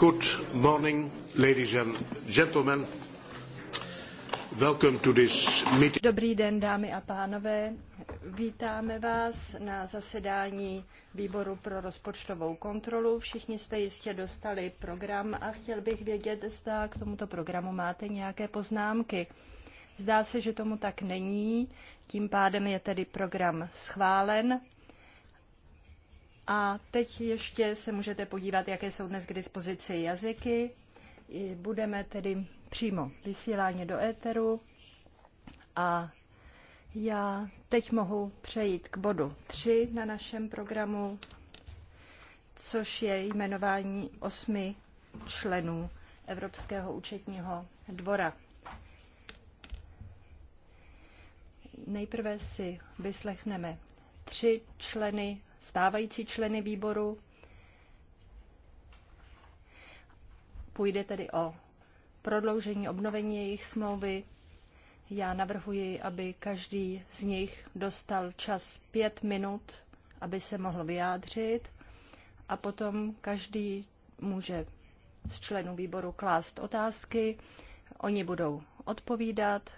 Good morning, ladies and gentlemen. Welcome to this meeting. Dobrý den, dámy a pánové. Vítáme vás na zasedání výboru pro rozpočtovou kontrolu. Všichni jste jistě dostali program a chtěl bych vědět, zda k tomuto programu máte nějaké poznámky. Zdá se, že tomu tak není. Tím pádem je tedy program schválen. A teď ještě se můžete podívat, jaké jsou dnes k dispozici jazyky. Budeme tedy přímo vysílání do éteru a já teď mohu přejít k bodu 3 na našem programu, což je jmenování osmi členů Evropského účetního dvora. Nejprve si vyslechneme tři členy stávající členy výboru. Půjde tedy o prodloužení, obnovení jejich smlouvy. Já navrhuji, aby každý z nich dostal čas pět minut, aby se mohl vyjádřit a potom každý může z členů výboru klást otázky, oni budou odpovídat,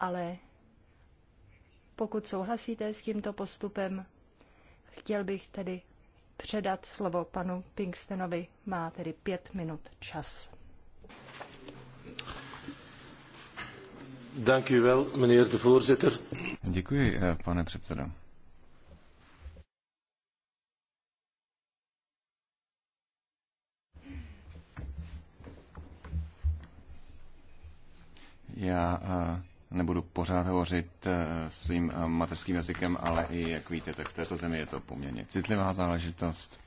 ale pokud souhlasíte s tímto postupem, chtěl bych tedy předat slovo panu Pinkstenovi. Má tedy pět minut čas. Děkuji, eh, pane předsedo. Já eh, nebudu pořád hovořit eh, svým eh, mateřským jazykem, ale i, jak víte, tak v této zemi je to poměrně citlivá záležitost.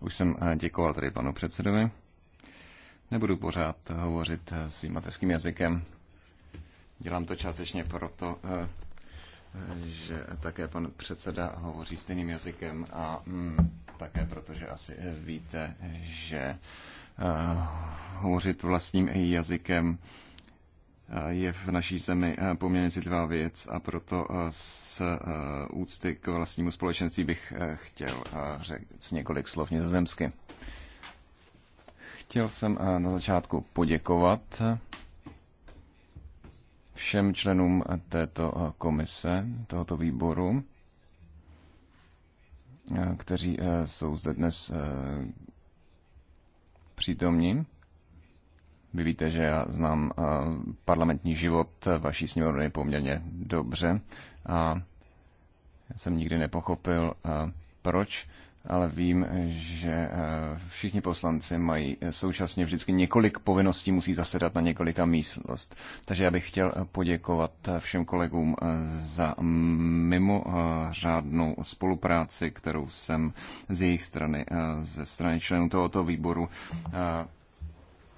Už jsem eh, děkoval tady panu předsedovi. Nebudu pořád hovořit svým mateřským jazykem. Dělám to částečně proto, že také pan předseda hovoří stejným jazykem a mm, také protože asi víte, že uh, hovořit vlastním jazykem eh, je v naší zemi eh, poměrně citlivá věc a proto z úcty k vlastnímu společenství bych chtěl říct několik slov nizozemsky. Chtěl jsem na začátku poděkovat všem členům této komise, tohoto výboru, kteří eh, jsou zde dnes eh, přítomní. Vy víte, že já znám eh, parlamentní život vaší sněmovny poměrně dobře a jsem nikdy nepochopil, proč ale vím, že eh, všichni poslanci mají eh, současně vždycky několik povinností, musí zasedat na několika místnost. Takže já bych chtěl eh, poděkovat všem kolegům za mimořádnou spolupráci, kterou jsem z jejich strany, ze strany členů tohoto výboru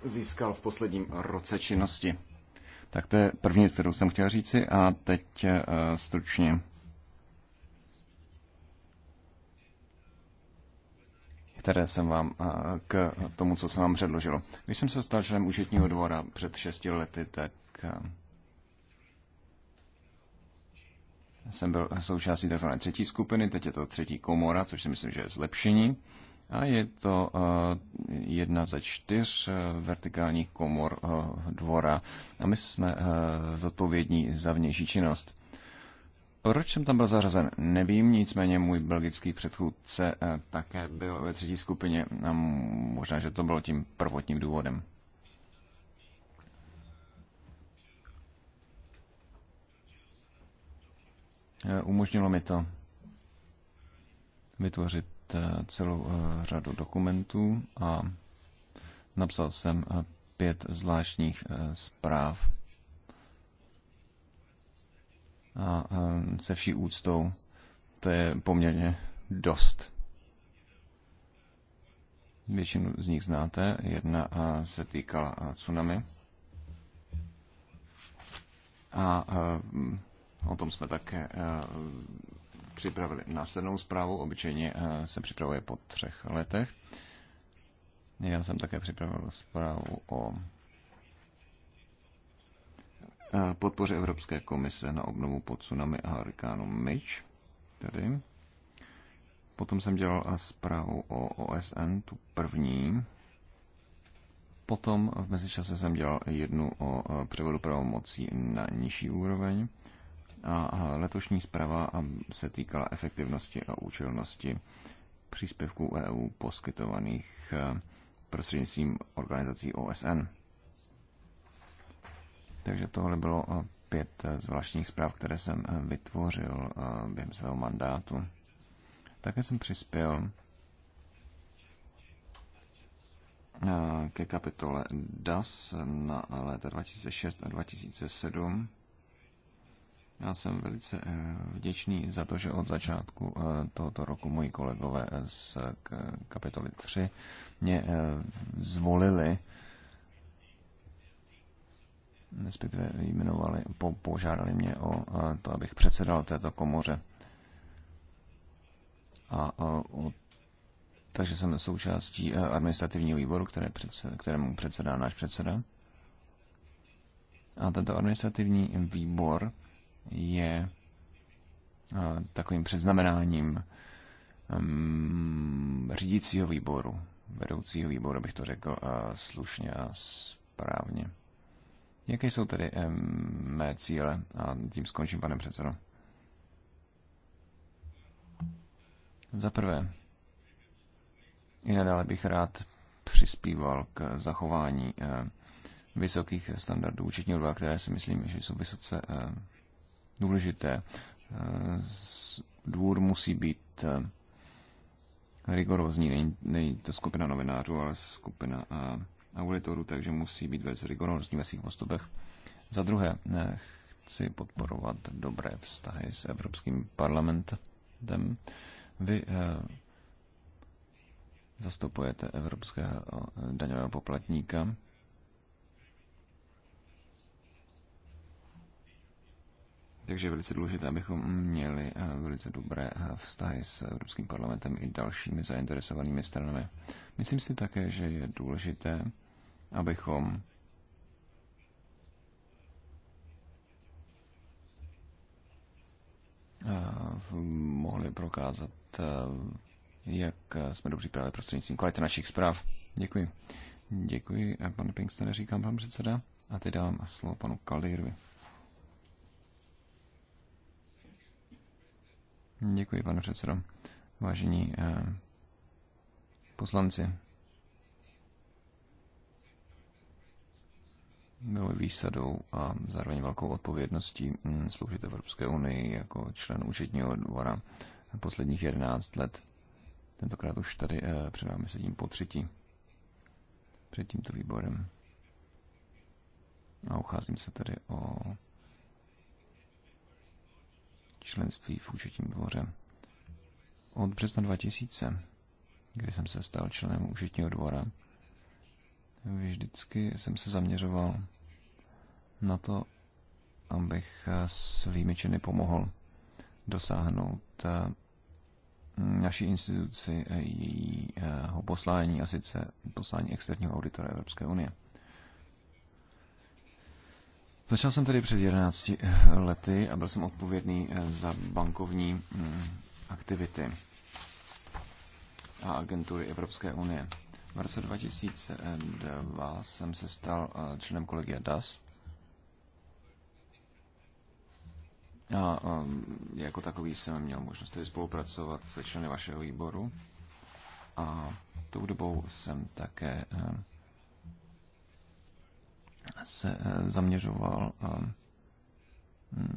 získal v posledním roce činnosti. Tak to je první kterou jsem chtěl říci a teď stručně které jsem vám k tomu, co jsem vám předložil. Když jsem se stal členem účetního dvora před šesti lety, tak jsem byl součástí tzv. třetí skupiny, teď je to třetí komora, což si myslím, že je zlepšení. A je to jedna ze čtyř vertikálních komor dvora. A my jsme zodpovědní za vnější činnost. Proč jsem tam byl zařazen, nevím, nicméně můj belgický předchůdce eh, také byl ve třetí skupině a možná, že to bylo tím prvotním důvodem. Eh, umožnilo mi to vytvořit eh, celou řadu dokumentů a napsal jsem pět zvláštních zpráv a, a se vší úctou to je poměrně dost. Většinu z nich znáte. Jedna se týkala tsunami. A o tom jsme také připravili následnou zprávu. Obyčejně se připravuje po třech letech. Já jsem také připravil zprávu o podpoře Evropské komise na obnovu pod tsunami a hurikánu Mitch. Tady. Potom jsem dělal zprávu o OSN, tu první. Potom v mezičase jsem dělal jednu o převodu pravomocí na nižší úroveň. A letošní zpráva se týkala efektivnosti a účelnosti příspěvků EU poskytovaných eh, prostřednictvím organizací OSN. Takže tohle bylo eh, pět eh, zvláštních zpráv, které jsem eh, vytvořil během svého mandátu. Také jsem přispěl ke kapitole DAS na léta 2006 a 2007. Já jsem velice vděčný za to, že od začátku tohoto roku moji kolegové z kapitoly 3 mě zvolili respektive jmenovali, po, požádali mě o eh, to, abych předsedal této komoře. A, a eh, o, takže jsem součástí eh, administrativního výboru, které předsed, kterému předsedá náš předseda. A tento administrativní výbor je takovým předznamenáním mm, řídícího výboru, vedoucího výboru, bych to řekl slušně a správně. Jaké jsou tedy mé cíle? A tím skončím, pane předsedo. Za prvé, i nadále bych rád přispíval k zachování eh, vysokých standardů účetní dva, které si myslím, že jsou vysoce eh, důležité. Eh, Dvůr musí být rigorózní, není, není to skupina novinářů, ale skupina ulitoru, takže musí být velice rigorózní ve svých postupech. Za druhé, eh, chci podporovat dobré vztahy s Evropským parlamentem. Vy eh, zastupujete evropského eh, daňového poplatníka. Takže je velice důležité, abychom měli velice dobré vztahy s Evropským parlamentem i dalšími zainteresovanými stranami. Myslím si také, že je důležité, abychom eh, mohli prokázat, eh, jak jsme dobří právě prostřednictvím kvality našich zpráv. Děkuji. Děkuji, pane Pinkstone, říkám pan předseda. A teď dávám slovo panu Kalirovi. Děkuji, pane předsedo. Vážení eh, poslanci, bylo výsadou a zároveň velkou odpovědností mm, sloužit Evropské unii jako člen účetního dvora posledních 11 let. Tentokrát už tady eh, před námi sedím po třetí před tímto výborem. A ucházím se tady o členství v účetním dvoře. Od března 2000, kdy jsem se stal členem účetního dvora, vždycky jsem se zaměřoval na to, abych svými činy pomohl dosáhnout eh, naší instituci eh, jejího poslání, a sice poslání externího auditora Evropské unie. Začal jsem tedy před 11 eh, lety a byl jsem odpovědný za bankovní mm, aktivity a agentury Evropské unie. V roce 2002 jsem se stal eh, členem kolegia DAS. A ehm, jako takový jsem měl možnost tedy spolupracovat se členy vašeho výboru. A tou dobou jsem také ehm, se eh, zaměřoval ehm,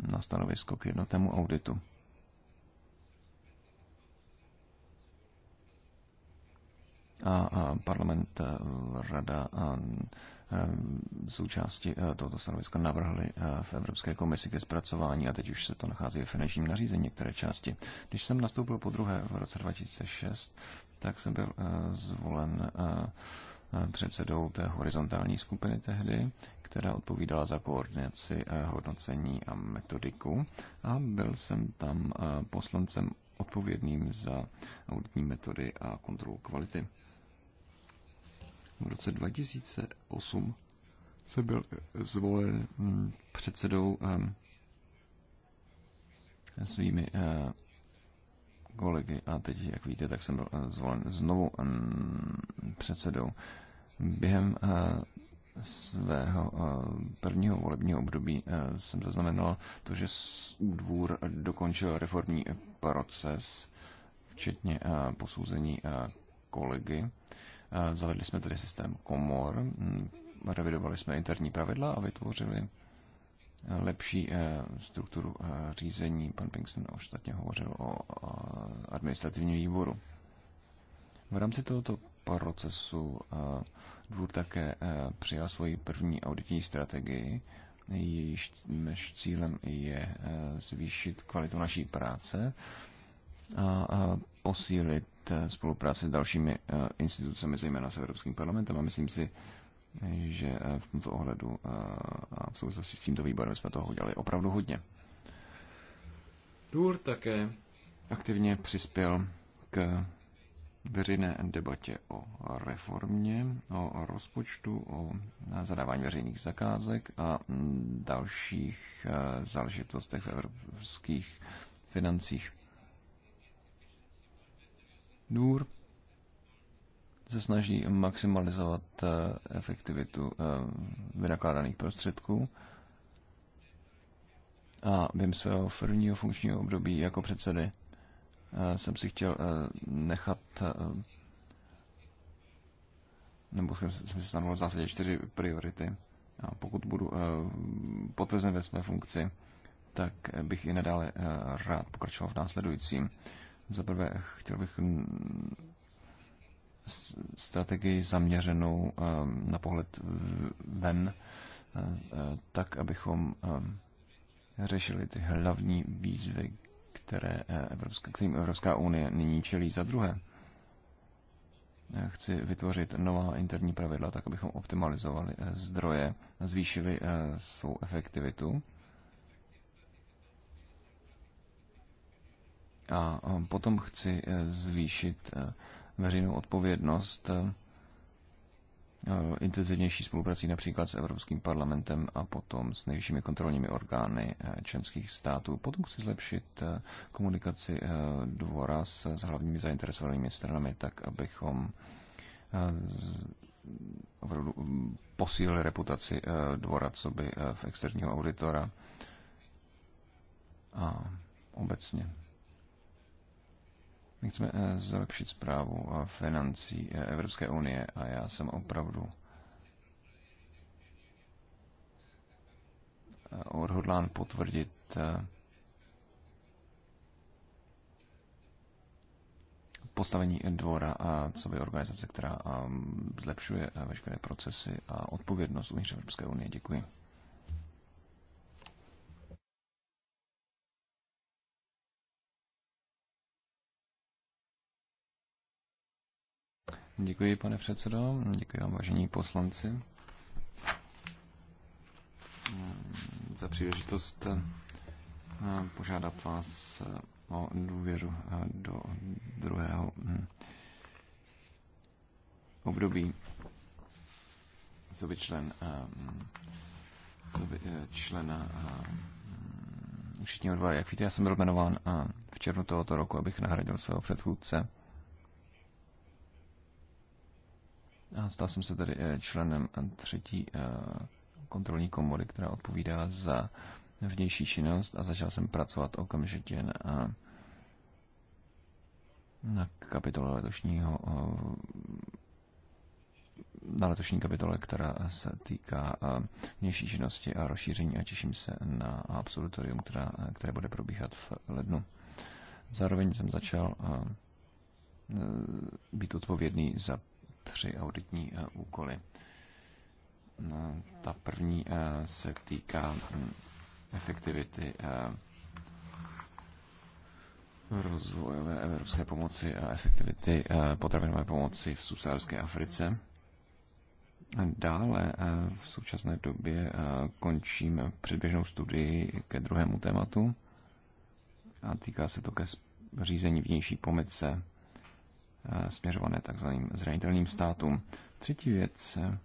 na stanovisko k jednotému auditu. a, parlament, e, rada a e, součásti e, tohoto stanoviska navrhli v Evropské komisi ke zpracování a teď už se to nachází ve finančním nařízení některé části. Když jsem nastoupil po druhé v roce 2006, tak jsem byl zvolen předsedou té horizontální skupiny tehdy, která odpovídala za koordinaci, hodnocení a metodiku a byl jsem tam poslancem odpovědným za auditní metody a kontrolu kvality. V roce 2008 se byl eh, zvolen hm, předsedou ehm, svými eh, kolegy a teď, jak víte, tak jsem byl eh, zvolen znovu ehm, předsedou. Během svého prvního volebního období jsem zaznamenal to, že dvůr dokončil reformní proces, včetně posouzení kolegy Zavedli jsme tedy systém komor, mm, revidovali jsme interní pravidla a vytvořili eh, lepší eh, strukturu eh, řízení. Pan Pinkston ostatně hovořil o administrativním výboru. V rámci tohoto procesu dvůr také přijal svoji první auditní strategii, jejíž cílem je zvýšit kvalitu naší práce a posílit spolupráci s dalšími eh, institucemi, zejména s Evropským parlamentem a myslím si, že eh, v tomto ohledu eh, a v souvislosti s tímto výborem jsme toho udělali opravdu hodně. Důr také aktivně přispěl k veřejné debatě o reformě, o rozpočtu, o zadávání veřejných zakázek a mm, dalších záležitostech v evropských financích. Důr se snaží maximalizovat eh, efektivitu eh, vynakládaných prostředků a během svého prvního funkčního období jako předsedy eh, jsem si chtěl nechat nebo jsem si stanovil v zásadě čtyři priority. A pokud budu potvrzen ve své funkci, tak bych i nadále rád pokračoval v následujícím. Za prvé, chtěl bych mm, strategii zaměřenou ehm, na pohled ven, e, e, tak, abychom ehm, řešili ty hlavní výzvy, které e, Evropská, kterým Evropská unie nyní čelí za druhé. Chci vytvořit nová interní pravidla, tak abychom optimalizovali zdroje, zvýšili svou efektivitu A potom chci e, zvýšit e, veřejnou odpovědnost e, intenzivnější spoluprací například s Evropským parlamentem a potom s nejvyššími kontrolními orgány členských států. Potom chci zlepšit komunikaci dvora s, s hlavními zainteresovanými stranami, tak abychom opravdu posílili reputaci dvora co by v externího auditora a obecně. My chceme eh, zlepšit zprávu eh, financí eh, Evropské unie a já jsem opravdu odhodlán potvrdit postavení dvora a co by organizace, která zlepšuje veškeré procesy a odpovědnost uvnitř Evropské unie. Děkuji. Děkuji, pane předsedo. Děkuji vám, vážení poslanci, za příležitost eh, požádat vás eh, o důvěru eh, do druhého hm, období by člen hm, by člena Učitního hm, dva, Jak víte, já jsem byl jmenován v červnu tohoto roku, abych nahradil svého předchůdce A stal jsem se tedy eh, členem eh, třetí eh, kontrolní komory, která odpovídá za vnější činnost a začal jsem pracovat okamžitě na, na kapitole letošního na letošní kapitole, která se týká vnější činnosti a rozšíření a těším se na absolutorium, která, které bude probíhat v lednu. Zároveň jsem začal být odpovědný za tři auditní eh, úkoly. No, ta první eh, se týká hm, efektivity eh, rozvojové evropské pomoci a efektivity potravinové pomoci v subsaharské Africe. Dále v současné době končím předběžnou studii ke druhému tématu a týká se to ke řízení vnější pomoci Eh, směřované takzvaným zranitelným státům. Třetí věc, eh,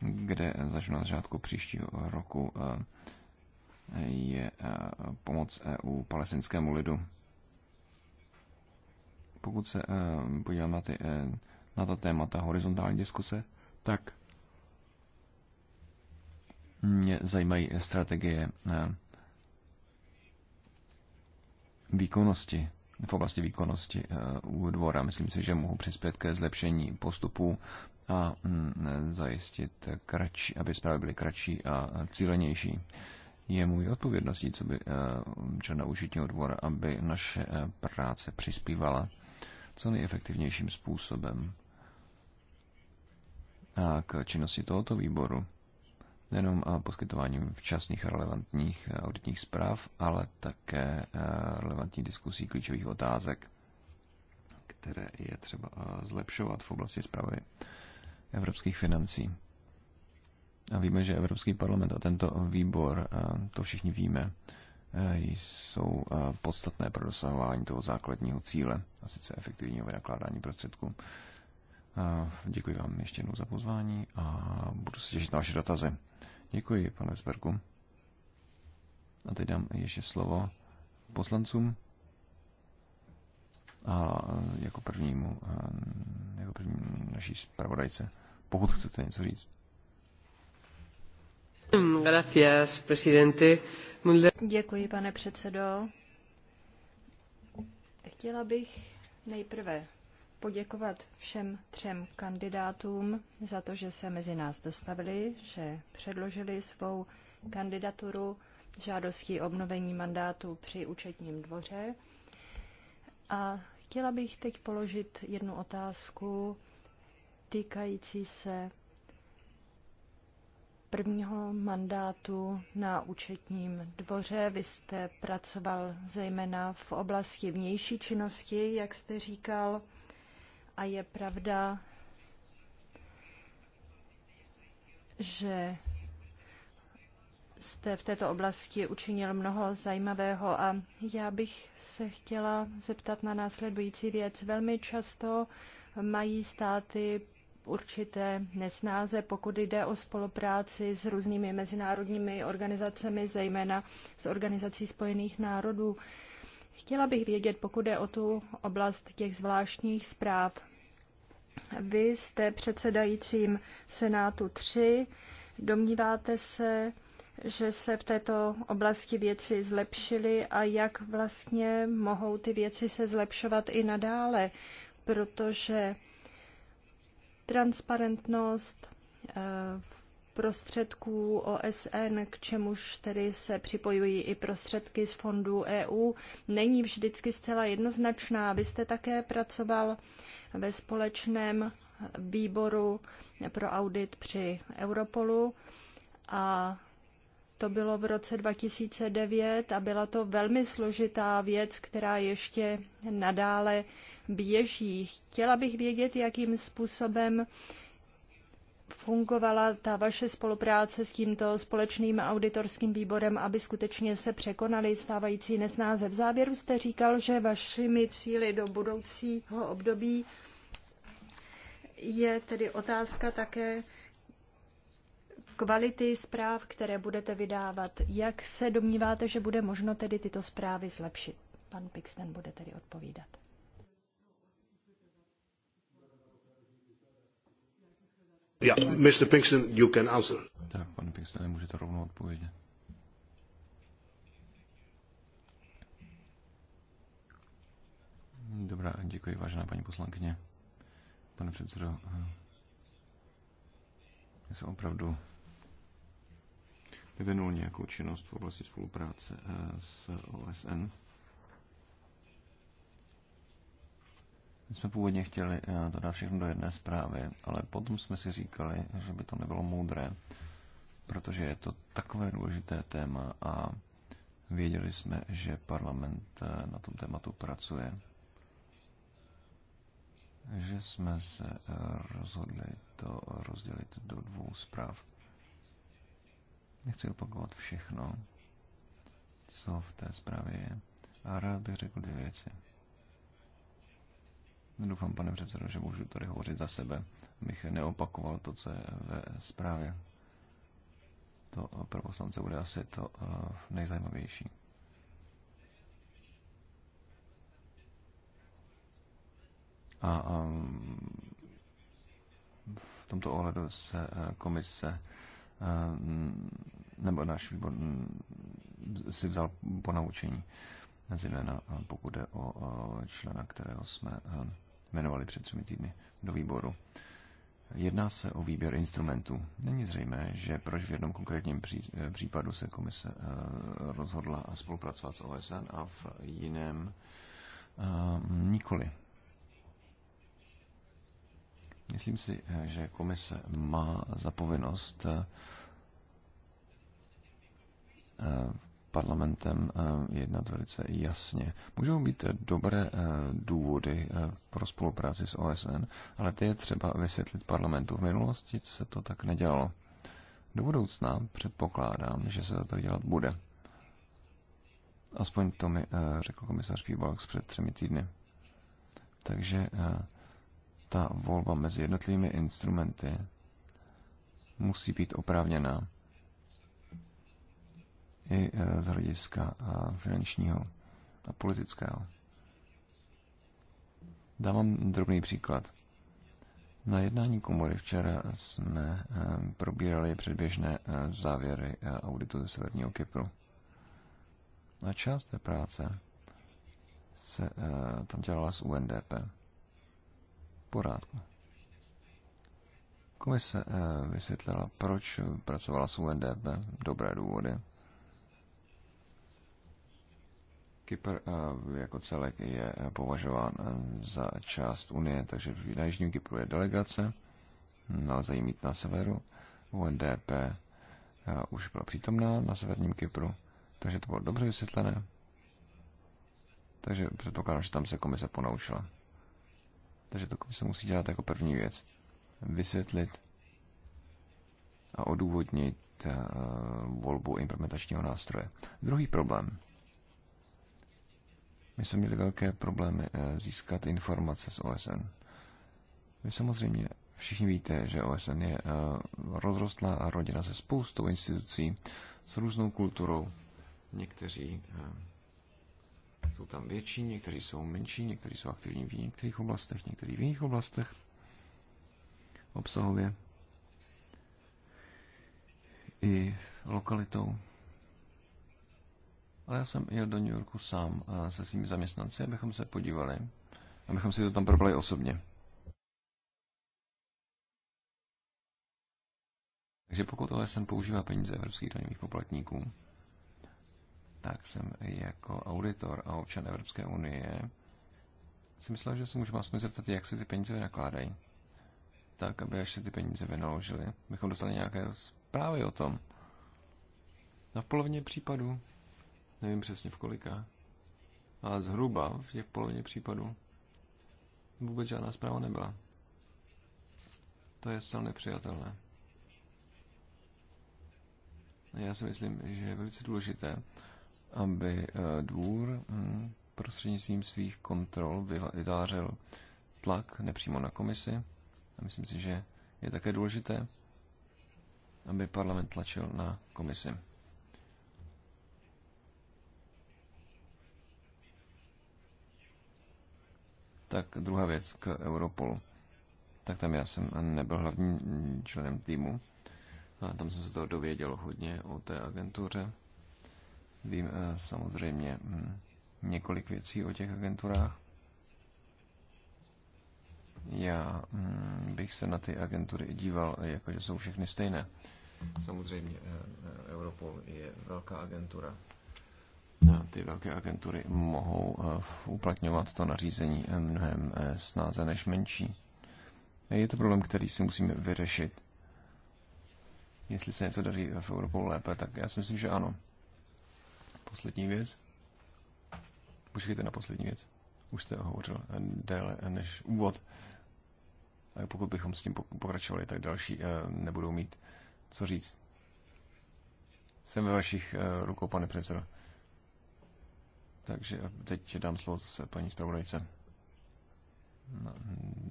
kde začnu na začátku příštího roku, eh, je pomoc EU palestinskému lidu. Pokud se podívám na, ty, na ta témata horizontální diskuse, tak mě zajímají strategie výkonnosti v oblasti výkonnosti eh, u dvora. Myslím si, že mohu přispět ke zlepšení postupů a mm, zajistit, kratší, aby zprávy byly kratší a cílenější. Je můj odpovědností, co by eh, člena užitního dvora, aby naše eh, práce přispívala co nejefektivnějším způsobem a k činnosti tohoto výboru nejenom poskytováním včasných relevantních eh, auditních zpráv, ale také eh, relevantní diskusí klíčových otázek, které je třeba eh, zlepšovat v oblasti zprávy evropských financí. A víme, že Evropský parlament a tento výbor, to všichni víme, jsou podstatné pro dosahování toho základního cíle, a sice efektivního vynakládání prostředků. Děkuji vám ještě jednou za pozvání a budu se těšit na vaše dotazy. Děkuji, pane Zbergu. A teď dám ještě slovo poslancům. A jako prvnímu, jako první naší zpravodajce, pokud chcete něco říct. Gracias, presidente. Děkuji, pane předsedo. Chtěla bych nejprve poděkovat všem třem kandidátům za to, že se mezi nás dostavili, že předložili svou kandidaturu žádostí obnovení mandátu při účetním dvoře. A chtěla bych teď položit jednu otázku týkající se prvního mandátu na účetním dvoře. Vy jste pracoval zejména v oblasti vnější činnosti, jak jste říkal a je pravda, že jste v této oblasti učinil mnoho zajímavého a já bych se chtěla zeptat na následující věc. Velmi často mají státy určité nesnáze, pokud jde o spolupráci s různými mezinárodními organizacemi, zejména s Organizací spojených národů. Chtěla bych vědět, pokud je o tu oblast těch zvláštních zpráv. Vy jste předsedajícím Senátu 3. Domníváte se, že se v této oblasti věci zlepšily a jak vlastně mohou ty věci se zlepšovat i nadále, protože transparentnost v eh, prostředků OSN, k čemuž tedy se připojují i prostředky z fondů EU, není vždycky zcela jednoznačná. Vy jste také pracoval ve společném výboru pro audit při Europolu a to bylo v roce 2009 a byla to velmi složitá věc, která ještě nadále běží. Chtěla bych vědět, jakým způsobem fungovala ta vaše spolupráce s tímto společným auditorským výborem, aby skutečně se překonaly stávající nesnáze. V závěru jste říkal, že vašimi cíly do budoucího období je tedy otázka také kvality zpráv, které budete vydávat. Jak se domníváte, že bude možno tedy tyto zprávy zlepšit? Pan Pixten bude tedy odpovídat. Yeah, Mr. Pinkston, you can answer. Tak, pane Pinkston, můžete rovnou odpovědět. Dobrá, děkuji, vážená paní poslankyně. Pane předsedo, já jsem opravdu vyvinul nějakou činnost v oblasti spolupráce eh, s OSN. My jsme původně chtěli eh, to dát všechno do jedné zprávy, ale potom jsme si říkali, že by to nebylo moudré, protože je to takové důležité téma a věděli jsme, že parlament eh, na tom tématu pracuje. Že jsme se eh, rozhodli to rozdělit do dvou zpráv. Nechci opakovat všechno, co v té zprávě je. A rád bych řekl dvě věci. Doufám, pane předsedo, že můžu tady hovořit za sebe, abych neopakoval to, co je ve zprávě. To pro poslance bude asi to eh, nejzajímavější. A ehm, v tomto ohledu se eh, komise ehm, nebo náš výbor mm, si vzal ponaučení, zejména eh, pokud jde o člena, kterého jsme jmenovali před třemi týdny do výboru. Jedná se o výběr instrumentů. Není zřejmé, že proč v jednom konkrétním eh, případu se komise eh, rozhodla spolupracovat s OSN a v jiném eh, nikoli. Myslím si, že komise má zapovinnost parlamentem eh, jednat velice jasně. Můžou být dobré eh, důvody eh, pro spolupráci s OSN, ale ty je třeba vysvětlit parlamentu. V minulosti se to tak nedělalo. Do budoucna předpokládám, že se to tak dělat bude. Aspoň to mi řekl komisař Pibalx před třemi týdny. Takže ta volba mezi jednotlivými instrumenty musí být oprávněná i e, z hlediska e, finančního a politického. Dám vám drobný příklad. Na jednání komory včera jsme e, probírali předběžné závěry auditu ze Severního Kypru. A část té práce se tam dělala z UNDP. Porádku. Komise vysvětlila, proč pracovala s UNDP, dobré důvody, Kypr jako celek je považován za část Unie, takže na Jižním Kypru je delegace, nelze ji mít na severu. UNDP už byla přítomná na severním Kypru, takže to bylo dobře vysvětlené. Takže předpokládám, že tam se komise ponaučila. Takže to komise musí dělat jako první věc. Vysvětlit a odůvodnit volbu implementačního nástroje. Druhý problém my jsme měli velké problémy eh, získat informace z OSN. Vy samozřejmě všichni víte, že OSN je eh, rozrostlá a rodina se spoustou institucí, s různou kulturou. Někteří eh, jsou tam větší, někteří jsou menší, někteří jsou aktivní v některých oblastech, někteří v jiných oblastech obsahově i lokalitou ale já jsem jel do New Yorku sám eh, se svými zaměstnanci, abychom se podívali, abychom si to tam probali osobně. Takže pokud jsem používá peníze evropských daňových poplatníků, tak jsem jako auditor a občan Evropské unie si myslel, že se můžeme aspoň zeptat, jak se ty peníze vynakládají. Tak, aby až se ty peníze vynaložili, bychom dostali nějaké zprávy o tom. No v polovině případů Nevím přesně v kolika. Ale zhruba v těch polovině případů vůbec žádná zpráva nebyla. To je zcela nepřijatelné. Já si myslím, že je velice důležité, aby eh, dvůr hm, prostřednictvím svých kontrol vytvářel tlak nepřímo na komisi. A myslím si, že je také důležité, aby parlament tlačil na komisi. Tak druhá věc k Europolu. Tak tam já jsem nebyl hlavním členem týmu. A tam jsem se toho dověděl hodně o té agentuře. Vím eh, samozřejmě hm, několik věcí o těch agenturách. Já hm, bych se na ty agentury díval, jakože jsou všechny stejné. Samozřejmě eh, eh, Europol je velká agentura, ty velké agentury mohou eh, uplatňovat to nařízení eh, mnohem eh, snáze než menší. Je to problém, který si musíme vyřešit. Jestli se něco daří v Evropou lépe, tak já si myslím, že ano. Poslední věc. Počkejte na poslední věc. Už jste hovořil déle než úvod. A pokud bychom s tím pokračovali, tak další nebudou mít co říct. Jsem ve vašich rukou, pane předsedo. Takže teď dám slovo zase paní zpravodajce na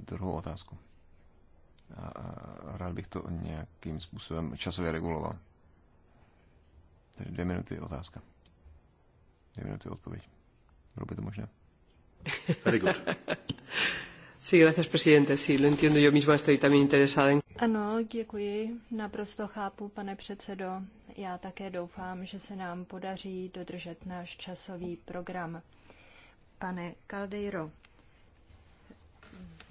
druhou otázku. A rád bych to nějakým způsobem časově reguloval. Tedy dvě minuty otázka. Dvě minuty odpověď. Bylo by to možné? Very good. Sí, gracias, presidente. Sí, lo entiendo. Yo misma estoy también interesada en... Ano, děkuji. Naprosto chápu, pane předsedo. Já také doufám, že se nám podaří dodržet náš časový program. Pane Caldeiro,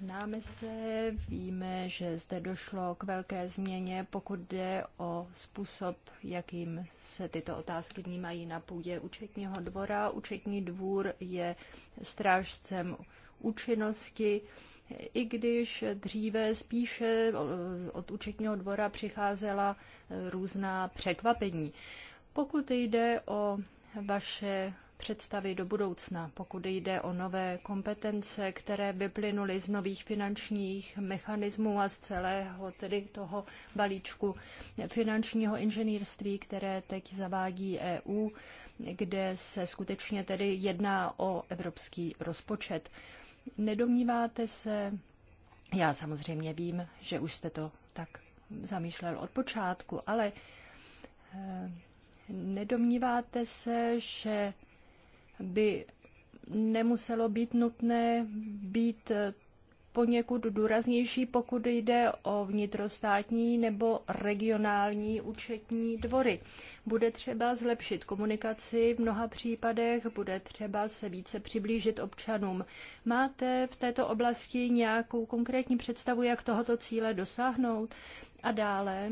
známe se, víme, že zde došlo k velké změně, pokud jde o způsob, jakým se tyto otázky vnímají na půdě účetního dvora. Účetní dvůr je strážcem účinnosti, i když dříve spíše eh, od účetního dvora přicházela eh, různá překvapení. Pokud jde o vaše představy do budoucna, pokud jde o nové kompetence, které by plynuly z nových finančních mechanismů a z celého tedy toho balíčku finančního inženýrství, které teď zavádí EU, kde se skutečně tedy jedná o evropský rozpočet. Nedomníváte se, já samozřejmě vím, že už jste to tak zamýšlel od počátku, ale eh, nedomníváte se, že by nemuselo být nutné být eh, poněkud důraznější, pokud jde o vnitrostátní nebo regionální účetní dvory. Bude třeba zlepšit komunikaci v mnoha případech, bude třeba se více přiblížit občanům. Máte v této oblasti nějakou konkrétní představu, jak tohoto cíle dosáhnout? A dále,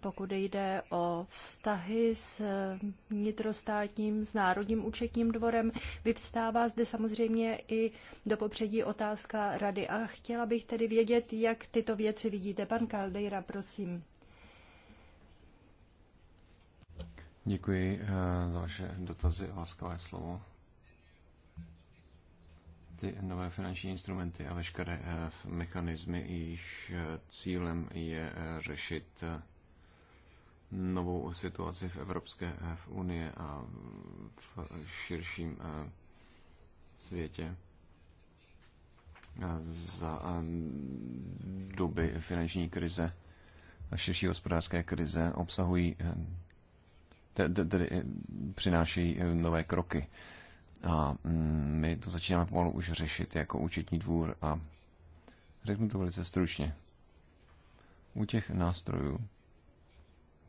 pokud jde o vztahy s vnitrostátním, s Národním účetním dvorem, vyvstává zde samozřejmě i do popředí otázka rady. A chtěla bych tedy vědět, jak tyto věci vidíte. Pan Kaldejra, prosím. Děkuji eh, za vaše dotazy a laskavé slovo. Ty nové finanční instrumenty a veškeré eh, mechanismy, jejich eh, cílem je řešit novou situaci v Evropské eh, v unii a v širším eh, světě za eh, doby finanční krize a širší hospodářské krize obsahují, tedy přinášejí nové kroky. A mm, my to začínáme pomalu už řešit jako účetní dvůr a řeknu to velice stručně. U těch nástrojů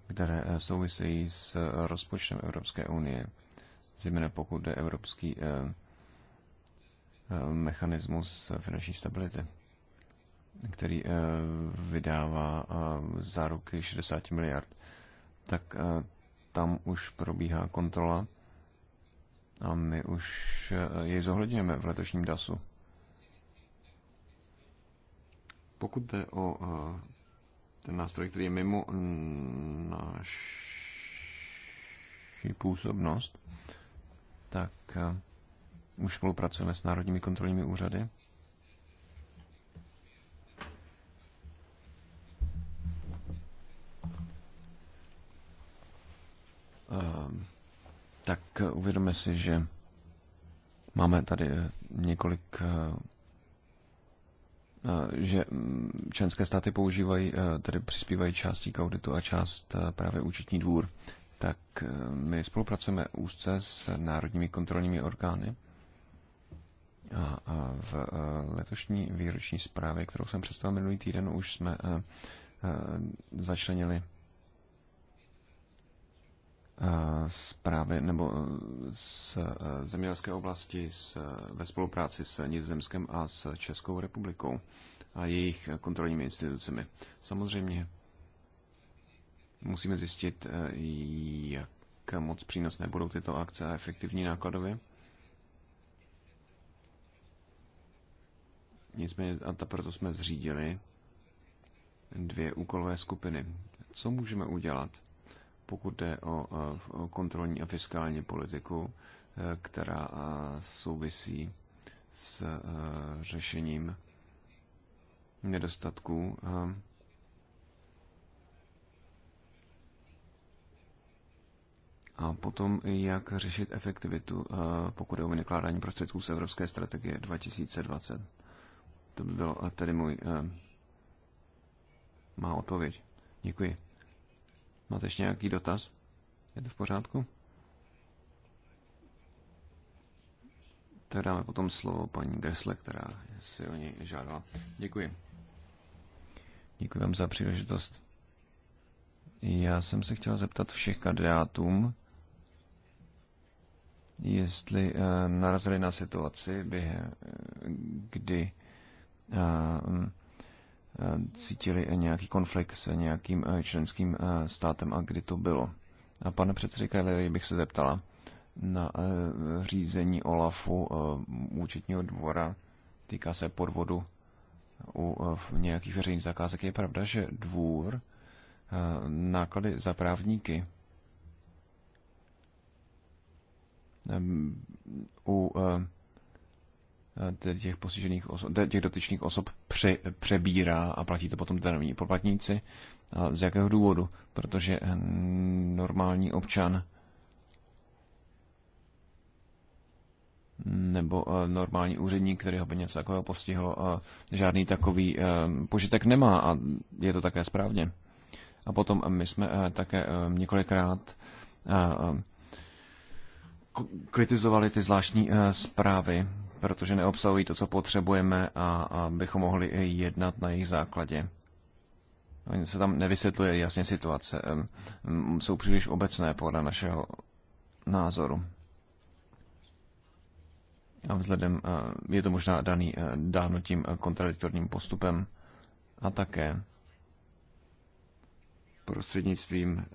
které eh, souvisejí s eh, rozpočtem Evropské unie, zejména pokud jde evropský eh, mechanismus finanční stability, který vydává záruky 60 miliard, tak tam už probíhá kontrola a my už jej zohledňujeme v letošním DASu. Pokud jde o ten nástroj, který je mimo naši působnost, tak eh, už spolupracujeme s národními kontrolními úřady. Ehm, tak uvědomíme si, že máme tady eh, několik eh, Eh, že mm, členské státy používají, eh, tedy přispívají částí k auditu a část eh, právě účetní dvůr, tak my spolupracujeme úzce s národními kontrolními orgány. A v letošní výroční zprávě, kterou jsem představil minulý týden, už jsme začlenili Eh, právě, nebo eh, z eh, zemědělské oblasti s, ve spolupráci s Nizozemskem a s Českou republikou a jejich kontrolními institucemi. Samozřejmě musíme zjistit, jak moc přínosné budou tyto akce a efektivní nákladově. Nicméně, a ta proto jsme zřídili dvě úkolové skupiny. Co můžeme udělat? pokud jde eh, o kontrolní a fiskální politiku, eh, která eh, souvisí s řešením nedostatků. A potom, jak řešit efektivitu, pokud je o vynakládání prostředků z Evropské strategie 2020. To by byl tedy můj, má odpověď. Děkuji. Máte ještě nějaký dotaz? Je to v pořádku? Tak dáme potom slovo paní Gresle, která si o něj žádala. Děkuji. Děkuji vám za příležitost. Já jsem se chtěla zeptat všech kandidátům, jestli eh, narazili na situaci, během, eh, kdy eh, Eh, cítili nějaký konflikt s nějakým eh, členským eh, státem a kdy to bylo. A pane předsedy Kelly bych se zeptala na řízení OLAFu účetního dvora, týká se podvodu u nějakých veřejných zakázek. Je pravda, že dvůr náklady za právníky u Eh, těch postižených osob, těch dotyčných osob pře, přebírá a platí to potom daňoví poplatníci. A z jakého důvodu? Protože eh, normální občan nebo eh, normální úředník, který ho by něco takového postihlo, žádný takový požitek nemá a je to také správně. A potom my jsme také několikrát kritizovali ty zvláštní zprávy protože neobsahují to, co potřebujeme a abychom mohli jednat na jejich základě. Oni se tam nevysvětluje jasně situace. Jsou příliš obecné podle našeho názoru. A vzhledem, je to možná daný, dáno tím kontradiktorním postupem a také prostřednictvím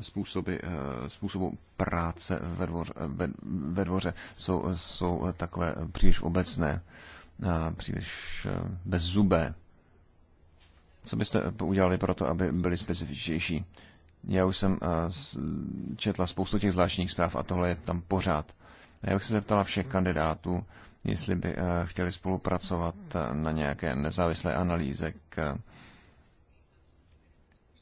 způsoby, eh, způsobu práce ve dvoř, ve, ve dvoře jsou, jsou takové příliš obecné, příliš eh, bezzubé. Co byste udělali pro to, aby byli specifičtější? Já už jsem eh, četla spoustu těch zvláštních zpráv a tohle je tam pořád. Já bych se zeptala všech kandidátů, jestli by chtěli spolupracovat na nějaké nezávislé analýze k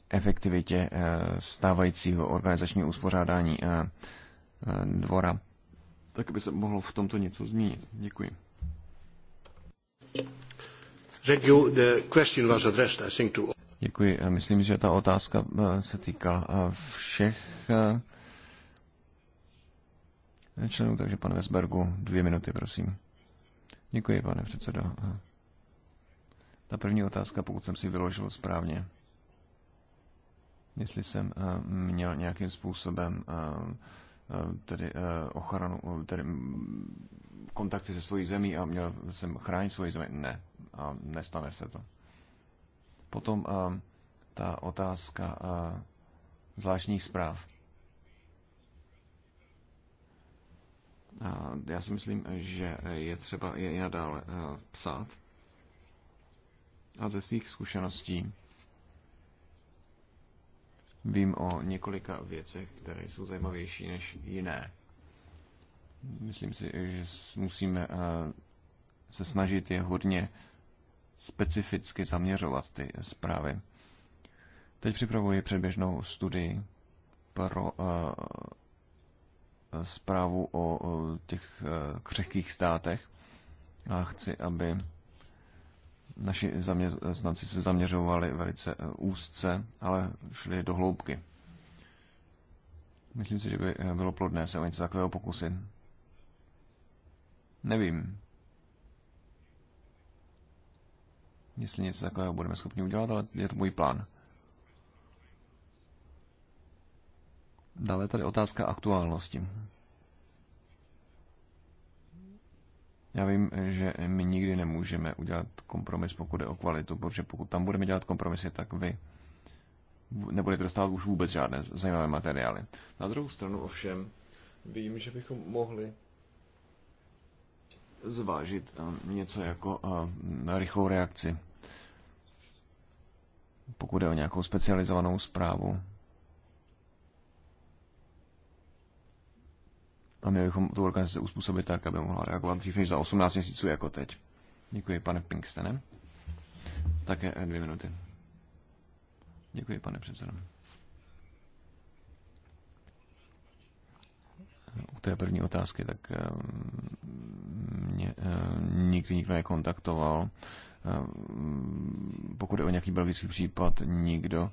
efektivitě eh, stávajícího organizačního uspořádání eh, eh, dvora, tak by se mohlo v tomto něco změnit. Děkuji. Děkuji. Myslím, že ta otázka se týká všech členů, takže pan Vesbergu, dvě minuty, prosím. Děkuji, pane předsedo. Ta první otázka, pokud jsem si vyložil správně, jestli jsem eh, měl nějakým způsobem eh, eh, tedy ochranu, tedy kontakty se svojí zemí a měl jsem chránit svoji zemi. Ne, a nestane se to. Potom ta otázka zvláštních zpráv. Já si myslím, že je třeba je i nadále psát. A ze svých zkušeností Vím o několika věcech, které jsou zajímavější než jiné. Myslím si, že musíme eh, se snažit je hodně specificky zaměřovat ty zprávy. Teď připravuji předběžnou studii pro eh, zprávu o těch eh, křehkých státech a chci, aby naši zaměstnanci se zaměřovali velice eh, úzce, ale šli do hloubky. Myslím si, že by eh, bylo plodné se o něco takového pokusit. Nevím, jestli něco takového budeme schopni udělat, ale je to můj plán. Dále tady otázka aktuálnosti. Já vím, že my nikdy nemůžeme udělat kompromis, pokud je o kvalitu, protože pokud tam budeme dělat kompromisy, tak vy nebudete dostávat už vůbec žádné zajímavé materiály. Na druhou stranu ovšem vím, že bychom mohli zvážit eh, něco jako na eh, rychlou reakci, pokud je o nějakou specializovanou zprávu A měli bychom tu organizaci uspůsobit tak, aby mohla reagovat dřív než za 18 měsíců jako teď. Děkuji, pane Pinkstene. Také eh, dvě minuty. Děkuji, pane předsedo. Eh, u té první otázky, tak eh, mě nikdy nikdo nekontaktoval. Pokud je o nějaký belgický případ, nikdo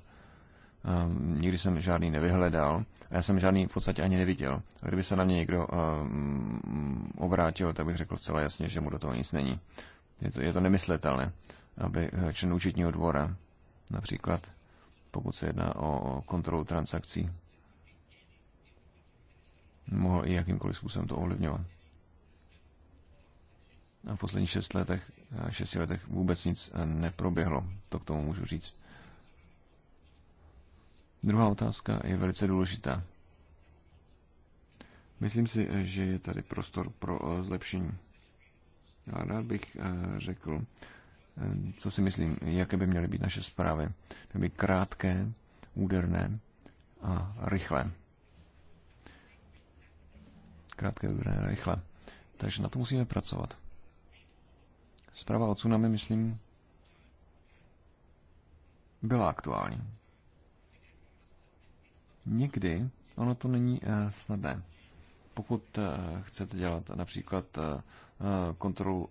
Um, nikdy jsem žádný nevyhledal a já jsem žádný v podstatě ani neviděl. A kdyby se na mě někdo um, obrátil, tak bych řekl zcela jasně, že mu do toho nic není. Je to, je to nemysletelné, aby eh, člen účetního dvora, například pokud se jedná o, o kontrolu transakcí, mohl i jakýmkoliv způsobem to ovlivňovat. A v posledních šest letech, eh, šesti letech vůbec nic eh, neproběhlo, to k tomu můžu říct. Druhá otázka je velice důležitá. Myslím si, že je tady prostor pro eh, zlepšení. A rád bych eh, řekl, eh, co si myslím, jaké by měly být naše zprávy. Měly by krátké, úderné a rychlé. Krátké, úderné a rychlé. Takže na to musíme pracovat. Zpráva o tsunami, myslím, byla aktuální. Někdy ono to není eh, snadné. Pokud eh, chcete dělat například eh, kontrolu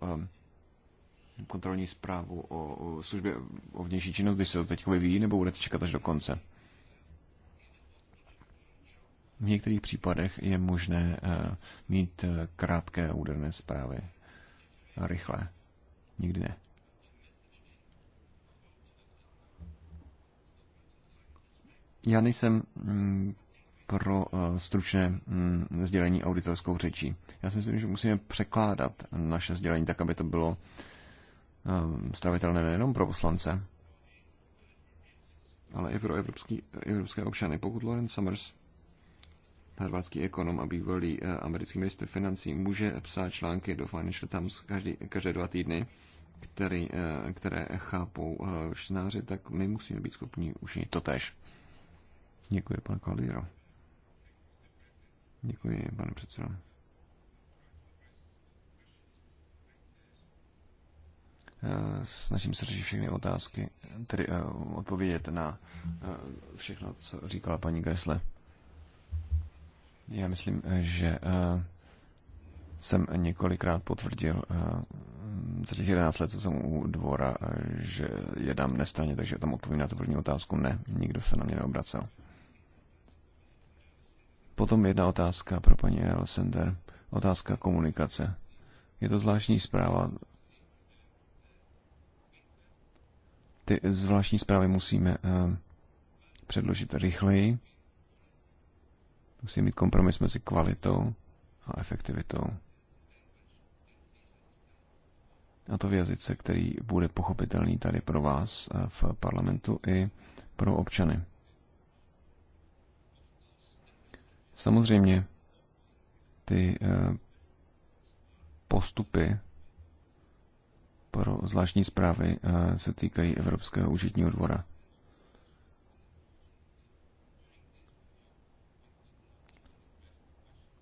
kontrolní zprávu o službě o vnější činnost, když se to teď vyvíjí, nebo budete čekat až do konce? V některých případech je možné mít krátké úderné zprávy. Rychlé. Nikdy ne. Já nejsem mm, pro eh, stručné mm, sdělení auditorskou řečí. Já si myslím, že musíme překládat naše sdělení tak, aby to bylo eh, stravitelné nejenom pro poslance, ale i pro evropský, evropské občany. Pokud Lawrence Summers, harvardský ekonom a bývalý eh, americký minister financí, může psát články do Financial Times každý, každé dva týdny, který, které chápou čtenáři, tak my musíme být schopni učinit to tež. Děkuji, pan Kalíro. Děkuji, pane předsedo. Eh, snažím se řešit všechny otázky, tedy eh, odpovědět na eh, všechno, co říkala paní Gresle. Já myslím, že jsem několikrát potvrdil za těch 11 let, co jsem u dvora, že jedám nestraně, takže tam odpovím na tu první otázku. Ne, nikdo se na mě neobracel. Potom jedna otázka pro paní Rosender, Otázka komunikace. Je to zvláštní zpráva. Ty zvláštní zprávy musíme uh, předložit rychleji. Musí mít kompromis mezi kvalitou a efektivitou. A to v jazyce, který bude pochopitelný tady pro vás eh, v parlamentu i pro občany. Samozřejmě ty eh, postupy pro zvláštní zprávy eh, se týkají Evropského užitního dvora.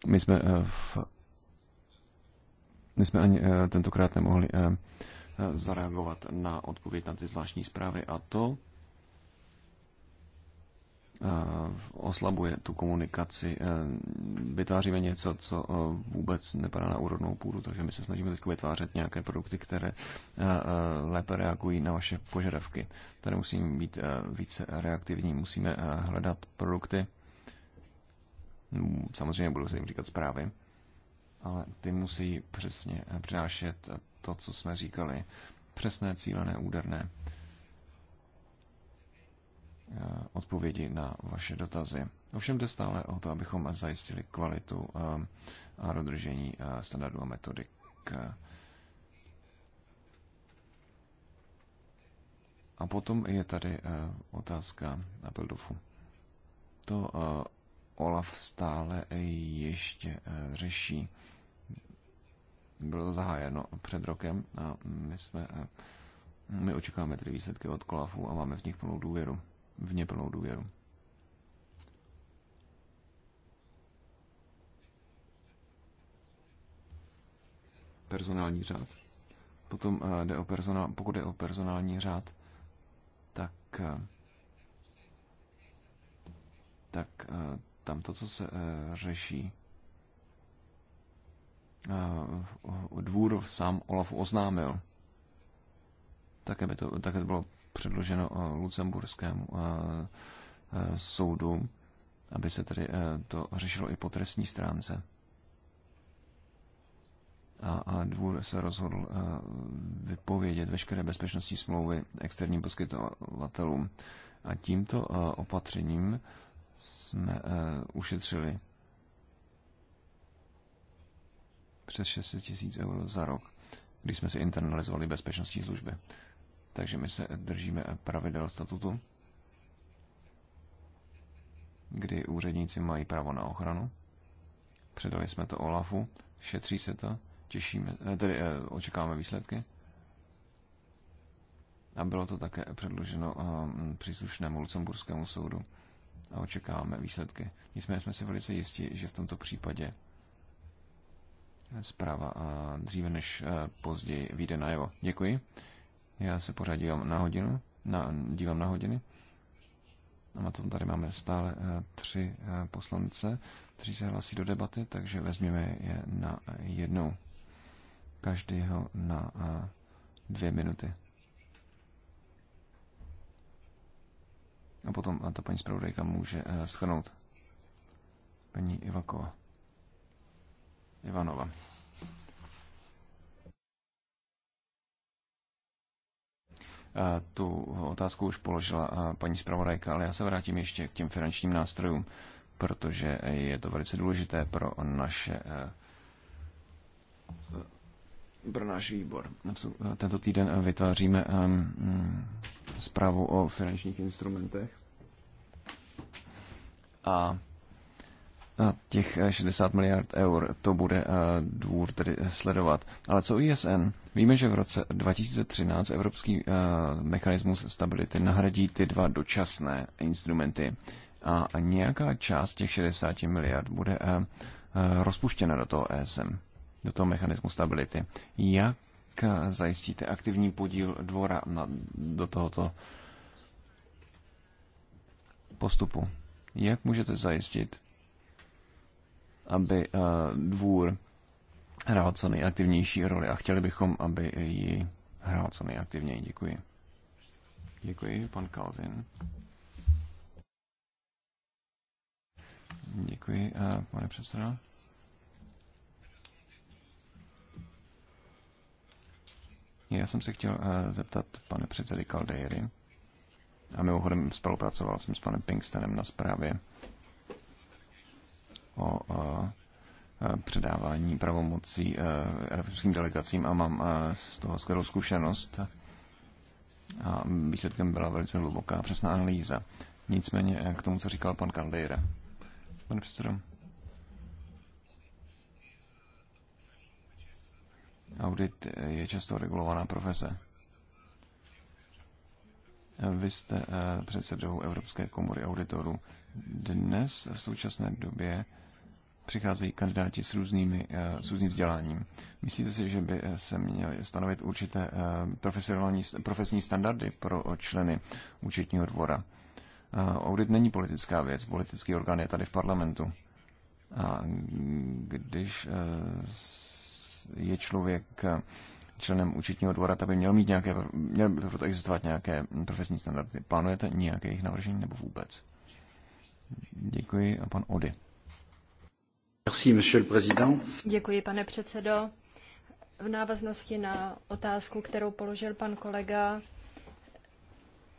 My jsme eh, v my jsme ani tentokrát nemohli zareagovat na odpověď na ty zvláštní zprávy a to Eh, oslabuje tu komunikaci. Eh, vytváříme něco, co eh, vůbec nepadá na úrodnou půdu, takže my se snažíme teď vytvářet nějaké produkty, které lépe reagují na vaše požadavky. Tady musíme být více reaktivní, musíme hledat produkty. Hmm, samozřejmě budu se jim říkat zprávy, ale ty musí přesně přinášet to, co jsme říkali. Přesné, cílené, úderné. Eh, odpovědi na vaše dotazy. Ovšem jde stále o to, abychom zajistili kvalitu eh, a dodržení eh, standardů a metodik. A potom je tady otázka na Pildofu. To Olaf stále ještě řeší. Bylo to zahájeno před rokem a my jsme my očekáváme tedy výsledky od Kolafu a máme v nich plnou důvěru v ně plnou důvěru. Personální řád. Potom eh, jde o personál, pokud jde o personální řád, tak, eh, tak eh, tam to, co se řeší, dvůr sám Olafu oznámil. Také by to, také to bylo předloženo eh, Lucemburskému eh, eh, soudu, aby se tedy to řešilo i po trestní stránce. A, a dvůr se rozhodl vypovědět veškeré bezpečnostní smlouvy externím poskytovatelům. A tímto opatřením jsme ušetřili přes 600 tisíc euro za rok, když jsme si internalizovali bezpečnostní služby takže my se držíme pravidel statutu, kdy úředníci mají právo na ochranu. Předali jsme to Olafu, šetří se to, těšíme, eh, tedy eh, očekáváme výsledky. A bylo to také předloženo eh, příslušnému Lucemburskému soudu a očekáváme výsledky. Nicméně jsme si velice jistí, že v tomto případě zpráva dříve než později vyjde najevo. Děkuji. Já se pořád dívám na hodinu, na, dívám na hodiny. A na tom tady máme stále eh, tři eh, poslance, kteří se hlasí do debaty, takže vezměme je na jednou. Každýho na eh, dvě minuty. A potom a ta paní zpravodajka může schrnout. Paní Ivakova. Ivanova. Tu otázku už položila paní zpravodajka, ale já se vrátím ještě k těm finančním nástrojům, protože je to velice důležité pro naše e, pro náš výbor. Tento týden vytváříme e, zprávu o finančních instrumentech a a těch 60 eh, miliard eur to bude eh, dvůr tedy sledovat. Ale co ISN? Víme, že v roce 2013 Evropský eh, mechanismus stability nahradí ty dva dočasné instrumenty a nějaká část těch 60 miliard bude rozpuštěna do toho ESM, do toho mechanismu stability. Jak zajistíte aktivní podíl dvora na, do tohoto postupu? Jak můžete zajistit, aby eh, dvůr hrál co nejaktivnější roli a chtěli bychom, aby ji hrál co nejaktivněji. Děkuji. Děkuji, pan Calvin. Děkuji, eh, pane předseda. Já jsem se chtěl eh, zeptat pane předsedy Caldeiry, a mimochodem spolupracoval jsem s panem Pinkstenem na zprávě o e, předávání pravomocí e, evropským delegacím a mám e, z toho skvělou zkušenost. A výsledkem byla velice hluboká přesná analýza. Nicméně k tomu, co říkal pan Caldeira. Pane předsedo. Audit je často regulovaná profese. Vy jste předsedou Evropské komory auditorů. Dnes v současné době přicházejí kandidáti s, různými, eh, s různým vzděláním. Myslíte si, že by eh, se měly stanovit určité eh, profesionální, profesní standardy pro členy účetního dvora? Audit není politická věc, politický orgán je tady v parlamentu. A když je člověk členem účetního dvora, tak by měl mít nějaké, měl by proto existovat nějaké profesní standardy. Plánujete nějaké jejich navržení nebo vůbec? Děkuji a pan Ody. Děkuji, pane předsedo. V návaznosti na otázku, kterou položil pan kolega,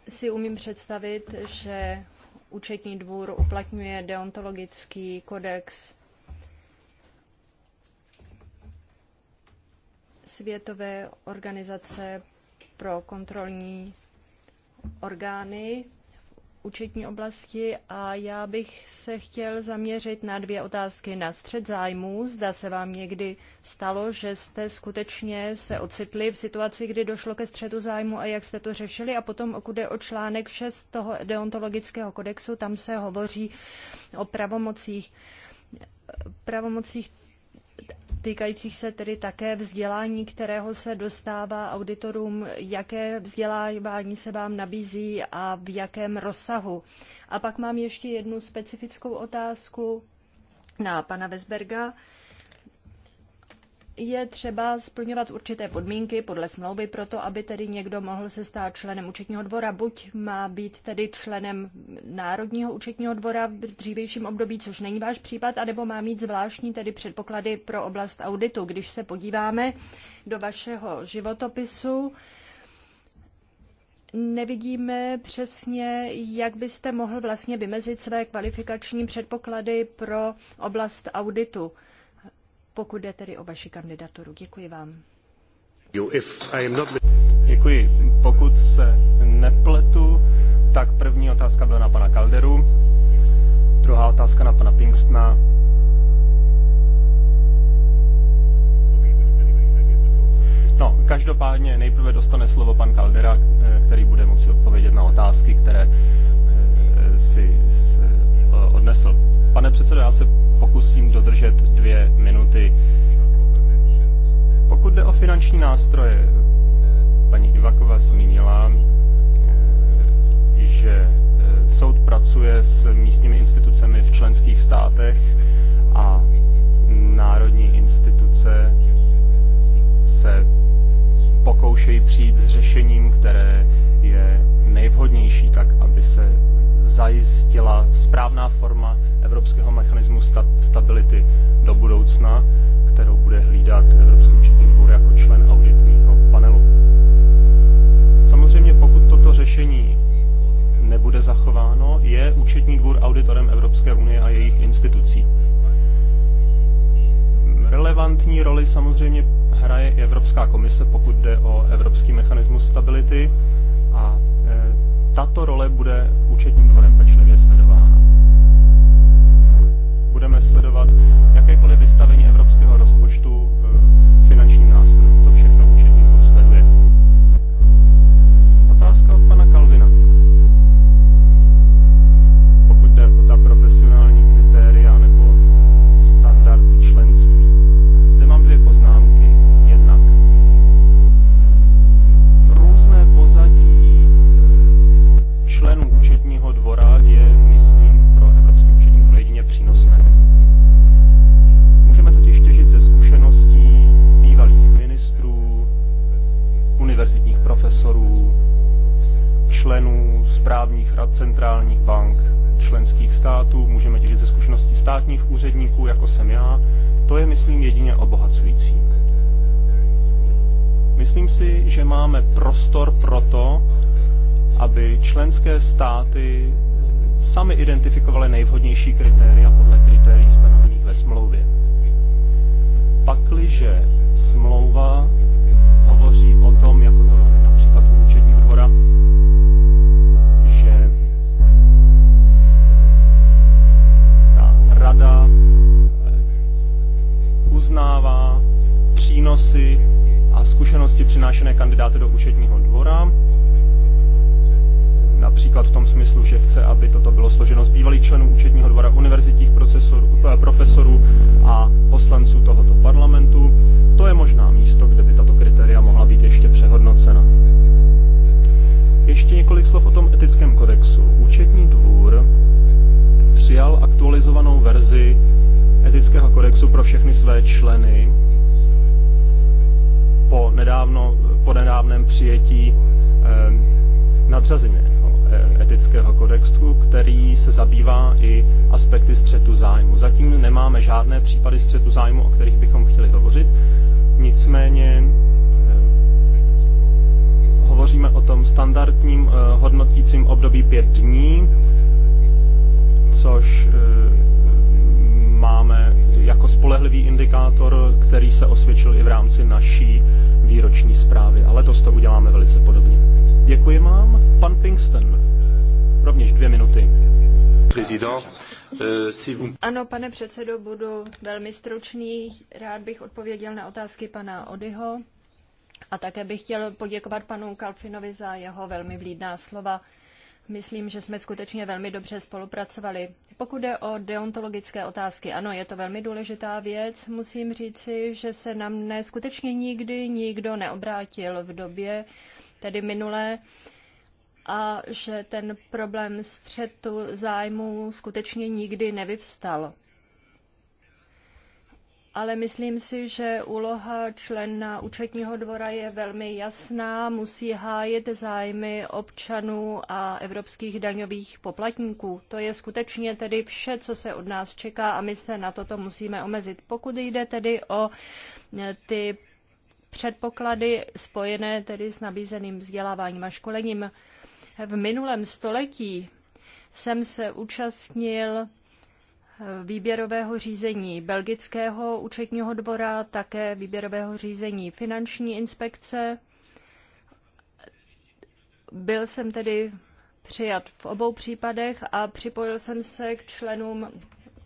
si umím představit, že účetní dvůr uplatňuje deontologický kodex Světové organizace pro kontrolní orgány účetní oblasti a já bych se chtěl zaměřit na dvě otázky na střed zájmů. Zda se vám někdy stalo, že jste skutečně se ocitli v situaci, kdy došlo ke střetu zájmu a jak jste to řešili. A potom, pokud je o článek 6 toho deontologického kodexu, tam se hovoří o pravomocích, pravomocích týkajících se tedy také vzdělání, kterého se dostává auditorům, jaké vzdělávání se vám nabízí a v jakém rozsahu. A pak mám ještě jednu specifickou otázku na pana Vesberga je třeba splňovat určité podmínky podle smlouvy pro to, aby tedy někdo mohl se stát členem účetního dvora. Buď má být tedy členem Národního účetního dvora v dřívějším období, což není váš případ, anebo má mít zvláštní tedy předpoklady pro oblast auditu. Když se podíváme do vašeho životopisu, nevidíme přesně, jak byste mohl vlastně vymezit své kvalifikační předpoklady pro oblast auditu pokud jde tedy o vaši kandidaturu. Děkuji vám. Děkuji. Pokud se nepletu, tak první otázka byla na pana Calderu, druhá otázka na pana Pinkstna. No, každopádně nejprve dostane slovo pan Caldera, eh, který bude moci odpovědět na otázky, které eh, si eh, odnesl. Pane předsedo, já se pokusím dodržet dvě minuty. Pokud jde o finanční nástroje, paní Ivakova zmínila, eh, že eh, soud pracuje s místními institucemi v členských státech a národní instituce se pokoušejí přijít s řešením, které je nejvhodnější, tak aby se zajistila správná forma evropského mechanismu sta- stability do budoucna, kterou bude hlídat Evropský účetní dvůr jako člen auditního panelu. Samozřejmě pokud toto řešení nebude zachováno, je účetní dvůr auditorem Evropské unie a jejich institucí. Relevantní roli samozřejmě hraje i Evropská komise, pokud jde o Evropský mechanismus stability a e, tato role bude účetním dvorem pečlivě sledována. Budeme sledovat jakékoliv vystavení evropského rozpočtu centrálních bank členských států, můžeme těžit ze zkušenosti státních úředníků, jako jsem já. To je, myslím, jedině obohacující. Myslím si, že máme prostor pro to, aby členské státy sami identifikovaly nejvhodnější kritéria podle kritérií stanovených ve smlouvě. Pakliže smlouva hovoří o tom, jako to například u účetního dvora, rada uznává přínosy a zkušenosti přinášené kandidáty do účetního dvora, například v tom smyslu, že chce, aby toto bylo složeno z bývalých členů účetního dvora univerzitních eh, profesorů a poslanců tohoto parlamentu. To je možná místo, kde by tato kritéria mohla být ještě přehodnocena. Ještě několik slov o tom etickém kodexu. Účetní dvůr přijal aktualizovanou verzi etického kodexu pro všechny své členy po, nedávno, po nedávném přijetí eh, nadřazeného eh, etického kodexu, který se zabývá i aspekty střetu zájmu. Zatím nemáme žádné případy střetu zájmu, o kterých bychom chtěli hovořit, nicméně eh, hovoříme o tom standardním eh, hodnotícím období pět dní což eh, máme jako spolehlivý indikátor, který se osvědčil i v rámci naší výroční zprávy. A letos to uděláme velice podobně. Děkuji vám. Pan Pinkston, rovněž dvě minuty. Eh, ano, pane předsedo, budu velmi stručný. Rád bych odpověděl na otázky pana Odyho. A také bych chtěl poděkovat panu Kalfinovi za jeho velmi vlídná slova. Myslím, že jsme skutečně velmi dobře spolupracovali. Pokud jde o deontologické otázky, ano, je to velmi důležitá věc. Musím říci, že se na mne skutečně nikdy nikdo neobrátil v době, tedy minulé, a že ten problém střetu zájmů skutečně nikdy nevyvstal ale myslím si, že úloha člena účetního dvora je velmi jasná, musí hájit zájmy občanů a evropských daňových poplatníků. To je skutečně tedy vše, co se od nás čeká a my se na toto musíme omezit. Pokud jde tedy o e, ty předpoklady spojené tedy s nabízeným vzděláváním a školením, v minulém století jsem se účastnil výběrového řízení belgického účetního dvora, také výběrového řízení finanční inspekce. Byl jsem tedy přijat v obou případech a připojil jsem se k členům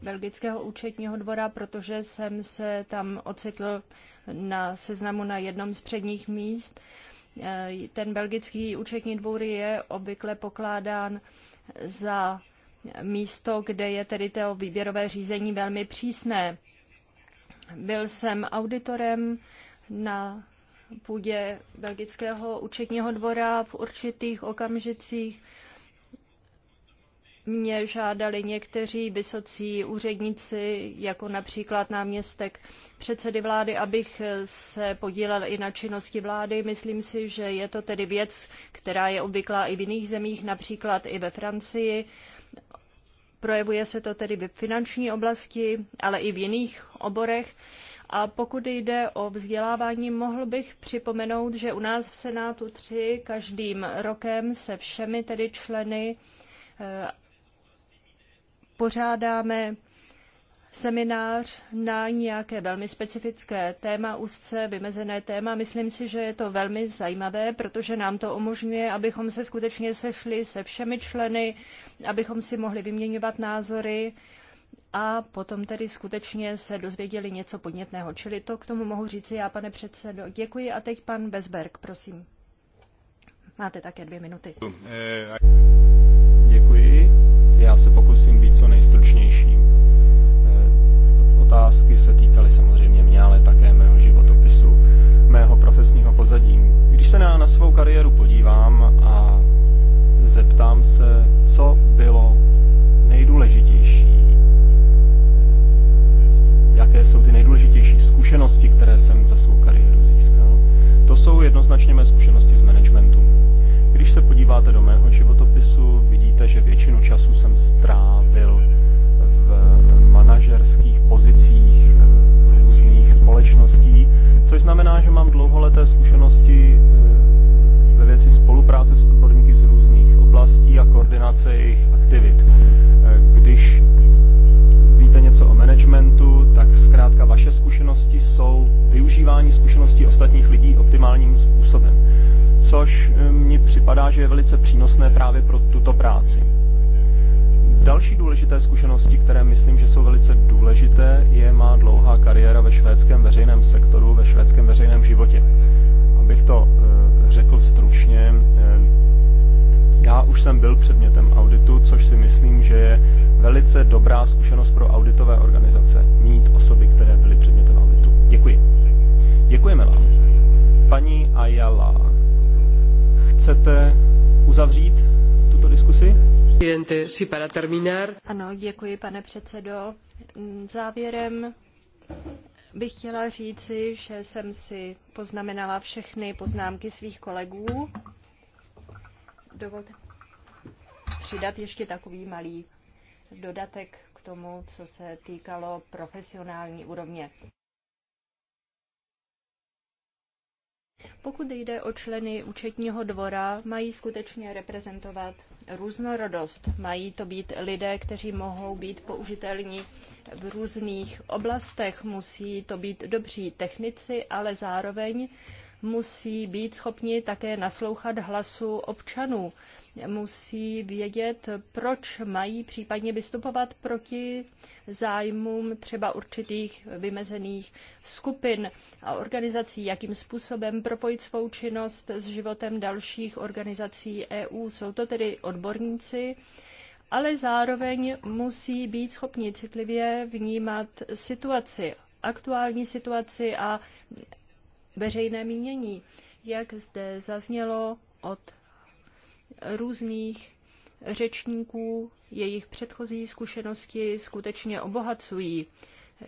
belgického účetního dvora, protože jsem se tam ocitl na seznamu na jednom z předních míst. E, ten belgický účetní dvůr je obvykle pokládán za místo, kde je tedy to výběrové řízení velmi přísné. Byl jsem auditorem na půdě Belgického účetního dvora v určitých okamžicích. Mě žádali někteří vysocí úředníci, jako například náměstek předsedy vlády, abych se podílel i na činnosti vlády. Myslím si, že je to tedy věc, která je obvyklá i v jiných zemích, například i ve Francii. Uh, Projevuje se to tedy ve finanční oblasti, ale i v jiných oborech. A pokud jde o vzdělávání, mohl bych připomenout, že u nás v Senátu 3 každým rokem se všemi tedy členy eh, pořádáme seminář na nějaké velmi specifické téma, úzce vymezené téma. Myslím si, že je to velmi zajímavé, protože nám to umožňuje, abychom se skutečně sešli se všemi členy, abychom si mohli vyměňovat názory a potom tedy skutečně se dozvěděli něco podnětného. Čili to k tomu mohu říci já, pane předsedo. Děkuji a teď pan Bezberg, prosím. Máte také dvě minuty. Eh, Děkuji. Já se pokusím být co nejstručnější otázky se týkaly samozřejmě mě, ale také mého životopisu, mého profesního pozadí. Když se na, na svou kariéru podívám a zeptám se, co bylo nejdůležitější, jaké jsou ty nejdůležitější zkušenosti, které jsem za svou kariéru získal, to jsou jednoznačně mé zkušenosti z managementu. Když se podíváte do mého životopisu, vidíte, že většinu času jsem strávil v manažerských pozicích eh, různých společností, což znamená, že mám dlouholeté zkušenosti eh, ve věci spolupráce s odborníky z různých oblastí a koordinace jejich aktivit. Eh, když víte něco o managementu, tak zkrátka vaše zkušenosti jsou využívání zkušeností ostatních lidí optimálním způsobem, což mi připadá, že je velice přínosné právě pro tuto práci. Další důležité zkušenosti, které myslím, že jsou velice důležité, je má dlouhá kariéra ve švédském veřejném sektoru, ve švédském veřejném životě. Abych to eh, řekl stručně, eh, já už jsem byl předmětem auditu, což si myslím, že je velice dobrá zkušenost pro auditové organizace mít osoby, které byly předmětem auditu. Děkuji. Děkujeme vám. Paní Ayala, chcete uzavřít tuto diskusi? Ano, děkuji, pane předsedo. Závěrem bych chtěla říci, že jsem si poznamenala všechny poznámky svých kolegů. Dovolte přidat ještě takový malý dodatek k tomu, co se týkalo profesionální úrovně. Pokud jde o členy účetního dvora, mají skutečně reprezentovat různorodost. Mají to být lidé, kteří mohou být použitelní v různých oblastech. Musí to být dobří technici, ale zároveň musí být schopni také naslouchat hlasu občanů musí vědět, proč mají případně vystupovat proti zájmům třeba určitých vymezených skupin a organizací, jakým způsobem propojit svou činnost s životem dalších organizací EU. Jsou to tedy odborníci, ale zároveň musí být schopni citlivě vnímat situaci, aktuální situaci a veřejné mínění, jak zde zaznělo od různých řečníků, jejich předchozí zkušenosti skutečně obohacují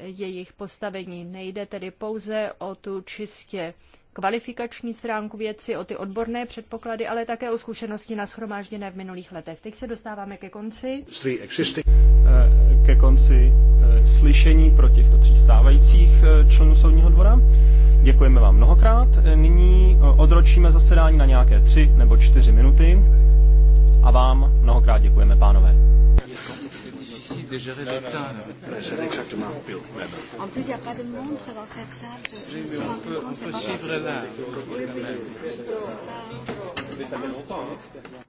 jejich postavení. Nejde tedy pouze o tu čistě kvalifikační stránku věci, o ty odborné předpoklady, ale také o zkušenosti nashromážděné v minulých letech. Teď se dostáváme ke konci. Eh, ke konci slyšení pro těchto tří stávajících eh, členů soudního dvora. Děkujeme vám mnohokrát. Eh, nyní eh, odročíme zasedání na nějaké tři nebo čtyři minuty a vám mnohokrát děkujeme, pánové. de gérer l'État. exactement En plus, il n'y a pas de montre dans cette salle. Je, je me suis rendu compte. Oui, Ça fait longtemps. Hein.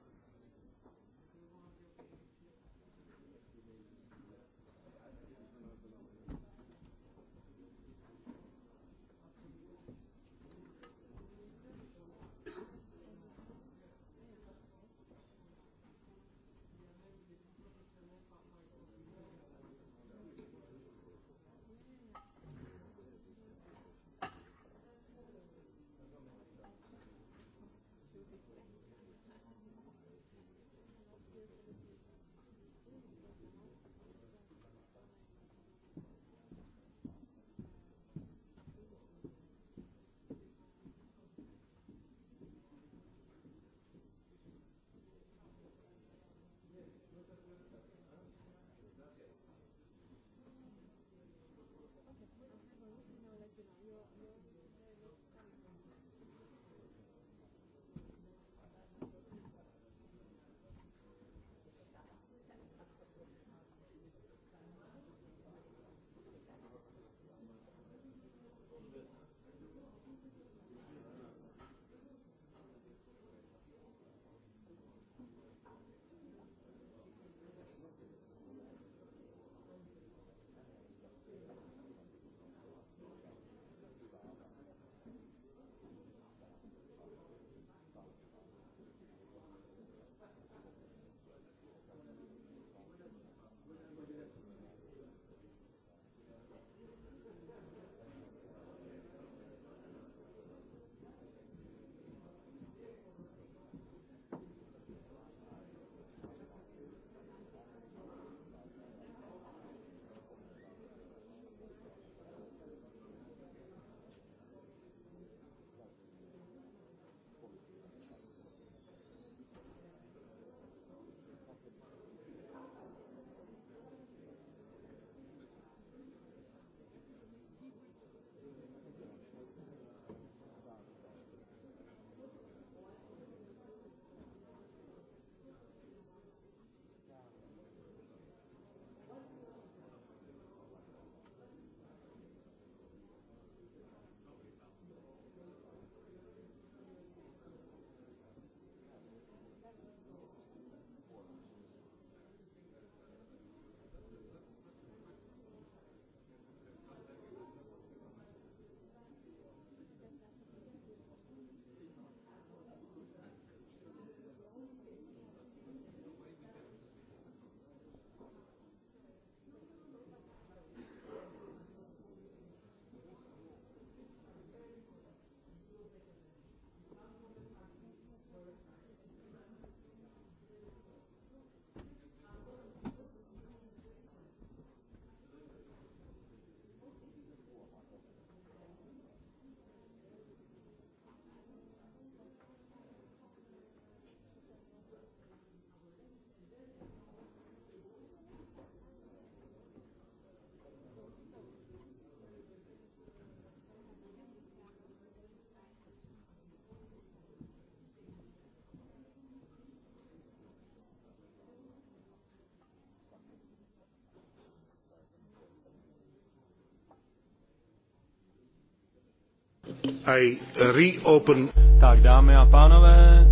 I reopen. Tak dámy a pánové,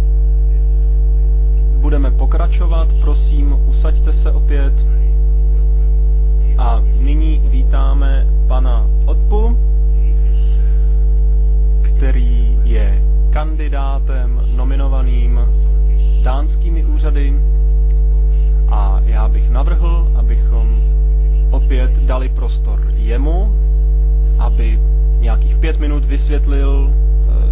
budeme pokračovat, prosím, usaďte se opět. A nyní vítáme pana Odpu, který je kandidátem nominovaným dánskými úřady a já bych navrhl, abychom opět dali prostor jemu, aby nějakých pět minut vysvětlil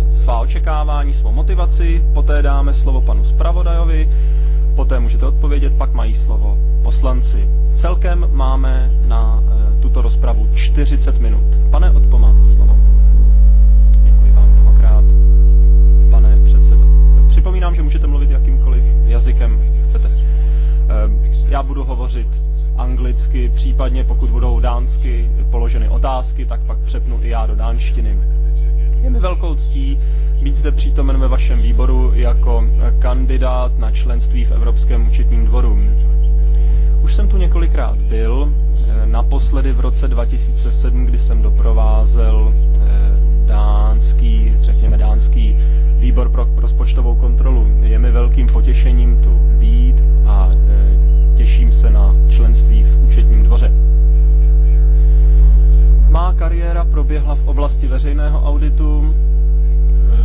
eh, svá očekávání, svou motivaci, poté dáme slovo panu zpravodajovi, poté můžete odpovědět, pak mají slovo poslanci. Celkem máme na eh, tuto rozpravu 40 minut. Pane Odpo, slovo. Děkuji vám mnohokrát, pane předsedo. Připomínám, že můžete mluvit jakýmkoliv jazykem chcete. Eh, já budu hovořit anglicky, případně pokud budou dánsky položeny otázky, tak pak přepnu i já do dánštiny. Je mi velkou ctí být zde přítomen ve vašem výboru jako kandidát na členství v Evropském účetním dvoru. Už jsem tu několikrát byl, eh, naposledy v roce 2007, kdy jsem doprovázel eh, dánský, řekněme dánský výbor pro rozpočtovou kontrolu. Je mi velkým potěšením tu být těším se na členství v účetním dvoře. Má kariéra proběhla v oblasti veřejného auditu,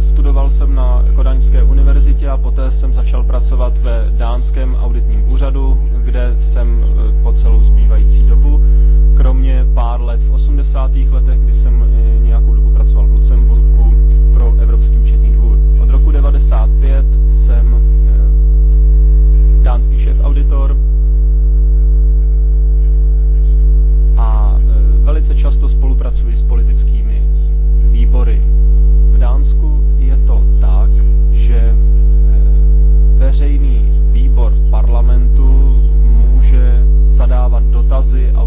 studoval jsem na Kodaňské univerzitě a poté jsem začal pracovat ve dánském auditním úřadu, kde jsem e, po celou zbývající dobu, kromě pár let v 80. letech, kdy jsem e, nějakou dobu pracoval v Lucemburku pro Evropský účetní dvůr. Od roku 95 jsem e, dánský šéf auditor velice často spolupracuji s politickými výbory. V Dánsku je to tak, že eh, veřejný výbor parlamentu může zadávat dotazy a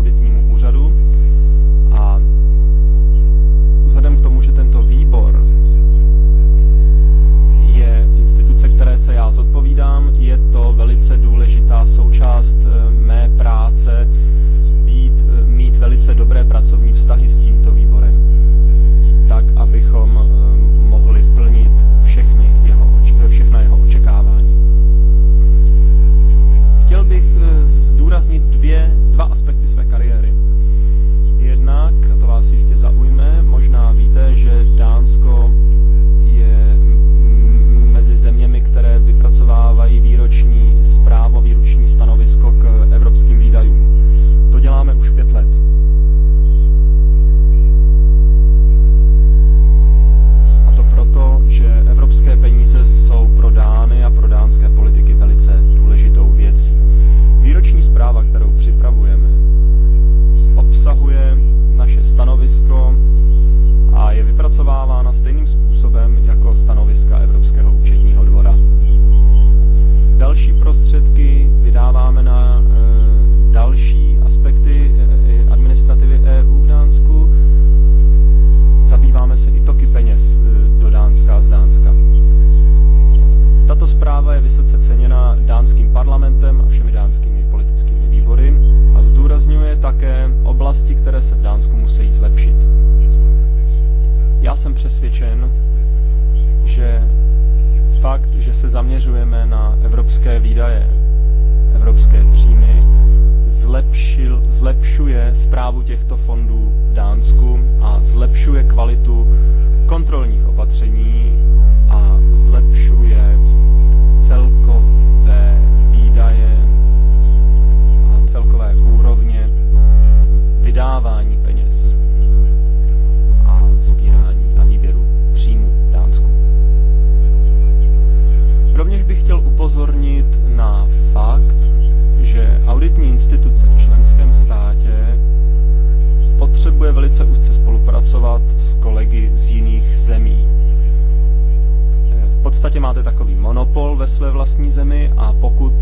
ve své vlastní zemi a pokud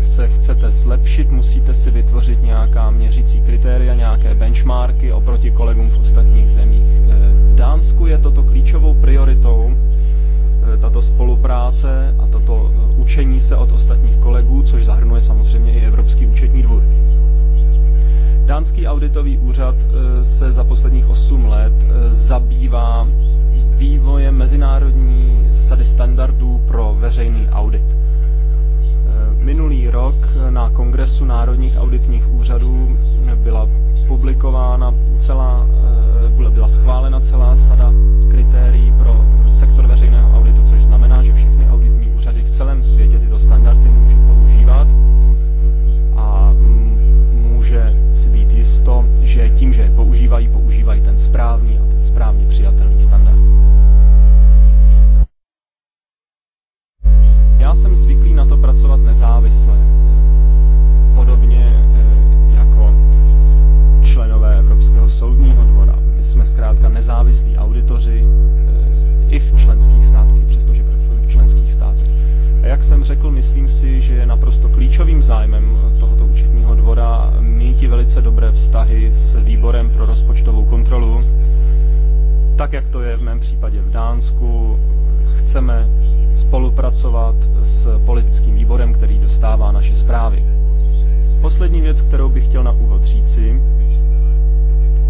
se chcete zlepšit, musíte si vytvořit nějaká měřící kritéria, nějaké benchmarky oproti kolegům v ostatních zemích. Eh, v Dánsku je toto klíčovou prioritou, eh, tato spolupráce a tato eh, učení se od ostatních kolegů, což zahrnuje samozřejmě i Evropský účetní dvůr. Dánský auditový úřad se za posledních 8 let zabývá vývojem mezinárodní sady standardů pro veřejný audit. E, minulý rok na Kongresu národních auditních úřadů byla publikována celá, e, byla schválena celá sada kritérií pro sektor veřejného auditu, což znamená, že všechny auditní úřady v celém světě tyto standardy může používat a může si být jisto, že tím, že je používají, používají ten správný a ten správně přijatelný standard. Já jsem zvyklý na to pracovat nezávisle. Podobně eh, jako členové Evropského soudního dvora. My jsme zkrátka nezávislí auditoři eh, i v členských státech, přestože pracujeme v členských státech. A jak jsem řekl, myslím si, že je naprosto klíčovým zájmem tohoto účetního dvora mít velice dobré vztahy s výborem pro rozpočtovou kontrolu, tak jak to je v mém případě v Dánsku, chceme spolupracovat s politickým výborem, který dostává naše zprávy. Poslední věc, kterou bych chtěl na úvod říci,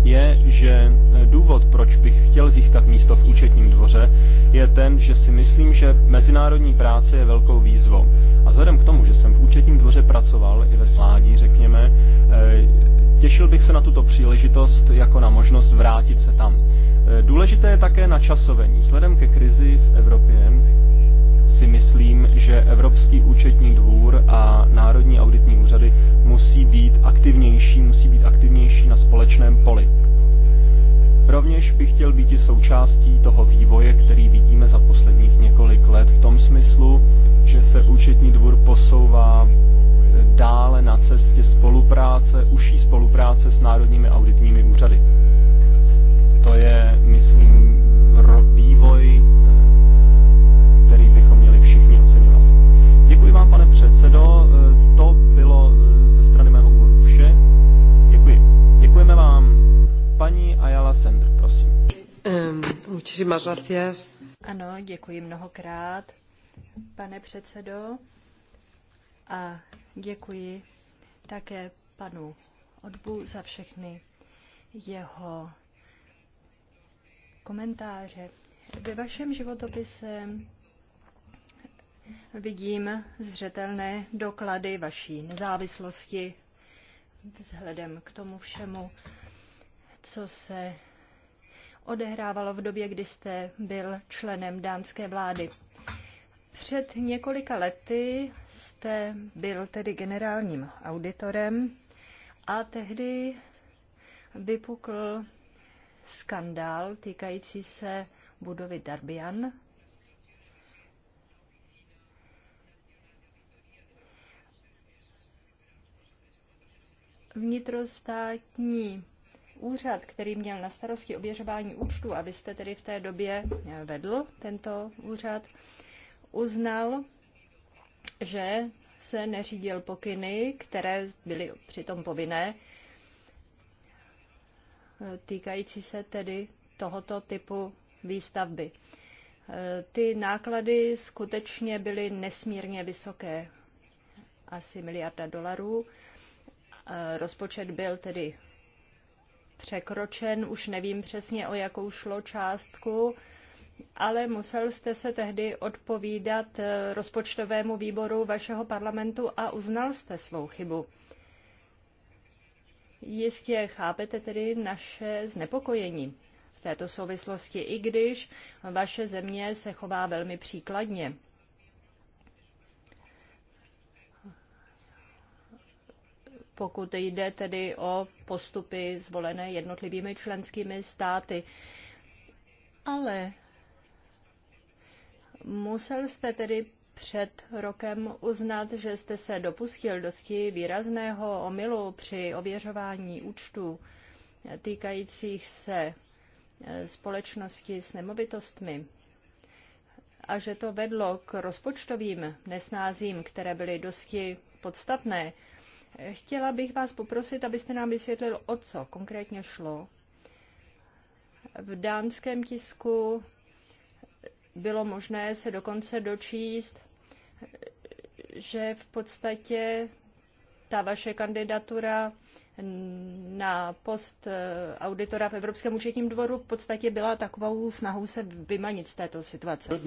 je, že důvod, proč bych chtěl získat místo v účetním dvoře, je ten, že si myslím, že mezinárodní práce je velkou výzvou. A vzhledem k tomu, že jsem v účetním dvoře pracoval i ve sládí, řekněme, eh, těšil bych se na tuto příležitost jako na možnost vrátit se tam. Eh, důležité je také načasovení. Vzhledem ke krizi v Evropě si myslím, že Evropský účetní dvůr a národní auditní úřady musí být aktivnější, musí být aktivnější na společném poli. Rovněž bych chtěl být i součástí toho vývoje, který vidíme za posledních několik let v tom smyslu, že se účetní dvůr posouvá eh, dále na cestě spolupráce, užší spolupráce s národními auditními úřady. To je, myslím, vývoj, eh, který bychom měli všichni oceňovat. Děkuji vám, pane předsedo. Eh, to bylo eh, ze strany mého úvodu vše. Děkuji. Děkujeme vám. Paní Ayala Sender, prosím. Muchísimas gracias. Ano, děkuji mnohokrát, pane předsedo. A děkuji také panu Odbu za všechny jeho komentáře. Ve vašem životopise vidím zřetelné doklady vaší nezávislosti vzhledem k tomu všemu, co se odehrávalo v době, kdy jste byl členem dánské vlády. Před několika lety jste byl tedy generálním auditorem a tehdy vypukl skandál týkající se budovy Darbian. Vnitrostátní úřad, který měl na starosti oběřování účtu, abyste tedy v té době eh, vedl tento úřad, uznal, že se neřídil pokyny, které byly přitom povinné, týkající se tedy tohoto typu výstavby. Ty náklady skutečně byly nesmírně vysoké, asi miliarda dolarů. Rozpočet byl tedy překročen, už nevím přesně o jakou šlo částku, ale musel jste se tehdy odpovídat rozpočtovému výboru vašeho parlamentu a uznal jste svou chybu. Jistě chápete tedy naše znepokojení v této souvislosti, i když vaše země se chová velmi příkladně. Pokud jde tedy o postupy zvolené jednotlivými členskými státy. Ale musel jste tedy před rokem uznat, že jste se dopustil dosti výrazného omylu při ověřování účtů týkajících se eh, společnosti s nemovitostmi a že to vedlo k rozpočtovým nesnázím, které byly dosti podstatné. Chtěla bych vás poprosit, abyste nám vysvětlil, o co konkrétně šlo. V dánském tisku bylo možné se dokonce dočíst, že v podstatě ta vaše kandidatura na post eh, auditora v Evropském účetním dvoru v podstatě byla takovou snahou se vymanit z této situace.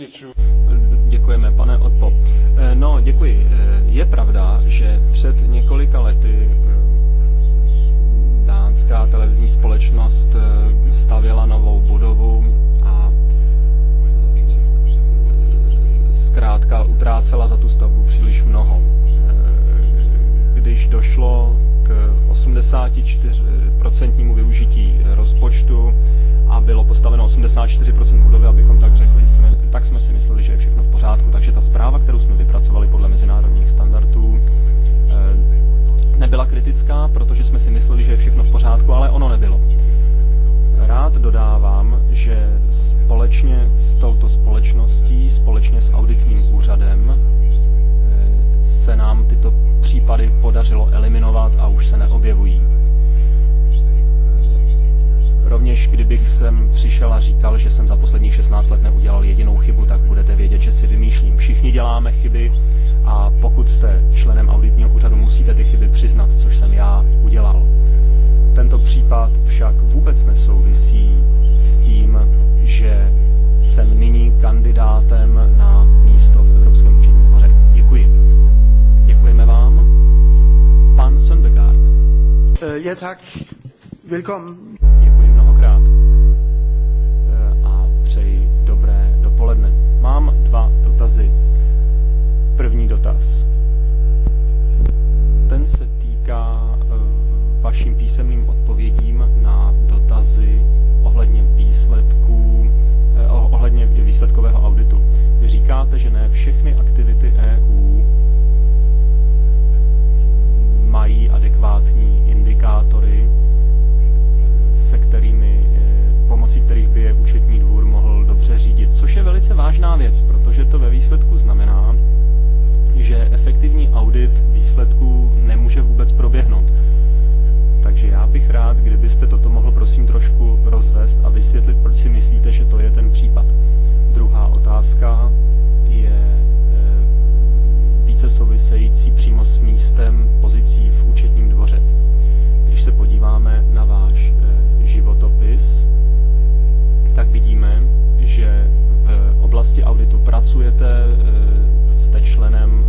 Děkujeme, pane Odpo. Eh, no, děkuji. Eh, je pravda, že před několika lety dánská televizní společnost stavěla novou budovu zkrátka utrácela za tu stavbu příliš mnoho. Eh, když došlo k 84% využití eh, rozpočtu a bylo postaveno 84% budovy, abychom tak řekli, jsme, tak jsme si mysleli, že je všechno v pořádku. Takže ta zpráva, kterou jsme vypracovali podle mezinárodních standardů, eh, nebyla kritická, protože jsme si mysleli, že je všechno v pořádku, ale ono nebylo. Rád dodávám, že společně s touto společností, společně s auditním úřadem, eh, se nám tyto případy podařilo eliminovat a už se neobjevují. Rovněž kdybych sem přišel a říkal, že jsem za posledních 16 let neudělal jedinou chybu, tak budete vědět, že si vymýšlím. Všichni děláme chyby a pokud jste členem auditního úřadu, musíte ty chyby přiznat, což jsem já udělal. Tento případ však vůbec nesouvisí s tím, že jsem nyní kandidátem na místo v Evropském učení dvoře. Děkuji. Děkujeme vám. Pan Sundegaard. Eh, Je tak. Velkom. Děkuji mnohokrát. Eh, a přeji dobré dopoledne. Mám dva dotazy. První dotaz. Ten se týká vašim písemným odpovědím na dotazy ohledně výsledků, eh, ohledně výsledkového auditu. Vy říkáte, že ne všechny aktivity EU mají adekvátní indikátory, se kterými, eh, pomocí kterých by je účetní dvůr mohl dobře řídit. Což je velice vážná věc, protože to ve výsledku znamená, že efektivní audit výsledků nemůže vůbec proběhnout. Takže já bych rád, kdybyste toto mohl prosím trošku rozvést a vysvětlit, proč si myslíte, že to je ten případ. Druhá otázka je eh, více související přímo s místem pozicí v účetním dvoře. Když se podíváme na váš eh, životopis, tak vidíme, že v oblasti auditu pracujete, eh, jste členem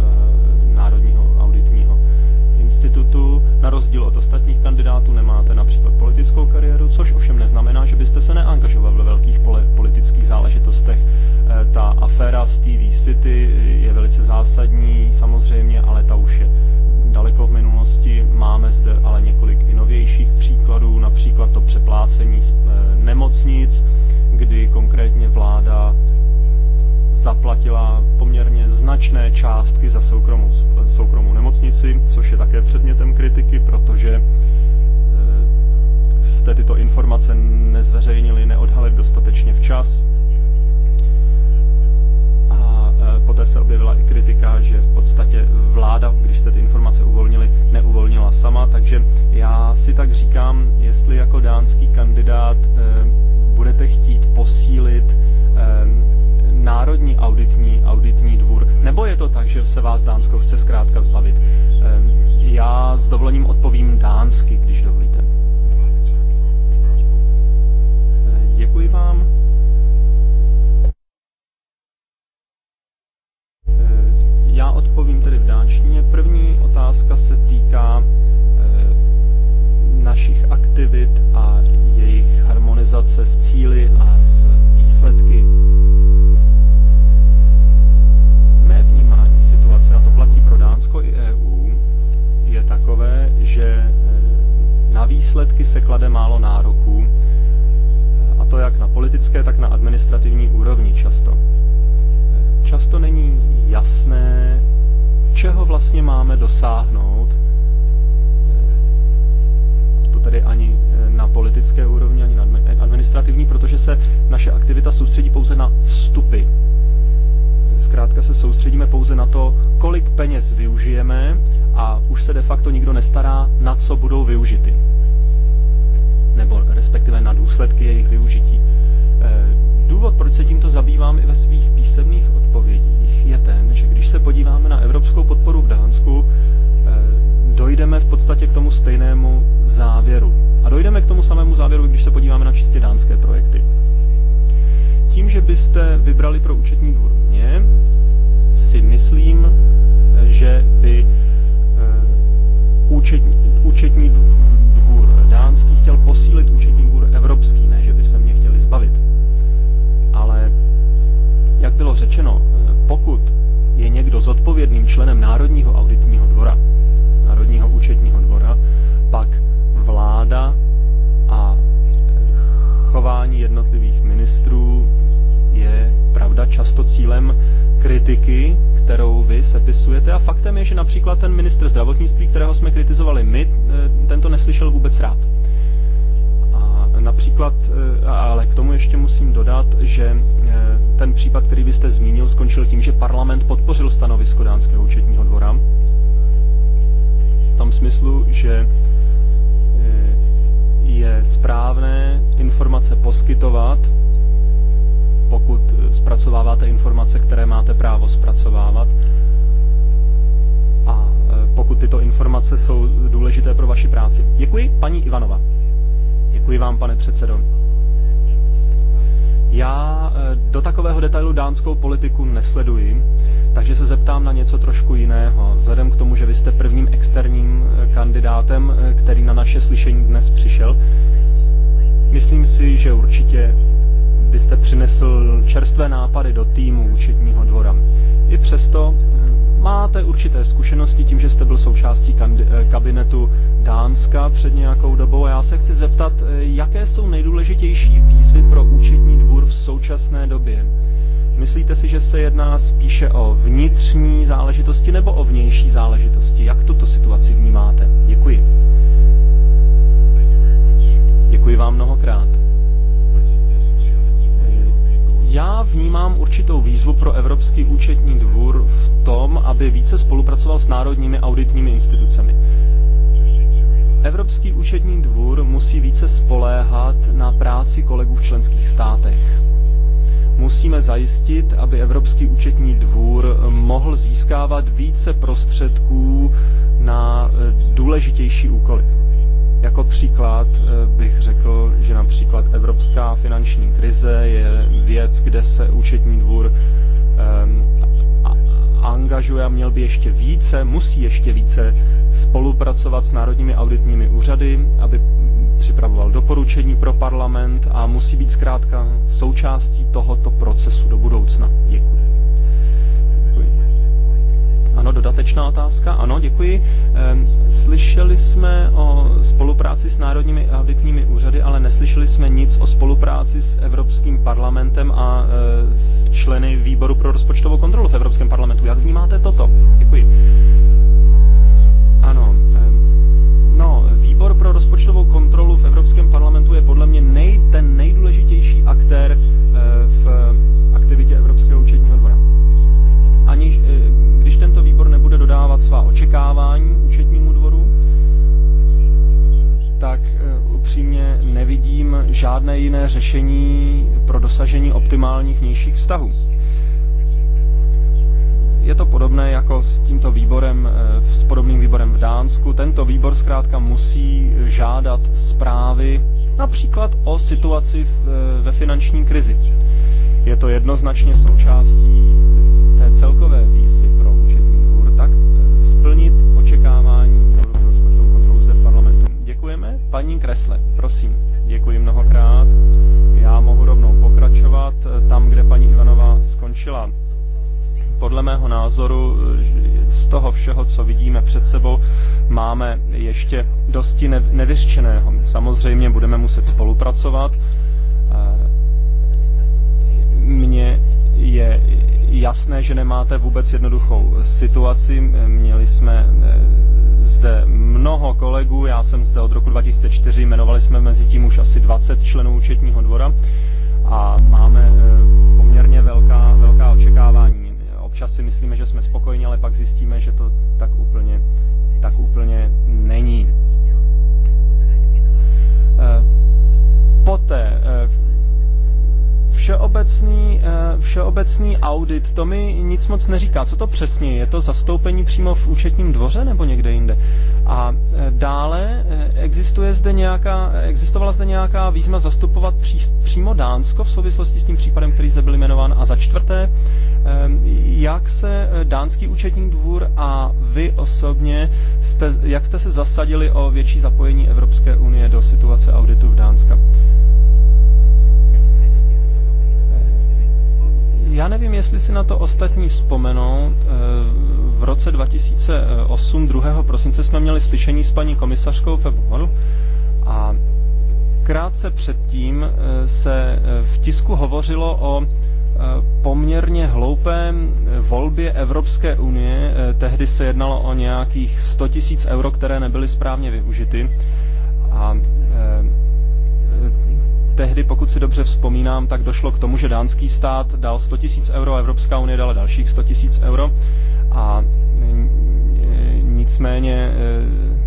institutu na rozdíl od ostatních kandidátů nemáte například politickou kariéru, což ovšem neznamená, že byste se neangažoval ve velkých politických záležitostech. E, ta aféra z TV City je velice zásadní samozřejmě, ale ta už je daleko v minulosti. Máme zde ale několik i novějších příkladů, například to přeplácení z, e, nemocnic, kdy konkrétně vláda zaplatila poměrně značné částky za soukromou, soukromou nemocnici, což je také předmětem kritiky, protože eh, jste tyto informace nezveřejnili, neodhalili dostatečně včas. A eh, poté se objevila i kritika, že v podstatě vláda, když jste ty informace uvolnili, neuvolnila sama. Takže já si tak říkám, jestli jako dánský kandidát eh, budete chtít posílit národní auditní, auditní dvůr? Nebo je to tak, že se vás Dánsko chce zkrátka zbavit? Ehm, já s dovolením odpovím dánsky, když dovolíte. Ehm, děkuji vám. Ehm, já odpovím tedy v dánštině. První otázka se týká našich aktivit a jejich harmonizace s cíly a s výsledky Dánsko i EU je takové, že e, na výsledky se klade málo nároků, e, a to jak na politické, tak na administrativní úrovni často. E, často není jasné, čeho vlastně máme dosáhnout, to tedy ani na politické úrovni, ani na administrativní, protože se naše aktivita soustředí pouze na vstupy Zkrátka se soustředíme pouze na to, kolik peněz využijeme a už se de facto nikdo nestará, na co budou využity. Nebo respektive na důsledky jejich využití. Eh, důvod, proč se tímto zabývám i ve svých písemných odpovědích, je ten, že když se podíváme na evropskou podporu v Dánsku, eh, dojdeme v podstatě k tomu stejnému závěru. A dojdeme k tomu samému závěru, když se podíváme na čistě dánské projekty. Tím, že byste vybrali pro účetní dvůr Nicméně si myslím, že by eh, účetní, účetní dvůr dánský chtěl posílit účetní dvůr evropský, ne že by se mě chtěli zbavit. Ale jak bylo řečeno, eh, pokud je někdo zodpovědným členem Národního auditního dvora, Národního účetního dvora, pak vláda a chování jednotlivých ministrů pravda, často cílem kritiky, kterou vy sepisujete. A faktem je, že například ten ministr zdravotnictví, kterého jsme kritizovali my, eh, tento neslyšel vůbec rád. A například, eh, ale k tomu ještě musím dodat, že eh, ten případ, který byste zmínil, skončil tím, že parlament podpořil stanovisko Dánského účetního dvora. V tom smyslu, že je správné informace poskytovat pokud eh, zpracováváte informace, které máte právo zpracovávat. A eh, pokud tyto informace jsou důležité pro vaši práci. Děkuji, paní Ivanova. Děkuji vám, pane předsedo. Já eh, do takového detailu dánskou politiku nesleduji, takže se zeptám na něco trošku jiného. Vzhledem k tomu, že vy jste prvním externím kandidátem, který na naše slyšení dnes přišel, myslím si, že určitě byste přinesl čerstvé nápady do týmu účetního dvora. I přesto eh, máte určité zkušenosti tím, že jste byl součástí eh, kabinetu Dánska před nějakou dobou a já se chci zeptat, eh, jaké jsou nejdůležitější výzvy pro účetní dvůr v současné době? Myslíte si, že se jedná spíše o vnitřní záležitosti nebo o vnější záležitosti? Jak tuto situaci vnímáte? Děkuji. Děkuji vám mnohokrát. Já vnímám určitou výzvu pro Evropský účetní dvůr v tom, aby více spolupracoval s národními auditními institucemi. Evropský účetní dvůr musí více spoléhat na práci kolegů v členských státech. Musíme zajistit, aby Evropský účetní dvůr mohl získávat více prostředků na eh, důležitější úkoly. Jako příklad eh, bych řekl, že například evropská finanční krize je věc, kde se účetní dvůr ehm, angažuje a měl by ještě více, musí ještě více spolupracovat s národními auditními úřady, aby připravoval doporučení pro parlament a musí být zkrátka součástí tohoto procesu do budoucna. Děkuji. Ano, dodatečná otázka. Ano, děkuji. Ehm, slyšeli jsme o spolupráci s národními auditními úřady, ale neslyšeli jsme nic o spolupráci s Evropským parlamentem a e, s členy výboru pro rozpočtovou kontrolu v Evropském parlamentu. Jak vnímáte toto? Děkuji. Ano, ehm, No, výbor pro rozpočtovou kontrolu v Evropském parlamentu je podle mě nej, ten nejdůležitější aktér e, v aktivitě Evropského účetního dvora. Aniž e, podávat svá očekávání účetnímu dvoru, tak eh, upřímně nevidím žádné jiné řešení pro dosažení optimálních vnějších vztahů. Je to podobné jako s tímto výborem, eh, s podobným výborem v Dánsku. Tento výbor zkrátka musí žádat zprávy například o situaci v, eh, ve finanční krizi. Je to jednoznačně součástí té celkové Paní Kresle, prosím, děkuji mnohokrát. Já mohu rovnou pokračovat eh, tam, kde paní Ivanová skončila. Podle mého názoru eh, z toho všeho, co vidíme před sebou, máme ještě dosti nevyřčeného. Samozřejmě budeme muset spolupracovat. Eh, mně je jasné, že nemáte vůbec jednoduchou situaci. Měli jsme zde mnoho kolegů, já jsem zde od roku 2004, jmenovali jsme mezi tím už asi 20 členů účetního dvora a máme eh, poměrně velká, velká očekávání. Občas si myslíme, že jsme spokojeni, ale pak zjistíme, že to tak úplně, tak úplně není. Eh, poté eh, Všeobecný, eh, všeobecný audit, to mi nic moc neříká. Co to přesně? Je to zastoupení přímo v účetním dvoře nebo někde jinde? A eh, dále eh, existuje zde nějaká, existovala zde nějaká výzma zastupovat pří, přímo Dánsko v souvislosti s tím případem, který zde byl jmenován? A za čtvrté, jak se dánský účetní dvůr a vy osobně, jste, jak jste se zasadili o větší zapojení Evropské unie do situace auditu v Dánska? Já nevím, jestli si na to ostatní vzpomenou. Eh, v roce 2008, 2. prosince, jsme měli slyšení s paní komisařkou Febol a krátce předtím eh, se eh, v tisku hovořilo o poměrně hloupé volbě Evropské unie. Tehdy se jednalo o nějakých 100 tisíc euro, které nebyly správně využity. A tehdy, pokud si dobře vzpomínám, tak došlo k tomu, že dánský stát dal 100 000 euro, Evropská unie dala dalších 100 000 euro a e, e, nicméně e,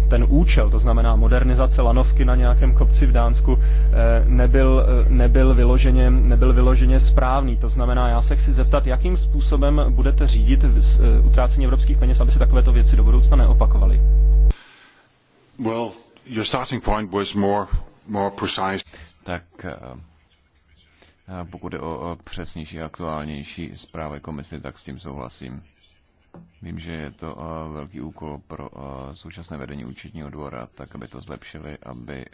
ten účel, to znamená modernizace lanovky na nějakém kopci v Dánsku, nebyl, nebyl, vyloženě, nebyl vyloženě správný. To znamená, já se chci zeptat, jakým způsobem budete řídit utrácení evropských peněz, aby se takovéto věci do budoucna neopakovaly. Well, your starting point was more, more precise tak eh, eh, pokud je o přesnější a aktuálnější zprávy komise, tak s tím souhlasím. Vím, že je to eh, velký úkol pro současné vedení účetního dvora, tak aby to zlepšili, aby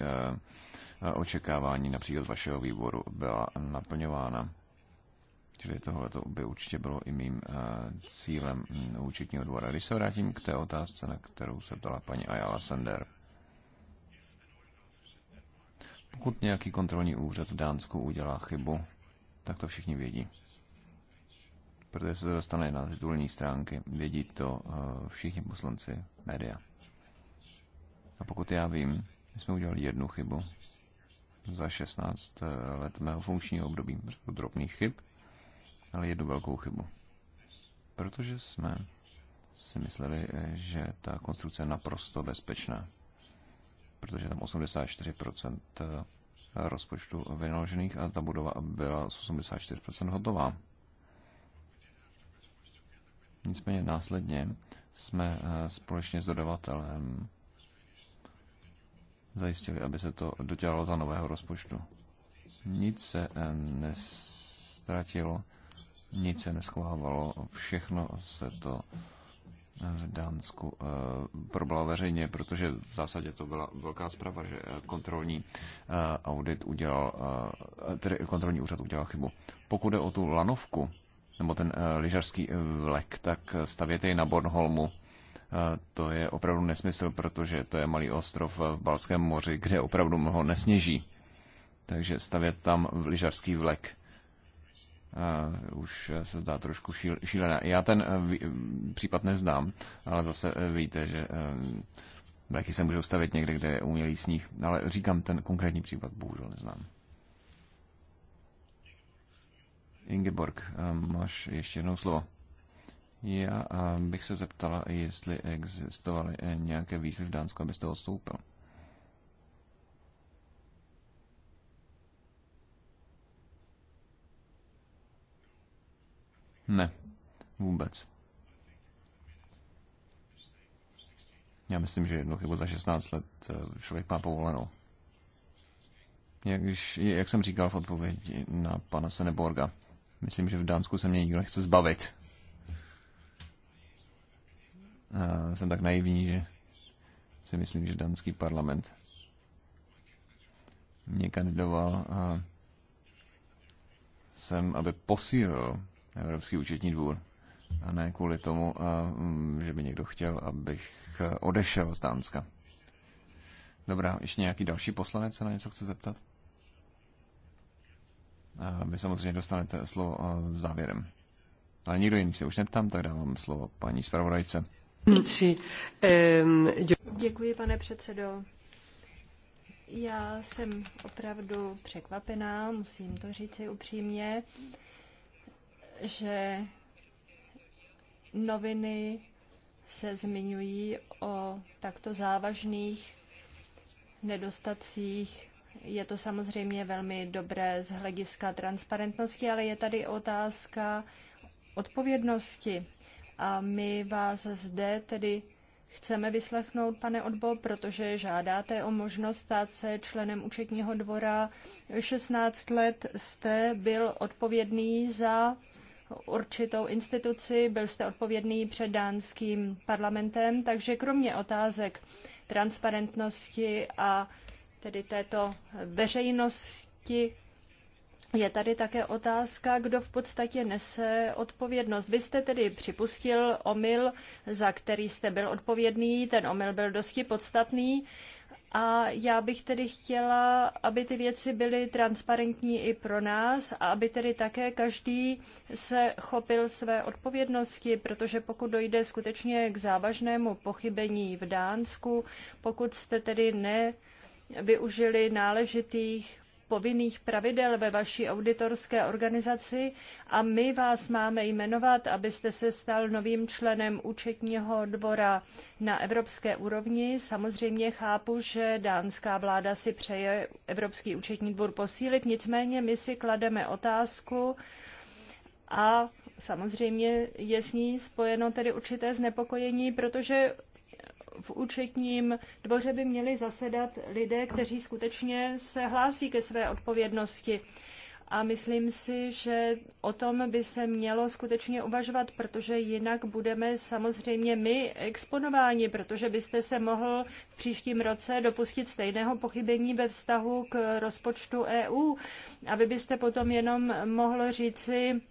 očekávání například vašeho výboru byla naplňována. Čili tohle by určitě bylo i mým cílem mm, účetního dvora. Když se vrátím k té otázce, na kterou se ptala paní Ayala Sender. Pokud nějaký kontrolní úřad v Dánsku udělá chybu, tak to všichni vědí. Protože se to dostane na titulní stránky, vědí to eh, všichni poslanci média. A pokud já vím, my jsme udělali jednu chybu za 16 eh, let mého funkčního období, drobných chyb, ale jednu velkou chybu. Protože jsme si mysleli, eh, že ta konstrukce je naprosto bezpečná protože tam 84% eh, rozpočtu vynaložených a ta budova byla 84% hotová. Nicméně následně jsme eh, společně s dodavatelem zajistili, aby se to dodělalo za nového rozpočtu. Nic se eh, nestratilo, nic se neschovávalo, všechno se to v Dánsku eh, probala veřejně, protože v zásadě to byla velká zpráva, že eh, kontrolní eh, audit udělal, tedy kontrolní úřad udělal chybu. Pokud je o tu lanovku, nebo ten lyžařský vlek, tak stavěte ji na Bornholmu. To je opravdu nesmysl, protože to je malý ostrov v Balském moři, kde opravdu mnoho nesněží. Takže stavět tam lyžařský vlek uh, už eh, se zdá trošku šíl, šílená. Já ten uh, případ neznám, ale zase uh, víte, že uh, mraky se můžou stavit někde, kde je umělý sníh, ale říkám, ten konkrétní případ bohužel neznám. Ingeborg, uh, máš ještě jednou slovo. Já bych se zeptala, jestli existovaly nějaké výzvy v Dánsku, abyste odstoupil. Ne, vůbec. Já myslím, že jednu chybu za 16 let eh, člověk má povolenou. Jak, když, jak jsem říkal v odpovědi na pana Seneborga, myslím, že v Dánsku se mě nikdo nechce zbavit. A jsem tak naivní, že si myslím, že dánský parlament mě kandidoval a jsem, aby posílil Evropský účetní dvůr. A ne kvůli tomu, mm, že by někdo chtěl, abych odešel z Dánska. Dobrá, ještě nějaký další poslanec se na něco chce zeptat? Vy samozřejmě dostanete slovo závěrem. Ale nikdo jiný se už neptám, tak dávám slovo paní zpravodajce. Děkuji, pane předsedo. Já jsem opravdu překvapená, musím to říci upřímně že noviny se zmiňují o takto závažných nedostacích. Je to samozřejmě velmi dobré z hlediska transparentnosti, ale je tady otázka odpovědnosti. A my vás zde tedy chceme vyslechnout, pane Odbo, protože žádáte o možnost stát se členem účetního dvora. 16 let jste byl odpovědný za určitou instituci, byl jste odpovědný před dánským parlamentem, takže kromě otázek transparentnosti a tedy této veřejnosti je tady také otázka, kdo v podstatě nese odpovědnost. Vy jste tedy připustil omyl, za který jste byl odpovědný, ten omyl byl dosti podstatný. A já bych tedy chtěla, aby ty věci byly transparentní i pro nás a aby tedy také každý se chopil své odpovědnosti, protože pokud dojde skutečně k závažnému pochybení v Dánsku, pokud jste tedy nevyužili náležitých povinných pravidel ve vaší auditorské organizaci a my vás máme jmenovat, abyste se stal novým členem účetního dvora na evropské úrovni. Samozřejmě chápu, že dánská vláda si přeje Evropský účetní dvůr posílit, nicméně my si klademe otázku a samozřejmě je s ní spojeno tedy určité znepokojení, protože v účetním dvoře by měli zasedat lidé, kteří skutečně se hlásí ke své odpovědnosti. A myslím si, že o tom by se mělo skutečně uvažovat, protože jinak budeme samozřejmě my exponováni, protože byste se mohl v příštím roce dopustit stejného pochybení ve vztahu k rozpočtu EU. A vy byste potom jenom mohl říci,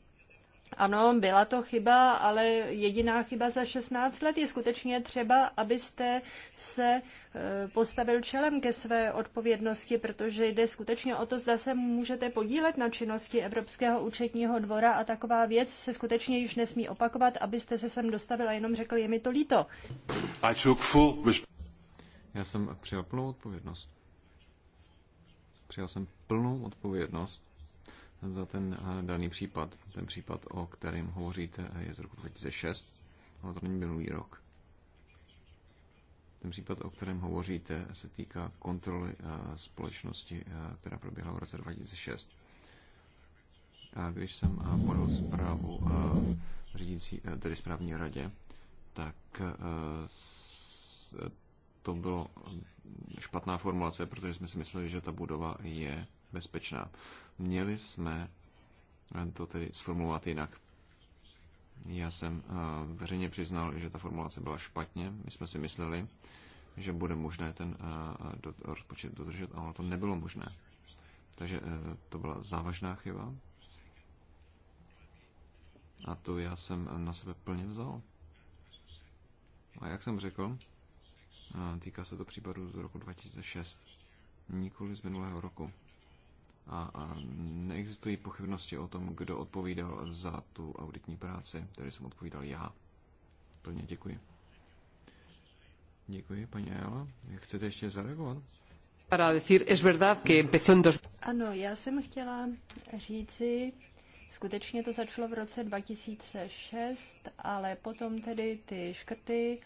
ano, byla to chyba, ale jediná chyba za 16 let je skutečně třeba, abyste se e, postavil čelem ke své odpovědnosti, protože jde skutečně o to, zda se můžete podílet na činnosti Evropského účetního dvora a taková věc se skutečně již nesmí opakovat, abyste se sem dostavil a jenom řekl, je mi to líto. Já jsem přijal plnou odpovědnost. Přijal jsem plnou odpovědnost za ten eh, daný případ. Ten případ, o kterém hovoříte, eh, je z roku 2006, ale to není minulý rok. Ten případ, o kterém hovoříte, se týká kontroly eh, společnosti, která proběhla v roce 2006. A když jsem podal zprávu řídící, tedy správní radě, tak to bylo hm, špatná formulace, protože jsme si mysleli, že ta budova je bezpečná. Měli jsme eh, to tedy sformulovat jinak. Já jsem eh, veřejně přiznal, že ta formulace byla špatně. My jsme si mysleli, že bude možné ten eh, rozpočet dodržet, ale to nebylo možné. Takže to byla závažná chyba. A to já jsem na sebe plně vzal. A jak jsem řekl, týká se to případu z roku 2006, nikoli z minulého roku a, a neexistují pochybnosti o tom, kdo odpovídal za tu auditní práci, které jsem odpovídal já. Plně děkuji. Děkuji, paní Ayala. Chcete ještě zareagovat? Para decir, es verdad que empezó en dos... Ano, já jsem chtěla říci, skutečně to začalo v roce 2006, ale potom tedy ty škrty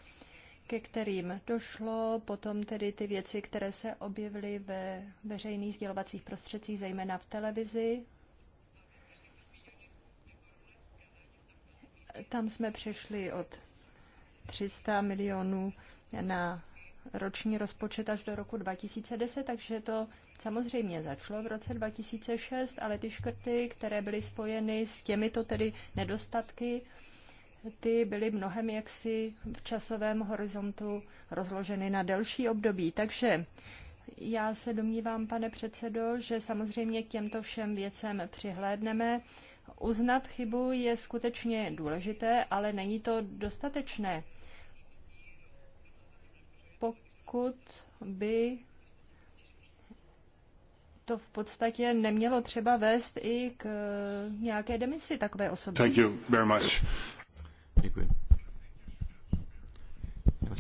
ke kterým došlo, potom tedy ty věci, které se objevily ve veřejných sdělovacích prostředcích, zejména v televizi. Tam jsme přešli od 300 milionů na roční rozpočet až do roku 2010, takže to samozřejmě začalo v roce 2006, ale ty škrty, které byly spojeny s těmito tedy nedostatky, ty byly mnohem jaksi v časovém horizontu rozloženy na delší období. Takže já se domnívám, pane předsedo, že samozřejmě k těmto všem věcem přihlédneme. Uznat chybu je skutečně důležité, ale není to dostatečné. Pokud by to v podstatě nemělo třeba vést i k nějaké demisi takové osoby. Thank you very much.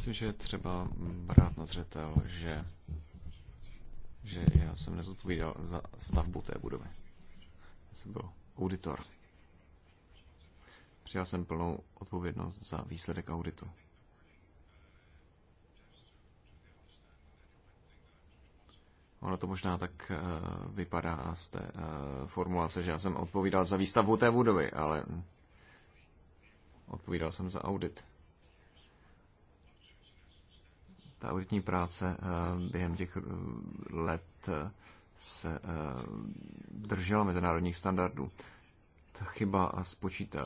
myslím, že je třeba brát na zřetel, že, že já jsem nezodpovídal za stavbu té budovy. Já jsem byl auditor. Přijal jsem plnou odpovědnost za výsledek auditu. Ono to možná tak eh, vypadá z té eh, formulace, že já jsem odpovídal za výstavbu té budovy, ale odpovídal jsem za audit. Ta auditní práce eh, během těch eh, let eh, se držela mezinárodních standardů. Ta chyba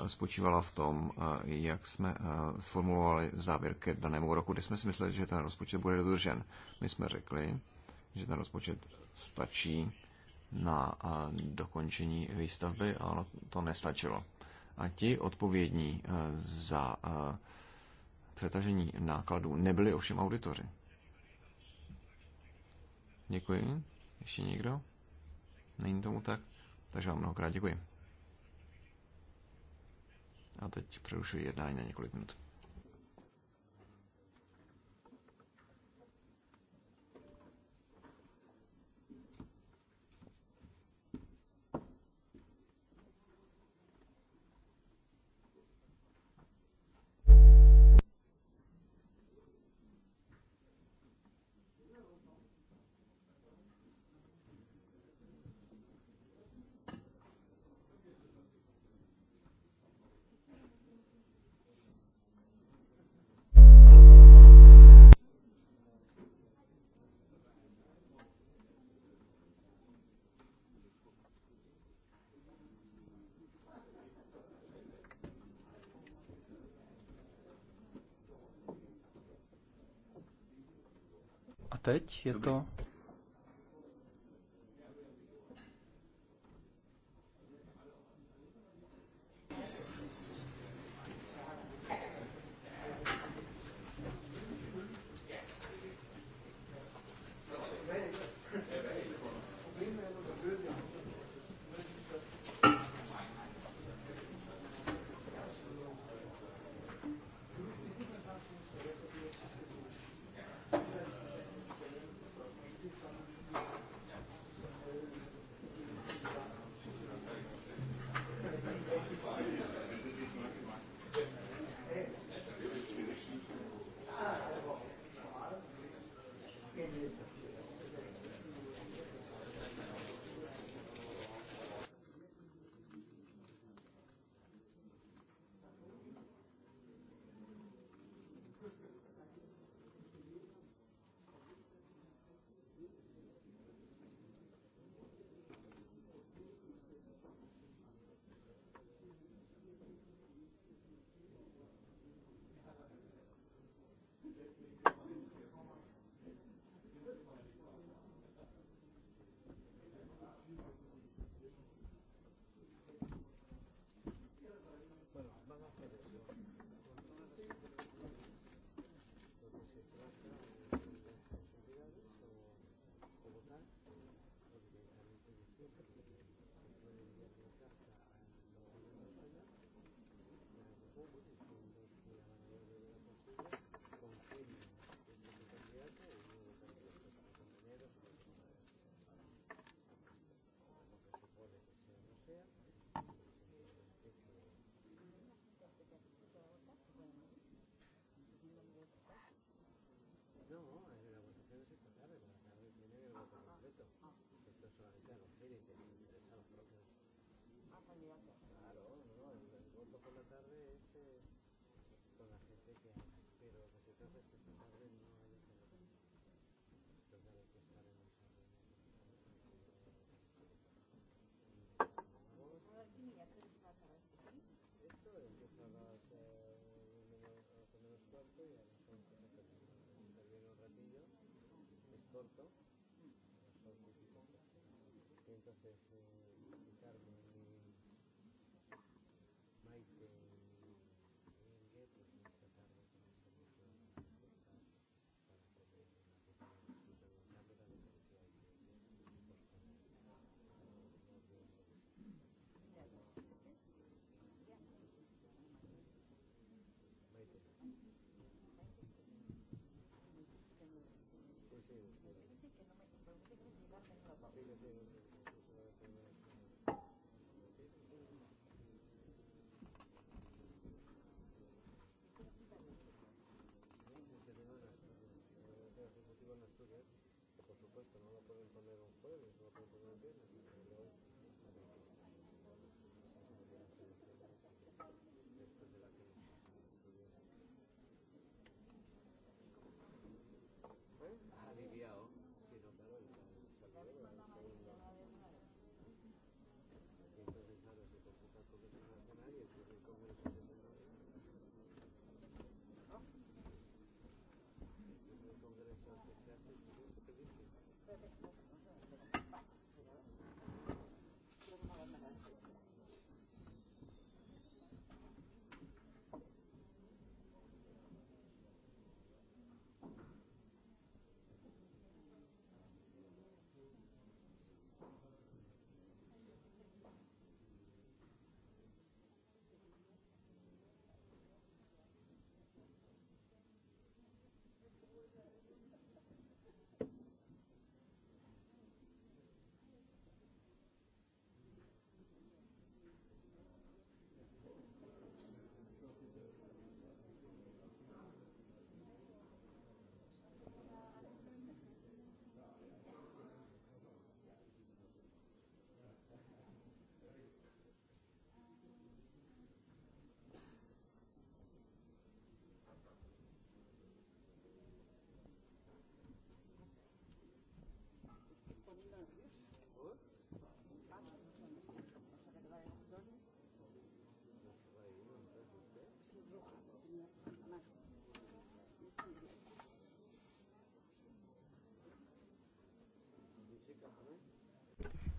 spočívala v tom, jak jsme sformulovali závěr ke danému roku, kdy jsme si mysleli, že ten rozpočet bude dodržen. My jsme řekli, že ten rozpočet stačí na dokončení výstavby, ale to nestačilo. A ti odpovědní za přetažení nákladů nebyli ovšem auditoři. Děkuji. Ještě někdo? Není tomu tak? Takže vám mnohokrát děkuji. A teď přerušuji jednání na několik minut. teď je to corto, mm. entonces eh, alquiler, ¿eh? por supuesto, no lo pueden poner un jueves, no lo pueden poner un viernes,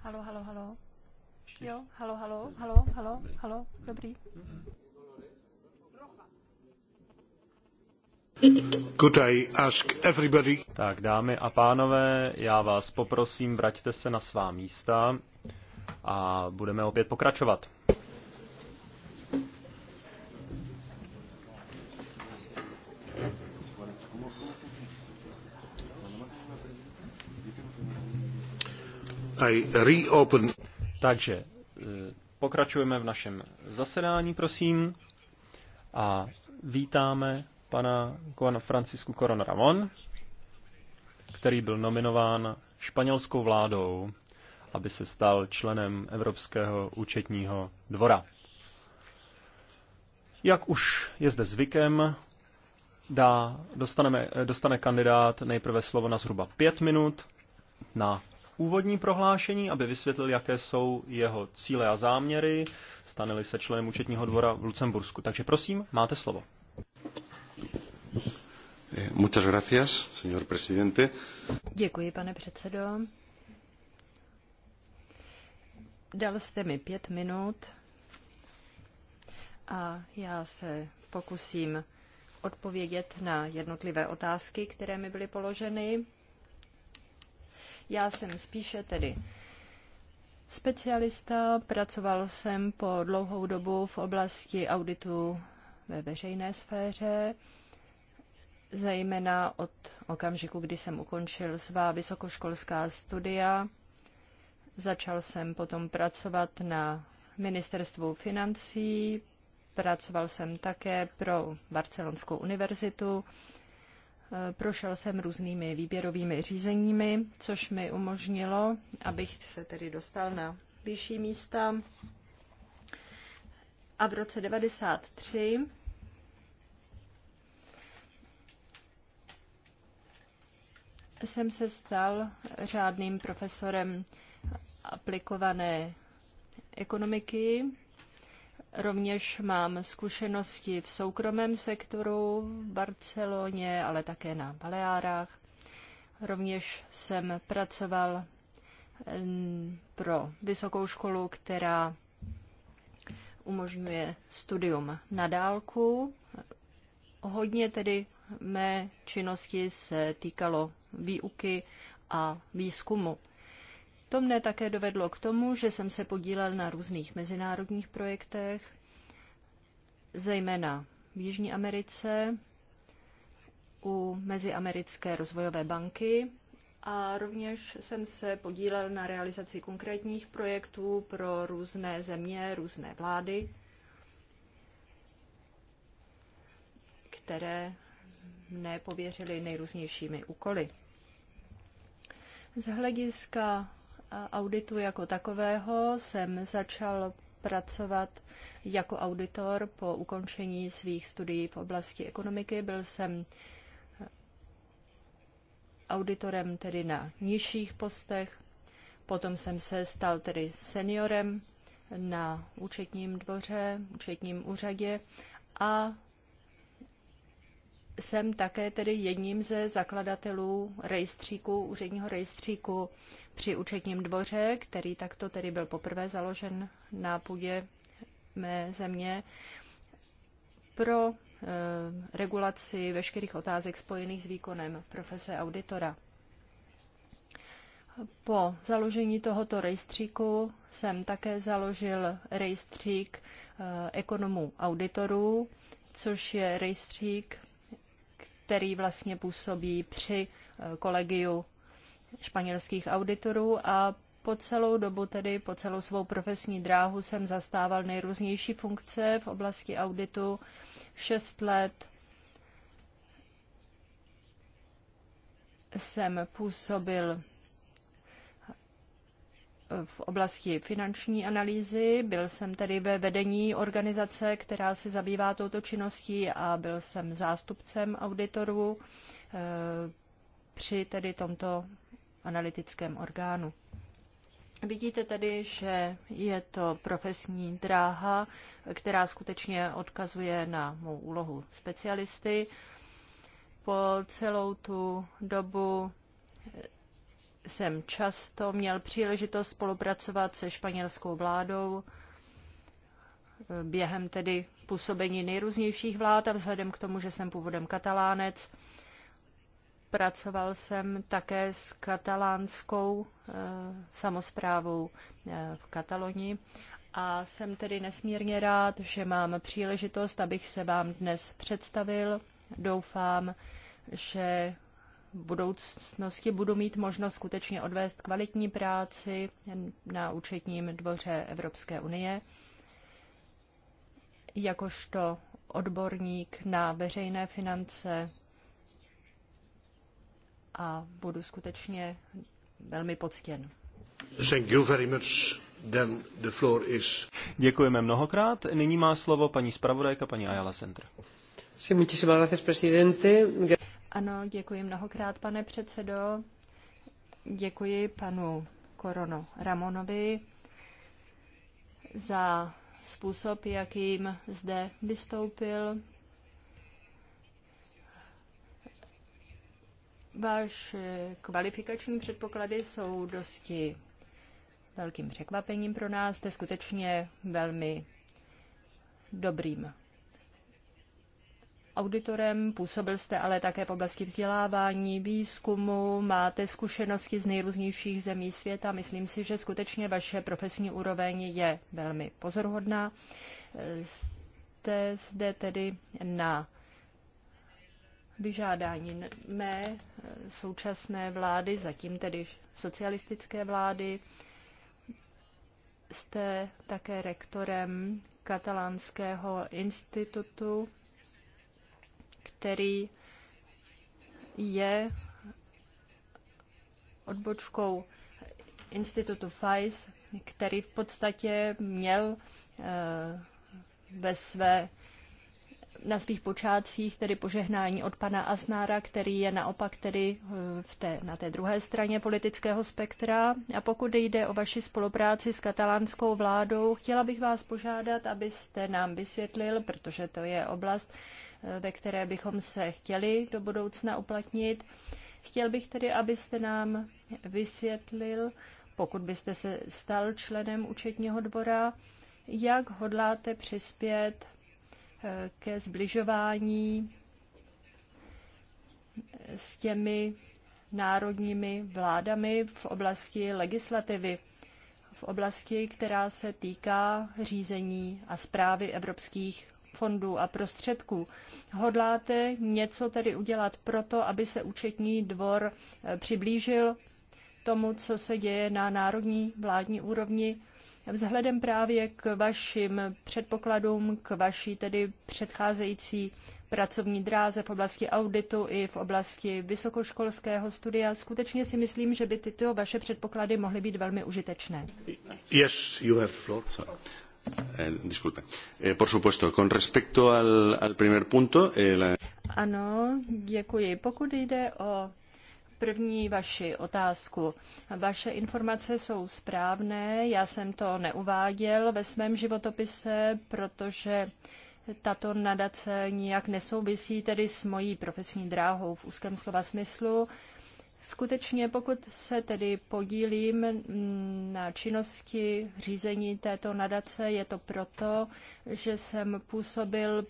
Halo, halo, halo. Jo, halo, halo, halo, halo, halo, dobrý. Good, I ask everybody... Tak, dámy a pánové, já vás poprosím, vraťte se na svá místa a budeme opět pokračovat. Takže eh, pokračujeme v našem zasedání, prosím. A vítáme pana Juan Francisku Corona Ramon, který byl nominován španělskou vládou, aby se stal členem Evropského účetního dvora. Jak už je zde zvykem, dá, dostaneme, dostane kandidát nejprve slovo na zhruba pět minut na úvodní prohlášení, aby vysvětlil, jaké jsou jeho cíle a záměry. Staneli se členem účetního dvora v Lucembursku. Takže prosím, máte slovo. Eh, muchas gracias, señor presidente. Děkuji, pane předsedo. Dal jste mi pět minut a já se pokusím odpovědět na jednotlivé otázky, které mi byly položeny. Já jsem spíše tedy specialista, pracoval jsem po dlouhou dobu v oblasti auditu ve veřejné sféře, zejména od okamžiku, kdy jsem ukončil svá vysokoškolská studia. Začal jsem potom pracovat na ministerstvu financí, pracoval jsem také pro Barcelonskou univerzitu Prošel jsem různými výběrovými řízeními, což mi umožnilo, abych se tedy dostal na vyšší místa. A v roce 93 jsem se stal řádným profesorem aplikované ekonomiky Rovněž mám zkušenosti v soukromém sektoru v Barceloně, ale také na Baleárách. Rovněž jsem pracoval pro vysokou školu, která umožňuje studium na dálku. Hodně tedy mé činnosti se týkalo výuky a výzkumu. To mne také dovedlo k tomu, že jsem se podílel na různých mezinárodních projektech, zejména v Jižní Americe, u Meziamerické rozvojové banky a rovněž jsem se podílel na realizaci konkrétních projektů pro různé země, různé vlády, které mne pověřily nejrůznějšími úkoly. Z hlediska auditu jako takového jsem začal pracovat jako auditor po ukončení svých studií v oblasti ekonomiky. Byl jsem eh, auditorem tedy na nižších postech, potom jsem se stal tedy seniorem na účetním dvoře, účetním úřadě a jsem také tedy jedním ze zakladatelů rejstříku, úředního rejstříku při účetním dvoře, který takto tedy byl poprvé založen na půdě mé země pro eh, regulaci veškerých otázek spojených s výkonem profese auditora. Po založení tohoto rejstříku jsem také založil rejstřík eh, ekonomů auditorů, což je rejstřík který vlastně působí při eh, kolegiu španělských auditorů a po celou dobu, tedy po celou svou profesní dráhu, jsem zastával nejrůznější funkce v oblasti auditu. Šest let jsem působil v oblasti finanční analýzy. Byl jsem tedy ve vedení organizace, která se zabývá touto činností a byl jsem zástupcem auditorů eh, při tedy tomto analytickém orgánu. Vidíte tedy, že je to profesní dráha, která skutečně odkazuje na mou úlohu specialisty. Po celou tu dobu jsem často měl příležitost spolupracovat se španělskou vládou během tedy působení nejrůznějších vlád a vzhledem k tomu, že jsem původem katalánec, pracoval jsem také s katalánskou e, eh, samozprávou e, eh, v Katalonii a jsem tedy nesmírně rád, že mám příležitost, abych se vám dnes představil. Doufám, že budoucnosti budu mít možnost skutečně odvést kvalitní práci na účetním dvoře Evropské unie, jakožto odborník na veřejné finance a budu skutečně velmi poctěn. Thank you very much. Then the floor is... Děkujeme mnohokrát. Nyní má slovo paní zpravodajka, paní Ayala Center. Sí, muchísimas gracias, presidente. Ano, děkuji mnohokrát, pane předsedo. Děkuji panu Korono Ramonovi za způsob, jakým zde vystoupil. Váš kvalifikační předpoklady jsou dosti velkým překvapením pro nás. Jste skutečně velmi dobrým auditorem, působil jste ale také v oblasti vzdělávání, výzkumu, máte zkušenosti z nejrůznějších zemí světa. Myslím si, že skutečně vaše profesní úroveň je velmi pozoruhodná. Jste zde tedy na vyžádání mé současné vlády, zatím tedy socialistické vlády. Jste také rektorem katalánského institutu který je odbočkou institutu FICE, který v podstatě měl eh, ve své na svých počátcích tedy požehnání od pana Asnára, který je naopak tedy eh, v té, na té druhé straně politického spektra. A pokud jde o vaši spolupráci s katalánskou vládou, chtěla bych vás požádat, abyste nám vysvětlil, protože to je oblast, Eh, ve které bychom se chtěli do budoucna uplatnit. Chtěl bych tedy, abyste nám vysvětlil, pokud byste se stal členem účetního dvora, jak hodláte přispět eh, ke zbližování eh, s těmi národními vládami v oblasti legislativy, v oblasti, která se týká řízení a zprávy evropských fondů a prostředků. Hodláte něco tedy udělat proto, aby se účetní dvor eh, přiblížil tomu, co se děje na národní vládní úrovni, vzhledem právě k vašim předpokladům, k vaší tedy předcházející pracovní dráze v oblasti auditu i v oblasti vysokoškolského studia. Skutečně si myslím, že by tyto vaše předpoklady mohly být velmi užitečné. Yes, you have floor, sir. Eh, disculpe. Eh, por supuesto, con respecto al, al primer punto. Eh, la... Ano, děkuji. Pokud jde o první vaši otázku. Vaše informace jsou správné, já jsem to neuváděl ve svém životopise, protože tato nadace nijak nesouvisí tedy s mojí profesní dráhou v úzkém slova smyslu. Skutečně, pokud se tedy podílím mm, na činnosti řízení této nadace, je to proto, že jsem působil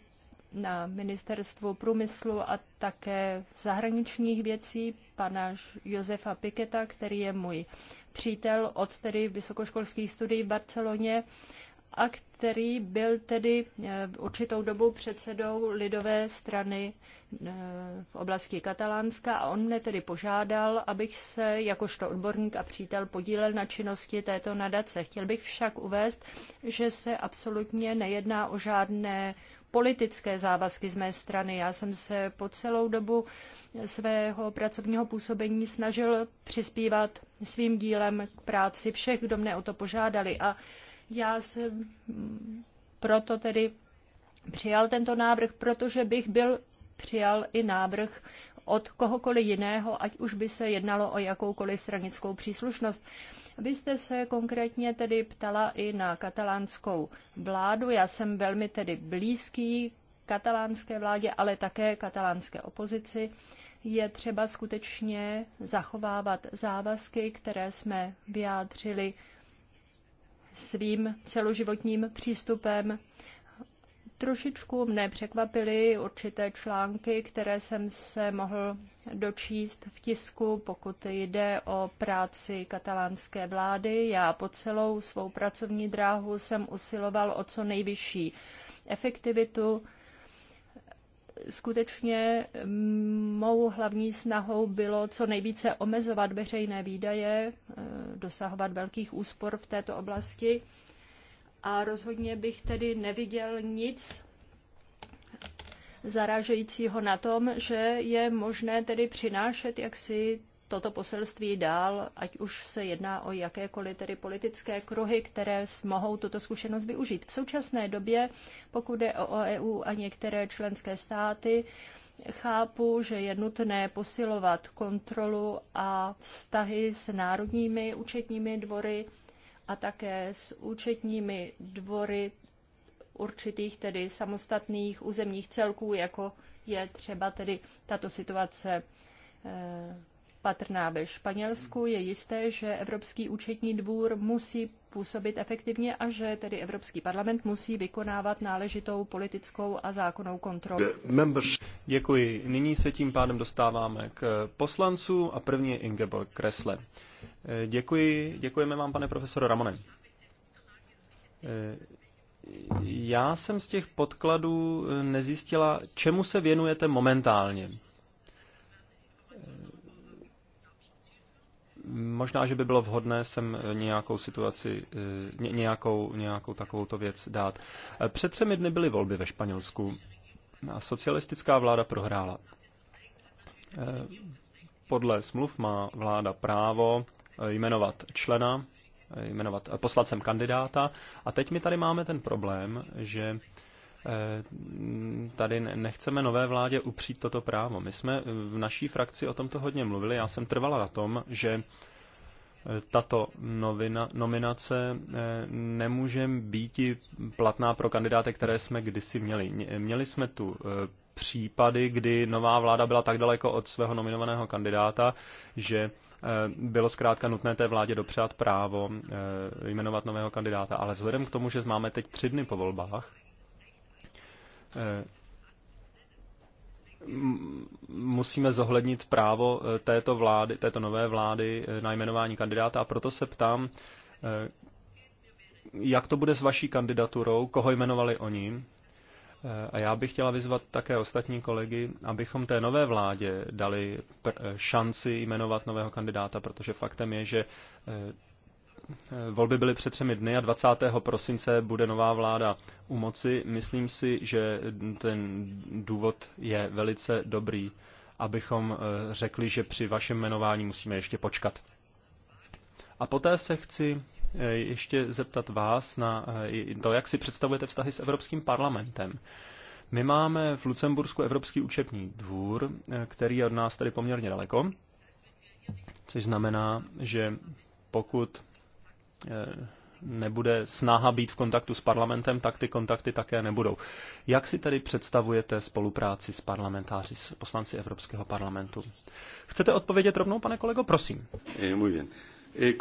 na ministerstvu průmyslu a také zahraničních věcí pana Josefa Piketa, který je můj přítel od tedy vysokoškolských studií v Barceloně a který byl tedy eh, určitou dobu předsedou lidové strany eh, v oblasti Katalánska a on mě tedy požádal, abych se jakožto odborník a přítel podílel na činnosti této nadace. Chtěl bych však uvést, že se absolutně nejedná o žádné politické závazky z mé strany. Já jsem se po celou dobu svého pracovního působení snažil přispívat svým dílem k práci všech, kdo mne o to požádali. A já jsem proto tedy přijal tento návrh, protože bych byl přijal i návrh od kohokoliv jiného, ať už by se jednalo o jakoukoliv stranickou příslušnost. Vy jste se konkrétně tedy ptala i na katalánskou vládu. Já jsem velmi tedy blízký katalánské vládě, ale také katalánské opozici. Je třeba skutečně zachovávat závazky, které jsme vyjádřili svým celoživotním přístupem. Trošičku mne překvapily určité články, které jsem se mohl dočíst v tisku, pokud jde o práci katalánské vlády. Já po celou svou pracovní dráhu jsem usiloval o co nejvyšší efektivitu skutečně mou hlavní snahou bylo co nejvíce omezovat veřejné výdaje, eh, dosahovat velkých úspor v této oblasti. A rozhodně bych tedy neviděl nic zarážejícího na tom, že je možné tedy přinášet jaksi toto poselství dál, ať už se jedná o jakékoliv tedy politické kruhy, které mohou tuto zkušenost využít. V současné době, pokud je o EU a některé členské státy, chápu, že je nutné posilovat kontrolu a vztahy s národními účetními dvory a také s účetními dvory určitých tedy samostatných územních celků, jako je třeba tedy tato situace eh, patrná ve Španělsku. Je jisté, že Evropský účetní dvůr musí působit efektivně a že tedy Evropský parlament musí vykonávat náležitou politickou a zákonnou kontrolu. Děkuji. Nyní se tím pádem dostáváme k poslancu a první je Ingeborg Kresle. Eh, děkuji, děkujeme vám, pane profesore Ramone. Eh, já jsem z těch podkladů eh, nezjistila, čemu se věnujete momentálně. Možná, že by bylo vhodné sem nějakou situaci, eh, nějakou, nějakou, nějakou takovouto věc dát. Eh, před třemi dny byly volby ve Španělsku a socialistická vláda prohrála. Eh, podle smluv má vláda právo jmenovat člena, jmenovat poslancem kandidáta a teď my tady máme ten problém, že Eh, tady nechceme nové vládě upřít toto právo. My jsme eh, v naší frakci o tomto hodně mluvili. Já jsem trvala na tom, že eh, tato novina, nominace nemůže být platná pro kandidáty, které jsme kdysi měli. Měli jsme tu případy, kdy nová vláda byla tak daleko od svého nominovaného kandidáta, že bylo zkrátka nutné té vládě dopřát právo jmenovat nového kandidáta. Ale vzhledem k tomu, že máme teď tři dny po volbách, Eh, musíme zohlednit právo eh, této vlády, této nové vlády eh, na jmenování kandidáta a proto se ptám, jak to bude s vaší kandidaturou, koho jmenovali oni. A já bych chtěla vyzvat také ostatní kolegy, abychom té nové vládě dali šanci jmenovat nového kandidáta, protože faktem je, že Eh, volby byly před třemi dny a 20. prosince bude nová vláda u moci. Myslím si, že ten důvod je velice dobrý, abychom eh, řekli, že při vašem jmenování musíme ještě počkat. A poté se chci eh, ještě zeptat vás na to, jak si představujete vztahy s Evropským parlamentem. My máme v Lucembursku Evropský účetní dvůr, který je od nás tady poměrně daleko, což znamená, že pokud Eh, nebude snaha být v kontaktu s parlamentem, tak ty kontakty také nebudou. Jak si tedy představujete spolupráci s parlamentáři, s poslanci Evropského parlamentu? Chcete odpovědět rovnou, pane kolego? Prosím. Eh, eh,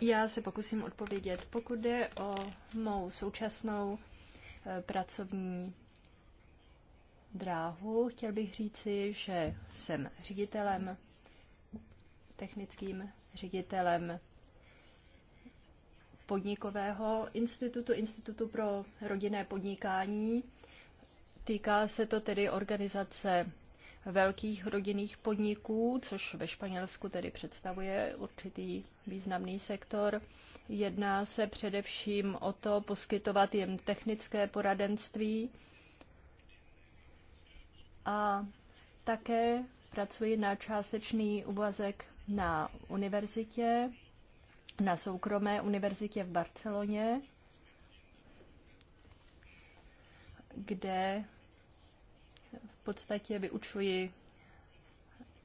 Já se pokusím odpovědět. Pokud jde o mou současnou pracovní dráhu, chtěl bych říci, že jsem ředitelem technickým ředitelem podnikového institutu, Institutu pro rodinné podnikání. Týká se to tedy organizace velkých rodinných podniků, což ve Španělsku tedy představuje určitý významný sektor. Jedná se především o to poskytovat jim technické poradenství a také pracuji na částečný úvazek na univerzitě, na soukromé univerzitě v Barceloně, kde v podstatě vyučuji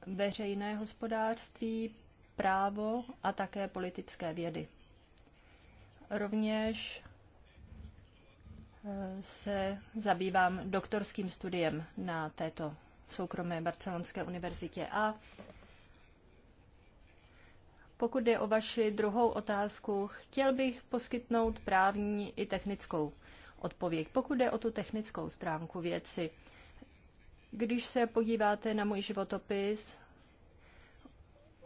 veřejné hospodářství, právo a také politické vědy. Rovněž eh, se zabývám doktorským studiem na této soukromé barcelonské univerzitě a pokud je o vaši druhou otázku, chtěl bych poskytnout právní i technickou odpověď. Pokud je o tu technickou stránku věci, když se podíváte na můj životopis,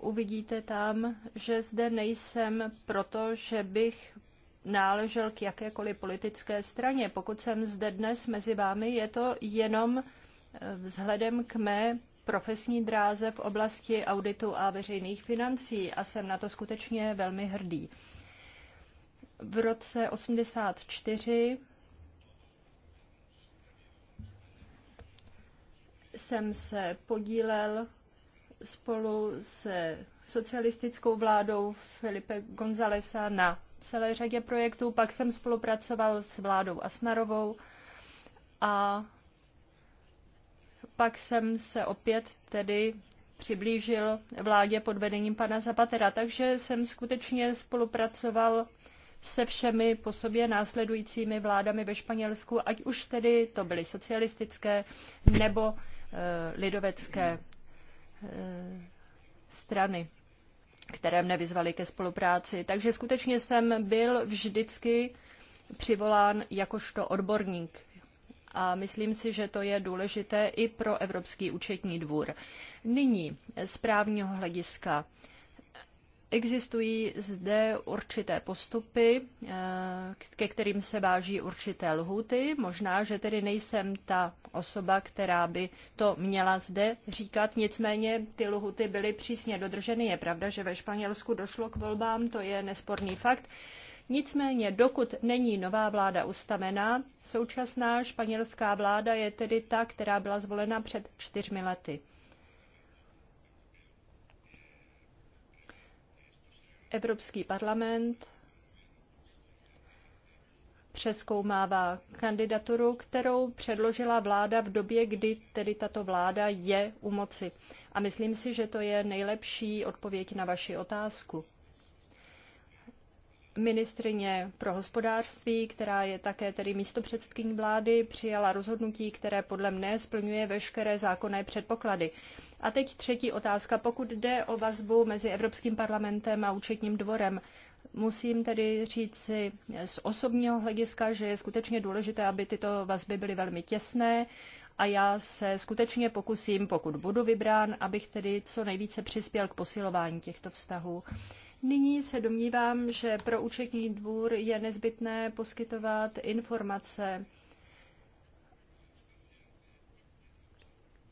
uvidíte tam, že zde nejsem proto, že bych náležel k jakékoliv politické straně. Pokud jsem zde dnes mezi vámi, je to jenom eh, vzhledem k mé profesní dráze v oblasti auditu a veřejných financí a jsem na to skutečně velmi hrdý. V roce 84 jsem se podílel spolu se socialistickou vládou Felipe Gonzalesa na celé řadě projektů. Pak jsem spolupracoval s vládou Asnarovou a pak jsem se opět tedy přiblížil vládě pod vedením pana Zapatera. Takže jsem skutečně spolupracoval se všemi po sobě následujícími vládami ve Španělsku, ať už tedy to byly socialistické nebo e, lidovecké e, strany, které mne vyzvaly ke spolupráci. Takže skutečně jsem byl vždycky přivolán jakožto odborník a myslím si, že to je důležité i pro Evropský účetní dvůr. Nyní z právního hlediska existují zde určité postupy, eh, ke kterým se váží určité lhuty. Možná, že tedy nejsem ta osoba, která by to měla zde říkat. Nicméně ty lhuty byly přísně dodrženy. Je pravda, že ve Španělsku došlo k volbám, to je nesporný fakt. Nicméně, dokud není nová vláda ustavená, současná španělská vláda je tedy ta, která byla zvolena před čtyřmi lety. Evropský parlament přeskoumává kandidaturu, kterou předložila vláda v době, kdy tedy tato vláda je u moci. A myslím si, že to je nejlepší odpověď na vaši otázku ministrině pro hospodářství, která je také tedy místopředsedkyní vlády, přijala rozhodnutí, které podle mne splňuje veškeré zákonné předpoklady. A teď třetí otázka. Pokud jde o vazbu mezi Evropským parlamentem a účetním dvorem, musím tedy říci z osobního hlediska, že je skutečně důležité, aby tyto vazby byly velmi těsné a já se skutečně pokusím, pokud budu vybrán, abych tedy co nejvíce přispěl k posilování těchto vztahů. Nyní se domnívám, že pro účetní dvůr je nezbytné poskytovat informace,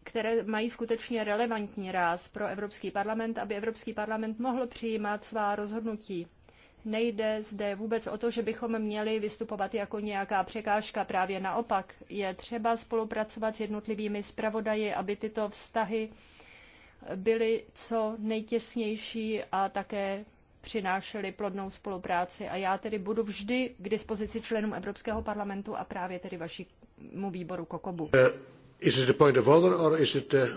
které mají skutečně relevantní ráz pro Evropský parlament, aby Evropský parlament mohl přijímat svá rozhodnutí. Nejde zde vůbec o to, že bychom měli vystupovat jako nějaká překážka, právě naopak. Je třeba spolupracovat s jednotlivými zpravodaji, aby tyto vztahy byly co nejtěsnější a také přinášeli plodnou spolupráci a já tedy budu vždy k dispozici členům Evropského parlamentu a právě tedy vašemu výboru Kokobu. Uh, uh,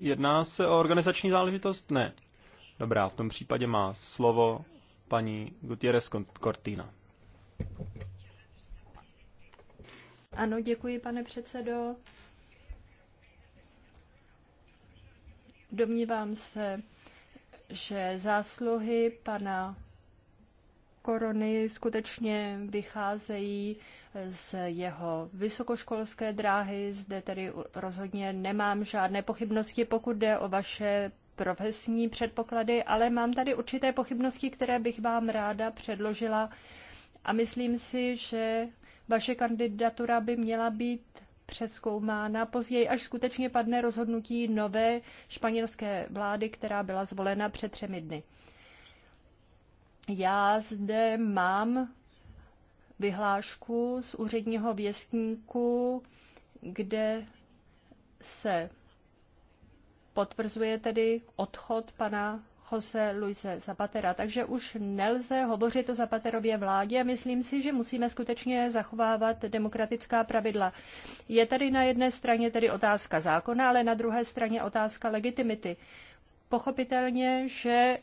Jedná se o organizační záležitost? Ne. Dobrá, v tom případě má slovo paní Gutierrez Cortina. Ano, děkuji, pane předsedo. Domnívám se, že zásluhy pana Korony skutečně vycházejí z jeho vysokoškolské dráhy. Zde tedy rozhodně nemám žádné pochybnosti, pokud jde o vaše profesní předpoklady, ale mám tady určité pochybnosti, které bych vám ráda předložila. A myslím si, že vaše kandidatura by měla být přeskoumána později, až skutečně padne rozhodnutí nové španělské vlády, která byla zvolena před třemi dny. Já zde mám vyhlášku z úředního věstníku, kde se potvrzuje tedy odchod pana Jose jako Luise Zapatera. Takže už nelze hovořit o Zapaterově vládě. Myslím si, že musíme skutečně zachovávat demokratická pravidla. Je tady na jedné straně tedy otázka zákona, ale na druhé straně otázka legitimity. Pochopitelně, že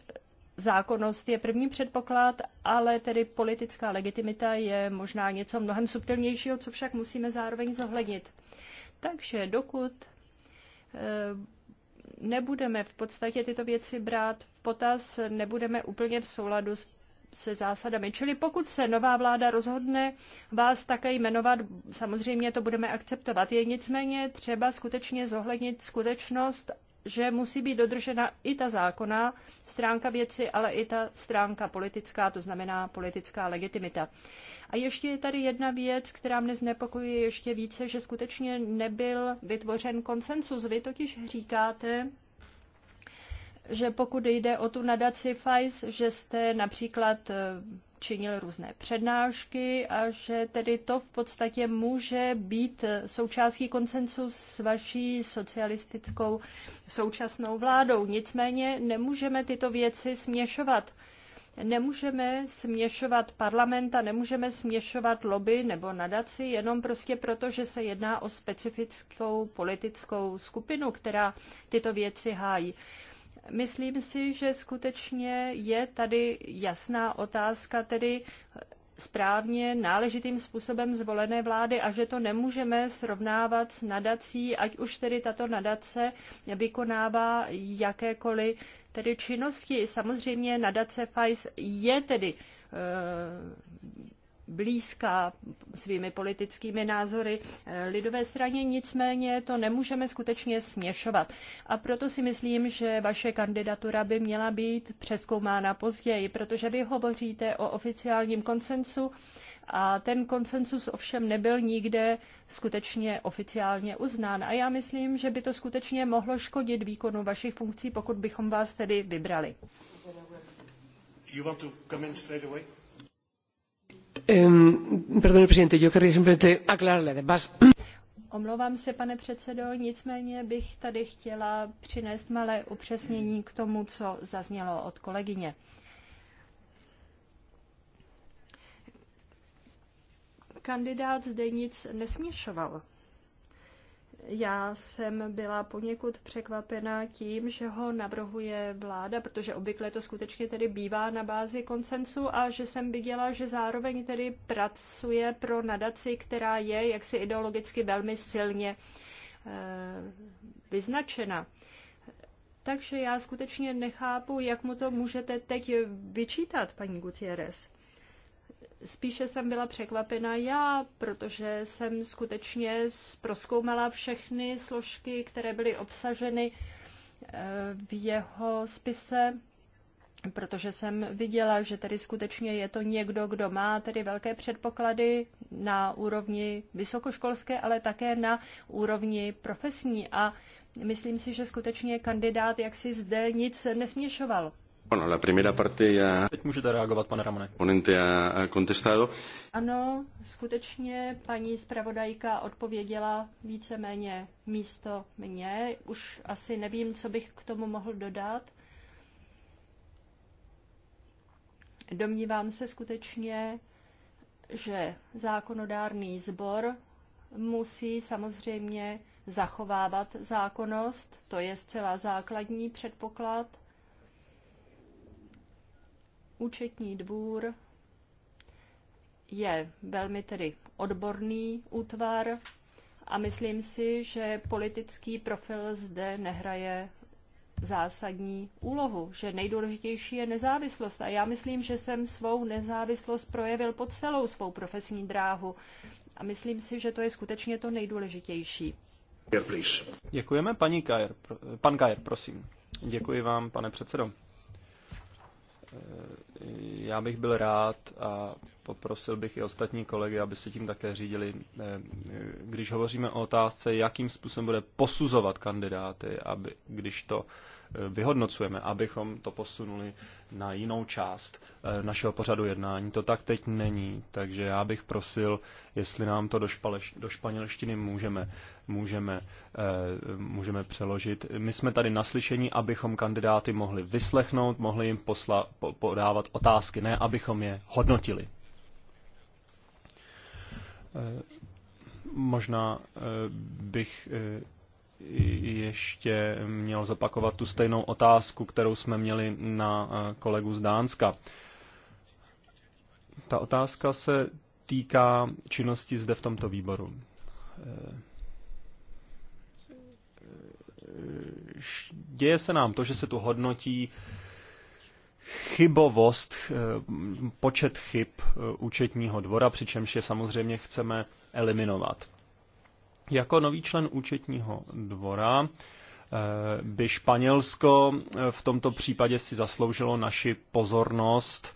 zákonnost je první předpoklad, ale tedy politická legitimita je možná něco mnohem subtilnějšího, co však musíme zároveň zohlednit. Takže dokud eh, nebudeme v podstatě tyto věci brát v potaz, nebudeme úplně v souladu s se zásadami. Čili pokud se nová vláda rozhodne vás také jmenovat, samozřejmě to budeme akceptovat. Je nicméně třeba skutečně zohlednit skutečnost že musí být dodržena i ta zákonná stránka věci, ale i ta stránka politická, to znamená politická legitimita. A ještě je tady jedna věc, která mne znepokojuje ještě více, že skutečně nebyl vytvořen konsensus. Vy totiž říkáte, že pokud jde o tu nadaci FICE, že jste například eh, činil různé přednášky a že tedy to v podstatě může být součástí koncensu s vaší socialistickou současnou vládou. Nicméně nemůžeme tyto věci směšovat. Nemůžeme směšovat parlament a nemůžeme směšovat lobby nebo nadaci jenom prostě proto, že se jedná o specifickou politickou skupinu, která tyto věci hájí. Myslím si, že skutečně je tady jasná otázka tedy správně, náležitým způsobem zvolené vlády a že to nemůžeme srovnávat s nadací, ať už tedy tato nadace vykonává jakékoliv tedy činnosti. Samozřejmě nadace FAIS je tedy eh, blízká svými politickými názory eh, lidové straně, nicméně to nemůžeme skutečně směšovat. A proto si myslím, že vaše kandidatura by měla být přeskoumána později, protože vy hovoříte o oficiálním konsensu a ten konsensus ovšem nebyl nikde skutečně oficiálně uznán. A já myslím, že by to skutečně mohlo škodit výkonu vašich funkcí, pokud bychom vás tedy vybrali. You want to come in straight away? Omlouvám se, pane předsedo, nicméně bych tady chtěla přinést malé upřesnění k tomu, co zaznělo od kolegyně. Kandidát zde nic nesměšoval. Já jsem byla poněkud překvapena tím, že ho navrhuje vláda, protože obvykle to skutečně tedy bývá na bázi koncensu a že jsem viděla, že zároveň tedy pracuje pro nadaci, která je jaksi ideologicky velmi silně eh, vyznačena. Takže já skutečně nechápu, jak mu to můžete teď vyčítat, paní Gutierrez spíše jsem byla překvapena já, protože jsem skutečně proskoumala všechny složky, které byly obsaženy eh, v jeho spise, protože jsem viděla, že tedy skutečně je to někdo, kdo má tedy velké předpoklady na úrovni vysokoškolské, ale také na úrovni profesní. A myslím si, že skutečně kandidát jaksi zde nic nesměšoval. Bueno, la primera parte ya... Teď můžete reagovat, pane Ramone. Ponente ha contestado. Ano, skutečně paní zpravodajka odpověděla víceméně místo mě. Už asi nevím, co bych k tomu mohl dodat. Domnívám se skutečně, že zákonodárný sbor musí samozřejmě zachovávat zákonnost, to je zcela základní předpoklad účetní dvůr je velmi tedy odborný útvar a myslím si, že politický profil zde nehraje zásadní úlohu, že nejdůležitější je nezávislost. A já myslím, že jsem svou nezávislost projevil po celou svou profesní dráhu. A myslím si, že to je skutečně to nejdůležitější. Děkujeme, paní Kajer. Pan Kajer, prosím. Děkuji vám, pane předsedo. Eh, já bych byl rád a poprosil bych i ostatní kolegy, aby se tím také řídili. Eh, eh, když hovoříme o otázce, jakým způsobem bude posuzovat kandidáty, aby, když to vyhodnocujeme, abychom to posunuli na jinou část eh, našeho pořadu jednání. To tak teď není, takže já bych prosil, jestli nám to do, špaleš, do španělštiny můžeme, můžeme, eh, můžeme přeložit. My jsme tady na slyšení, abychom kandidáty mohli vyslechnout, mohli jim posla, po, podávat otázky, ne abychom je hodnotili. Eh, možná bych ještě měl zopakovat tu stejnou otázku, kterou jsme měli na eh, kolegu z Dánska. Ta otázka se týká činnosti zde v tomto výboru. Eh, děje se nám to, že se tu hodnotí chybovost, eh, počet chyb účetního dvora, přičemž je samozřejmě chceme eliminovat. Jako nový člen účetního dvora eh, by Španělsko eh, v tomto případě si zasloužilo naši pozornost,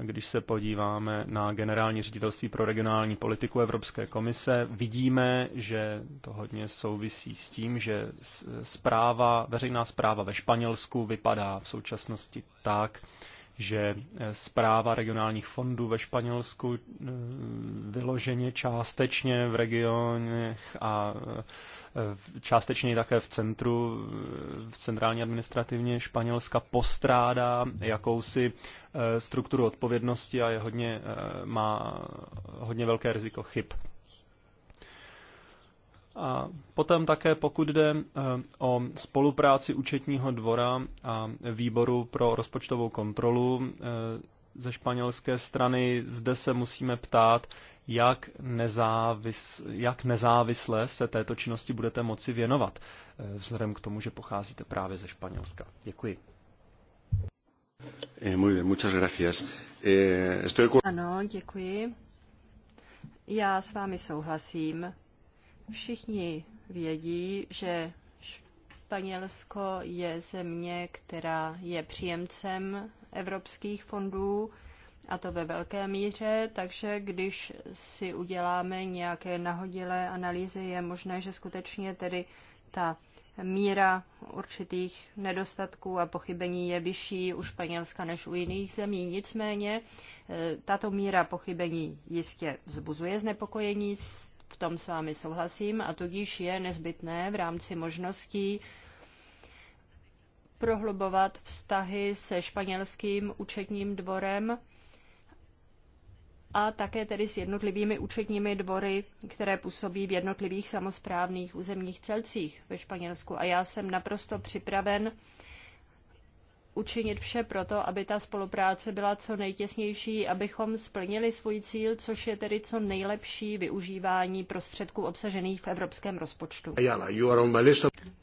eh, když se podíváme na generální ředitelství pro regionální politiku Evropské komise, vidíme, že to hodně souvisí s tím, že zpráva, veřejná zpráva ve Španělsku vypadá v současnosti tak, že eh, zpráva regionálních fondů ve Španělsku eh, vyloženě částečně v regionech a eh, částečně také v centru, v centrální administrativně Španělska postrádá jakousi strukturu odpovědnosti a je hodně, má hodně velké riziko chyb. A potom také, pokud jde eh, o spolupráci účetního dvora a výboru pro rozpočtovou kontrolu eh, ze španělské strany, zde se musíme ptát, jak, nezávis, jak nezávisle se této činnosti budete moci věnovat, eh, vzhledem k tomu, že pocházíte právě ze Španělska. Děkuji. Ano, děkuji. Já s vámi souhlasím Všichni vědí, že Španělsko je země, která je příjemcem evropských fondů, a to ve velké míře, takže když si uděláme nějaké nahodilé analýzy, je možné, že skutečně tedy ta míra určitých nedostatků a pochybení je vyšší u Španělska než u jiných zemí. Nicméně e, tato míra pochybení jistě vzbuzuje znepokojení z v tom s vámi souhlasím a tudíž je nezbytné v rámci možností prohlubovat vztahy se španělským účetním dvorem a také tedy s jednotlivými účetními dvory, které působí v jednotlivých samozprávných územních celcích ve Španělsku. A já jsem naprosto připraven učinit vše pro to, aby ta spolupráce byla co nejtěsnější, abychom splnili svůj cíl, což je tedy co nejlepší využívání prostředků obsažených v evropském rozpočtu.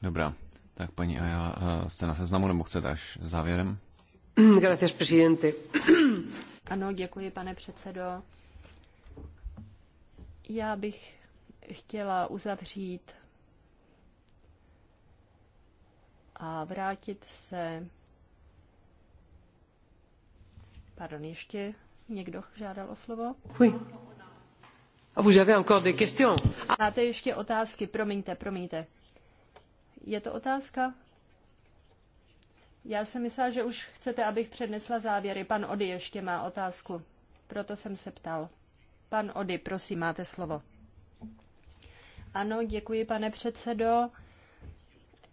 Dobrá, tak paní Ajala, eh, jste na seznamu nebo chcete až závěrem? Gracias, presidente. Ano, děkuji, pane předsedo. Já bych chtěla uzavřít a vrátit se Pardon, ještě někdo žádal o slovo? Oui. A ah, vous avez encore des questions. Máte ještě otázky, promiňte, promiňte. Je to otázka? Já jsem myslela, že už chcete, abych přednesla závěry. Pan Ody ještě má otázku. Proto jsem se ptal. Pan Ody, prosím, máte slovo. Ano, děkuji, pane předsedo.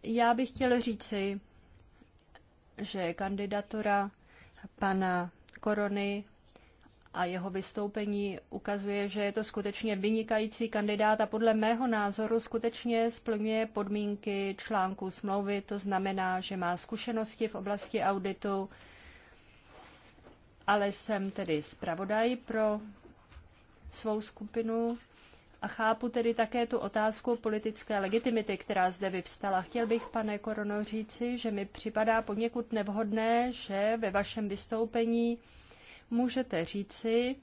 Já bych chtěl říci, že kandidatura pana Korony a jeho vystoupení ukazuje, že je to skutečně vynikající kandidát a podle mého názoru skutečně splňuje podmínky článku smlouvy. To znamená, že má zkušenosti v oblasti auditu, ale jsem tedy zpravodaj pro svou skupinu a chápu tedy také tu otázku politické legitimity, která zde vyvstala. Chtěl bych, pane Korono, říci, že mi připadá poněkud nevhodné, že ve vašem vystoupení můžete říci,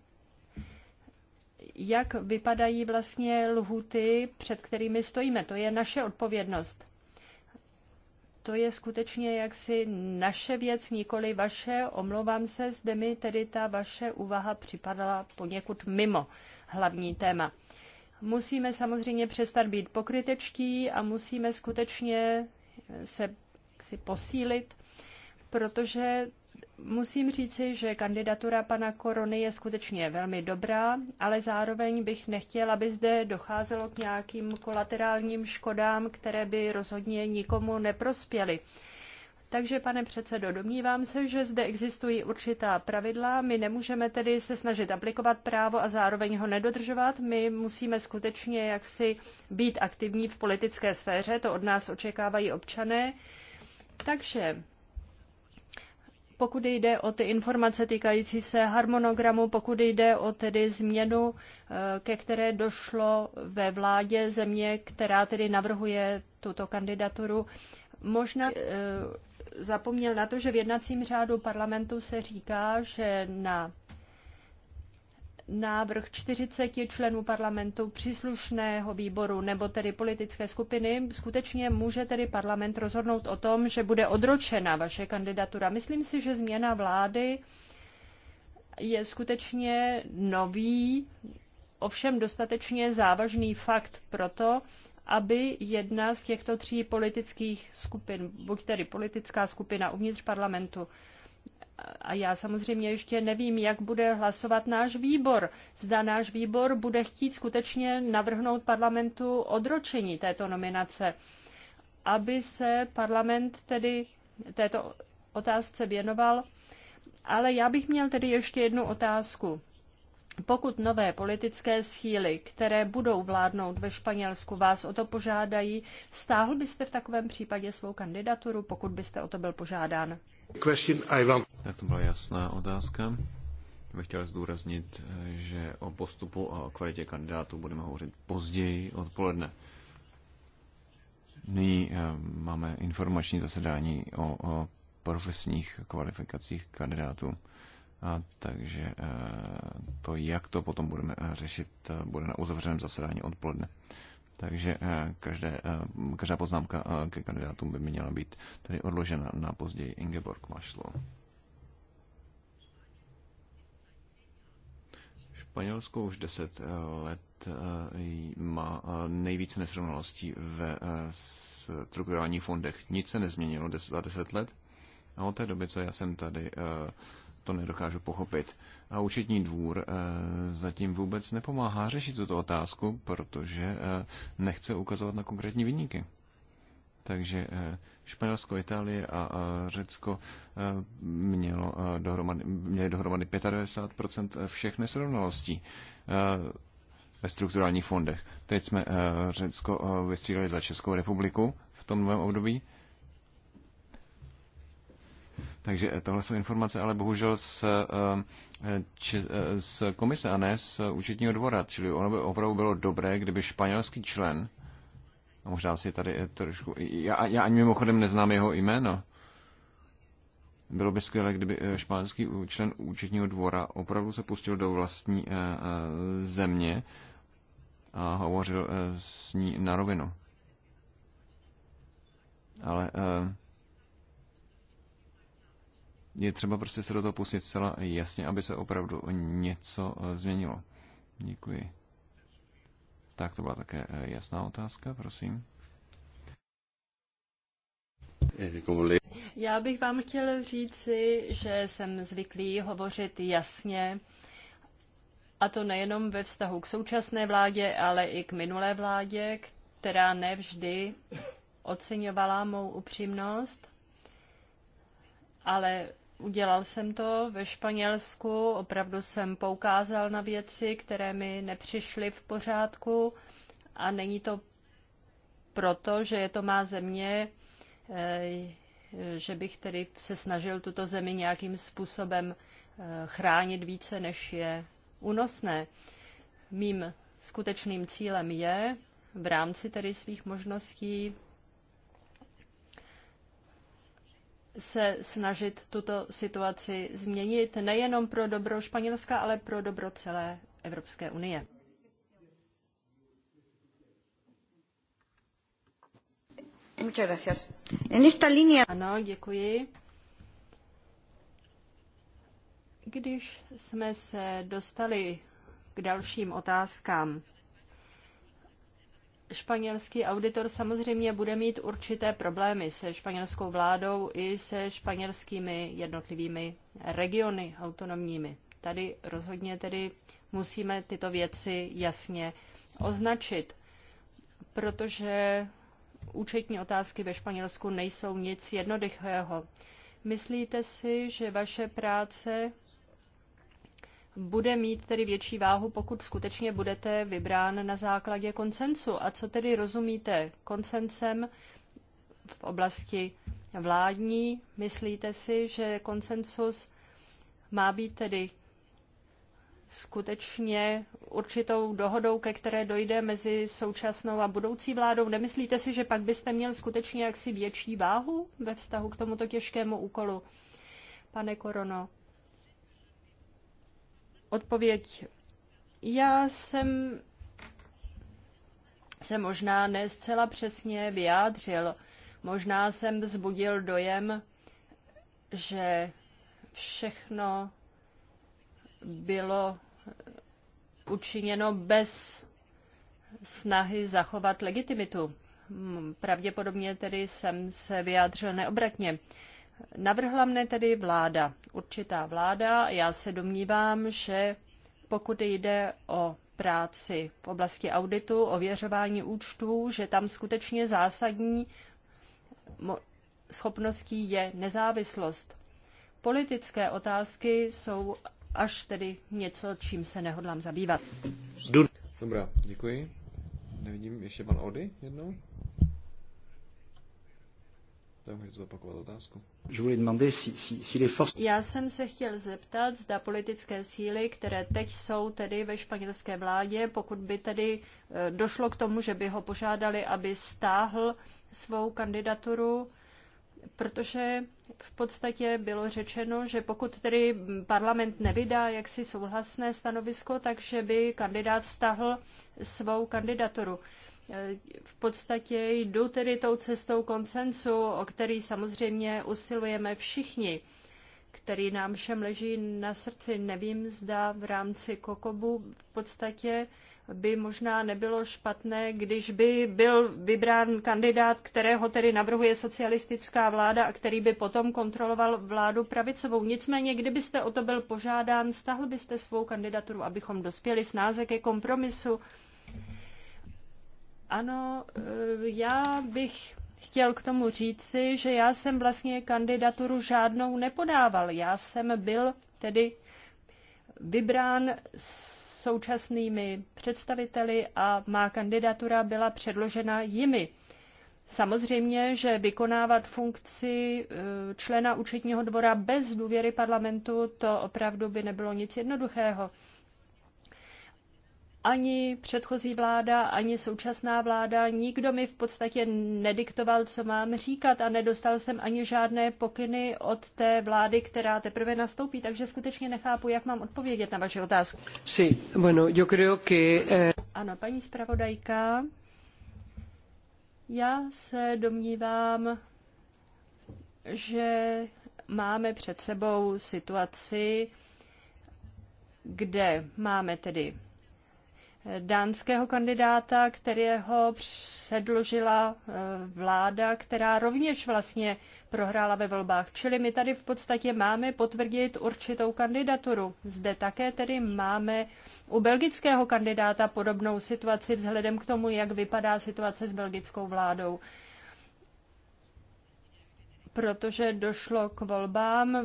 jak vypadají vlastně lhuty, před kterými stojíme. To je naše odpovědnost. To je skutečně jaksi naše věc, nikoli vaše. Omlouvám se, zde mi tedy ta vaše úvaha připadala poněkud mimo hlavní téma. Musíme samozřejmě přestat být pokrytečtí a musíme skutečně se si posílit, protože musím říci, že kandidatura pana Korony je skutečně velmi dobrá, ale zároveň bych nechtěla, aby zde docházelo k nějakým kolaterálním škodám, které by rozhodně nikomu neprospěly. Takže, pane předsedo, domnívám se, že zde existují určitá pravidla. My nemůžeme tedy se snažit aplikovat právo a zároveň ho nedodržovat. My musíme skutečně jaksi být aktivní v politické sféře, to od nás očekávají občané. Takže pokud jde o ty informace týkající se harmonogramu, pokud jde o tedy změnu, eh, ke které došlo ve vládě země, která tedy navrhuje tuto kandidaturu, možná eh, zapomněl na to, že v jednacím řádu parlamentu se říká, že na návrh 40 členů parlamentu příslušného výboru nebo tedy politické skupiny, skutečně může tedy parlament rozhodnout o tom, že bude odročena vaše kandidatura. Myslím si, že změna vlády je skutečně nový, ovšem dostatečně závažný fakt proto, aby jedna z těchto tří politických skupin, buď tedy politická skupina uvnitř parlamentu, a já samozřejmě ještě nevím, jak bude hlasovat náš výbor. Zda náš výbor bude chtít skutečně navrhnout parlamentu odročení této nominace, aby se parlament tedy této otázce věnoval. Ale já bych měl tedy ještě jednu otázku pokud nové politické síly, které budou vládnout ve Španělsku, vás o to požádají, stáhl byste v takovém případě svou kandidaturu, pokud byste o to byl požádán? Tak to byla jasná otázka. Bych chtěl zdůraznit, že o postupu a o kvalitě kandidátů budeme hovořit později odpoledne. Nyní eh, máme informační zasedání o, o profesních kvalifikacích kandidátů. A takže eh, to, jak to potom budeme eh, řešit, eh, bude na uzavřeném zasedání odpoledne. Takže každé, každá poznámka ke kandidátům by měla být tedy odložena na později. Ingeborg, máš slovo. Španělsko už 10 let má nejvíce nesrovnalostí ve strukturálních fondech. Nic se nezměnilo za 10 let. A od té doby, co já jsem tady to nedokážu pochopit. A účetní dvůr eh, zatím vůbec nepomáhá řešit tuto otázku, protože eh, nechce ukazovat na konkrétní vyníky. Takže eh, Španělsko, Itálie a Řecko mělo dohromady, měly dohromady 95 všech nesrovnalostí ve strukturálních fondech. Teď jsme Řecko vystřídali za Českou republiku v tom novém období takže tohle jsou informace, ale bohužel z, eh, eh, z komise a ne z účetního dvora. Čili ono by opravdu bylo dobré, kdyby španělský člen, a možná si tady eh, trošku, já, já ani mimochodem neznám jeho jméno, bylo by skvělé, kdyby španělský člen účetního dvora opravdu se pustil do vlastní země a hovořil s ní na rovinu. Ale je třeba prostě se do toho pustit zcela jasně, aby se opravdu něco eh, změnilo. Děkuji. Tak to byla také eh, jasná otázka, prosím. Já bych vám chtěl říci, že jsem zvyklý hovořit jasně, a to nejenom ve vztahu k současné vládě, ale i k minulé vládě, která nevždy oceňovala mou upřímnost, ale Udělal jsem to ve Španělsku, opravdu jsem poukázal na věci, které mi nepřišly v pořádku a není to proto, že je to má země, eh, že bych tedy se snažil tuto zemi nějakým způsobem eh, chránit více, než je únosné. Mým skutečným cílem je v rámci tedy svých možností se snažit tuto situaci změnit nejenom pro dobro Španělska, ale pro dobro celé Evropské unie. Muchas gracias. En esta línea... Ano, děkuji. Když jsme se dostali k dalším otázkám, španělský auditor samozřejmě bude mít určité problémy se španělskou vládou i se španělskými jednotlivými regiony autonomními. Tady rozhodně tedy musíme tyto věci jasně označit, protože účetní otázky ve Španělsku nejsou nic jednoduchého. Myslíte si, že vaše práce bude mít tedy větší váhu, pokud skutečně budete vybrán na základě koncensu. A co tedy rozumíte koncensem v oblasti vládní? Myslíte si, že konsensus má být tedy skutečně určitou dohodou, ke které dojde mezi současnou a budoucí vládou? Nemyslíte si, že pak byste měl skutečně jaksi větší váhu ve vztahu k tomuto těžkému úkolu? Pane Korono, Odpověď. Já jsem se možná ne zcela přesně vyjádřil. Možná jsem vzbudil dojem, že všechno bylo učiněno bez snahy zachovat legitimitu. Hmm, pravděpodobně tedy jsem se vyjádřil neobratně. Navrhla mne tedy vláda, určitá vláda. Já se domnívám, že pokud jde o práci v oblasti auditu, ověřování účtů, že tam skutečně zásadní schopností je nezávislost. Politické otázky jsou až tedy něco, čím se nehodlám zabývat. Dobrá, děkuji. Nevidím ještě pan Ody jednou. Tak můžete zopakovat otázku. Já jsem se chtěl zeptat, zda politické síly, které teď jsou tedy ve španělské vládě, pokud by tedy eh, došlo k tomu, že by ho požádali, aby stáhl svou kandidaturu, protože v podstatě bylo řečeno, že pokud tedy parlament nevydá jaksi souhlasné stanovisko, takže by kandidát stáhl svou kandidaturu v podstatě jdu tedy tou cestou koncensu, o který samozřejmě usilujeme všichni, který nám všem leží na srdci. Nevím, zda v rámci Kokobu v podstatě by možná nebylo špatné, když by byl vybrán kandidát, kterého tedy navrhuje socialistická vláda a který by potom kontroloval vládu pravicovou. Nicméně, kdybyste o to byl požádán, stahl byste svou kandidaturu, abychom dospěli snáze ke kompromisu. Ano, eh, já bych chtěl k tomu říci, že já jsem vlastně kandidaturu žádnou nepodával. Já jsem byl tedy vybrán s současnými představiteli a má kandidatura byla předložena jimi. Samozřejmě, že vykonávat funkci eh, člena účetního dvora bez důvěry parlamentu, to opravdu by nebylo nic jednoduchého ani předchozí vláda, ani současná vláda, nikdo mi v podstatě nediktoval, co mám říkat a nedostal jsem ani žádné pokyny od té vlády, která teprve nastoupí, takže skutečně nechápu, jak mám odpovědět na vaši otázku. Sí, bueno, yo creo que... Eh, ano, paní zpravodajka, já se domnívám, že máme před sebou situaci, kde máme tedy dánského kandidáta, kterého předložila eh, vláda, která rovněž vlastně prohrála ve volbách. Čili my tady v podstatě máme potvrdit určitou kandidaturu. Zde také tedy máme u belgického kandidáta podobnou situaci vzhledem k tomu, jak vypadá situace s belgickou vládou protože došlo k volbám,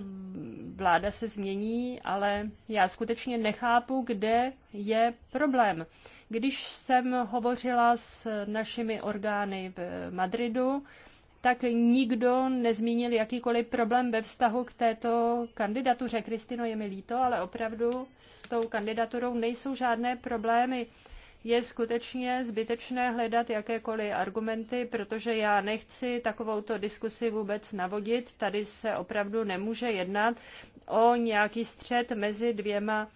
vláda se změní, ale já skutečně nechápu, kde je problém. Když jsem hovořila s našimi orgány v Madridu, tak nikdo nezmínil jakýkoliv problém ve vztahu k této kandidatuře. Kristino, je mi líto, ale opravdu s tou kandidaturou nejsou žádné problémy je skutečně zbytečné hledat jakékoliv argumenty, protože já nechci takovouto diskusi vůbec navodit. Tady se opravdu nemůže jednat o nějaký střed mezi dvěma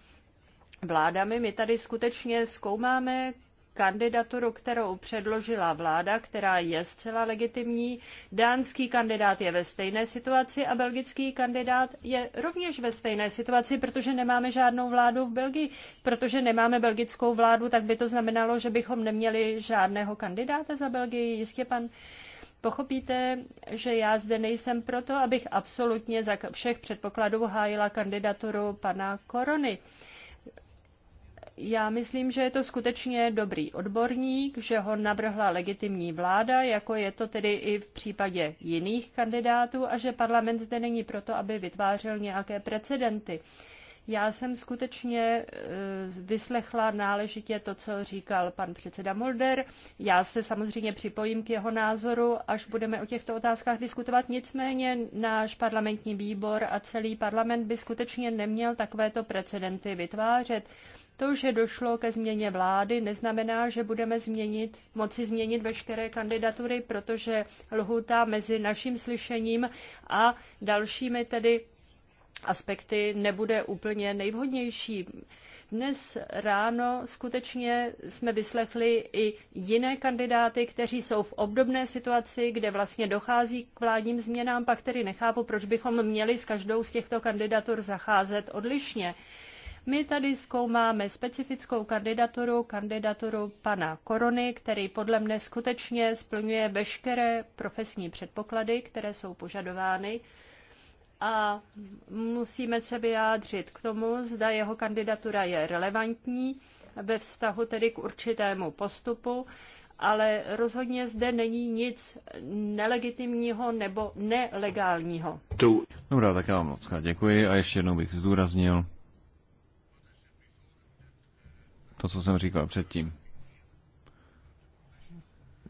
vládami. My tady skutečně zkoumáme kandidaturu, kterou předložila vláda, která je zcela legitimní. Dánský kandidát je ve stejné situaci a belgický kandidát je rovněž ve stejné situaci, protože nemáme žádnou vládu v Belgii. Protože nemáme belgickou vládu, tak by to znamenalo, že bychom neměli žádného kandidáta za Belgii. Jistě pan Pochopíte, že já zde nejsem proto, abych absolutně za všech předpokladů hájila kandidaturu pana Korony já myslím, že je to skutečně dobrý odborník, že ho navrhla legitimní vláda, jako je to tedy i v případě jiných kandidátů, a že parlament zde není proto, aby vytvářel nějaké precedenty. Já jsem skutečně e, vyslechla náležitě to, co říkal pan předseda Mulder. Já se samozřejmě připojím k jeho názoru, až budeme o těchto otázkách diskutovat. Nicméně náš parlamentní výbor a celý parlament by skutečně neměl takovéto precedenty vytvářet. To, že došlo ke změně vlády, neznamená, že budeme změnit, moci změnit veškeré kandidatury, protože lhuta mezi naším slyšením a dalšími tedy aspekty nebude úplně nejvhodnější. Dnes ráno skutečně jsme vyslechli i jiné kandidáty, kteří jsou v obdobné situaci, kde vlastně dochází k vládním změnám, pak tedy nechápu, proč bychom měli s každou z těchto kandidatur zacházet odlišně. My tady zkoumáme specifickou kandidaturu, kandidaturu pana Korony, který podle mne skutečně splňuje veškeré profesní předpoklady, které jsou požadovány a musíme se vyjádřit k tomu, zda jeho kandidatura je relevantní ve vztahu tedy k určitému postupu, ale rozhodně zde není nic nelegitimního nebo nelegálního. Dobrá, tak já vám moc děkuji a ještě jednou bych zdůraznil, to, co jsem říkal předtím.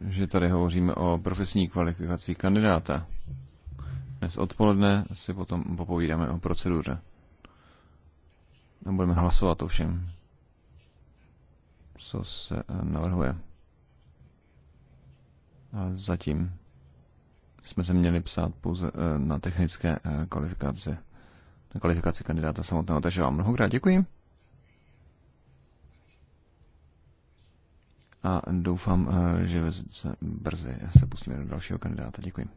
Že tady hovoříme o profesní kvalifikaci kandidáta. Dnes odpoledne si potom popovídáme o proceduře. A budeme hlasovat o všem, co se eh, navrhuje. A zatím jsme se měli psát pouze eh, na technické eh, kvalifikaci, na kvalifikaci kandidáta samotného. Takže vám mnohokrát děkuji. a doufám, eh, že brzy se pustíme do dalšího kandidáta. Děkuji.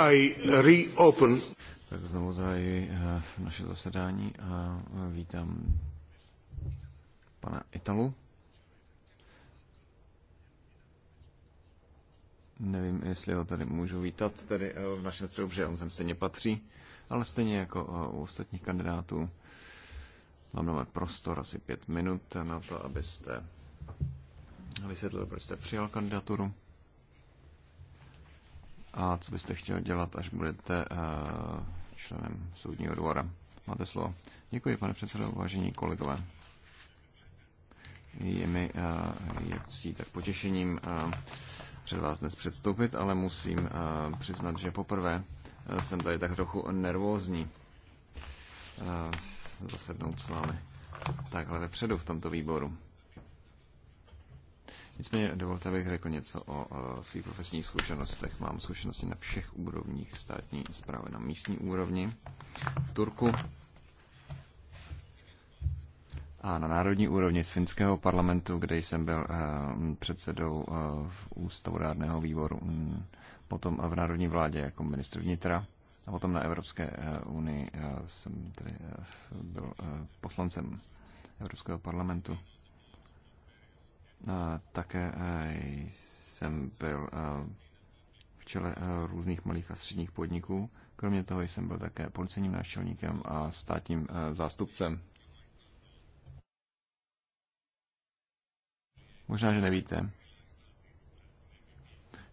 I reopen. Tak znovu zahajuji eh, naše zasedání a eh, vítám pana Italu. Nevím, jestli ho tady můžu vítat tady eh, v našem středu, protože on sem stejně patří, ale stejně jako u ostatních kandidátů. mám nové prostor asi pět minut na to, abyste vysvětlil, proč jste přijal kandidaturu a co byste chtěl dělat, až budete eh, členem soudního dvora. Máte slovo. Děkuji, pane předsedo, vážení kolegové. Je mi eh, jak ctí, tak potěšením eh, před vás dnes předstoupit, ale musím přiznat, že poprvé jsem tady tak trochu nervózní zasednout s vámi takhle vepředu v tomto výboru. Nicméně dovolte, abych řekl něco o, o svých profesních zkušenostech. Mám zkušenosti na všech úrovních státní zprávy, na místní úrovni v Turku a na národní úrovni z finského parlamentu, kde jsem byl eh, předsedou eh, v ústavodárného výboru, mm, potom v národní vládě jako ministr vnitra a potom na Evropské eh, unii jsem tedy byl poslancem Evropského parlamentu. Také e, jsem byl e, v čele e, různých malých a středních podniků. Kromě toho jsem byl také policejním náčelníkem a státním zástupcem. Možná, že nevíte,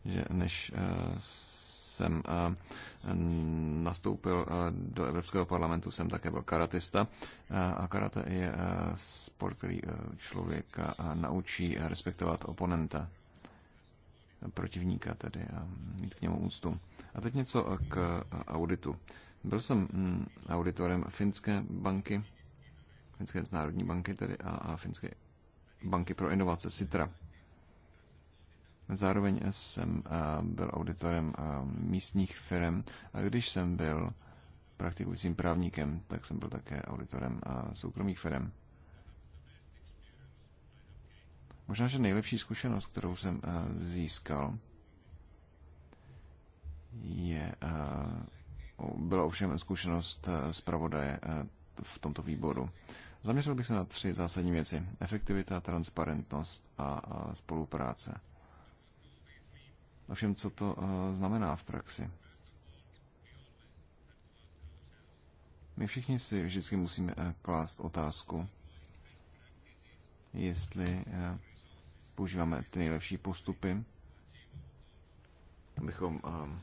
že než jsem eh, nastoupil eh, do Evropského parlamentu, jsem také byl karatista eh, a karate je sport, který člověka naučí respektovat oponenta protivníka tedy a mít k němu úctu. A teď něco k auditu. Byl jsem hm, auditorem finské banky, finské národní banky tedy a, a finské banky pro inovace Citra. Zároveň jsem eh, byl auditorem eh, místních firm a když jsem byl praktikujícím právníkem, tak jsem byl také auditorem eh, soukromých firm. Možná, že nejlepší zkušenost, kterou jsem získal, je, byla ovšem zkušenost zpravodaje v tomto výboru. Zaměřil bych se na tři zásadní věci. Efektivita, transparentnost a spolupráce všem, co to eh, znamená v praxi? My všichni si vždycky musíme eh, klást otázku, jestli eh, používáme ty nejlepší postupy, abychom ehm,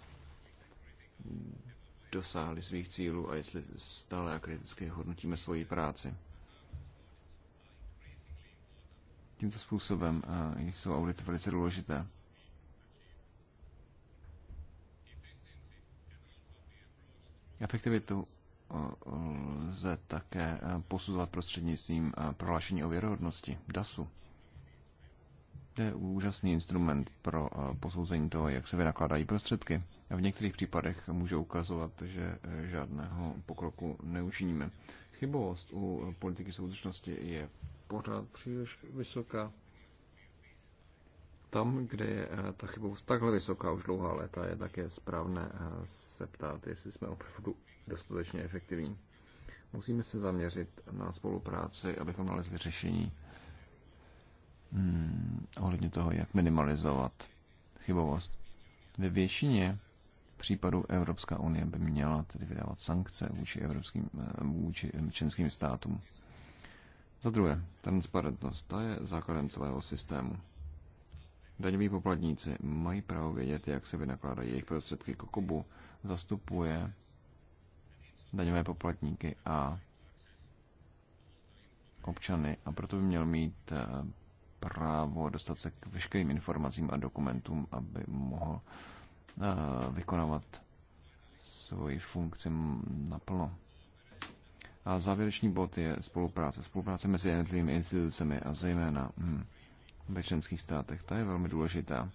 dosáhli svých cílů a jestli stále a kriticky hodnotíme svoji práci. Tímto způsobem jsou audity velice důležité. Efektivitu eh, lze také eh, posuzovat prostřednictvím eh, prohlášení o věrohodnosti DASu. To je úžasný instrument pro posouzení toho, jak se vynakládají prostředky. A v některých případech může ukazovat, že žádného pokroku neučiníme. Chybovost u politiky soudržnosti je pořád příliš vysoká tam, kde je eh, ta chybovost takhle vysoká už dlouhá léta, je také správné eh, se ptát, jestli jsme opravdu dostatečně efektivní. Musíme se zaměřit na spolupráci, abychom nalezli řešení hmm, ohledně toho, jak minimalizovat chybovost. Ve většině případů Evropská unie by měla tedy vydávat sankce vůči, evropským, eh, vůči členským státům. Za druhé, transparentnost, ta je základem celého systému. Daňoví poplatníci mají právo vědět, jak se vynakládají jejich prostředky. Kokobu zastupuje daňové poplatníky a občany a proto by měl mít eh, právo dostat se k veškerým informacím a dokumentům, aby mohl eh, vykonávat svoji funkci naplno. A závěrečný bod je spolupráce. Spolupráce mezi jednotlivými institucemi a zejména hm, ve členských státech. Ta je velmi důležitá.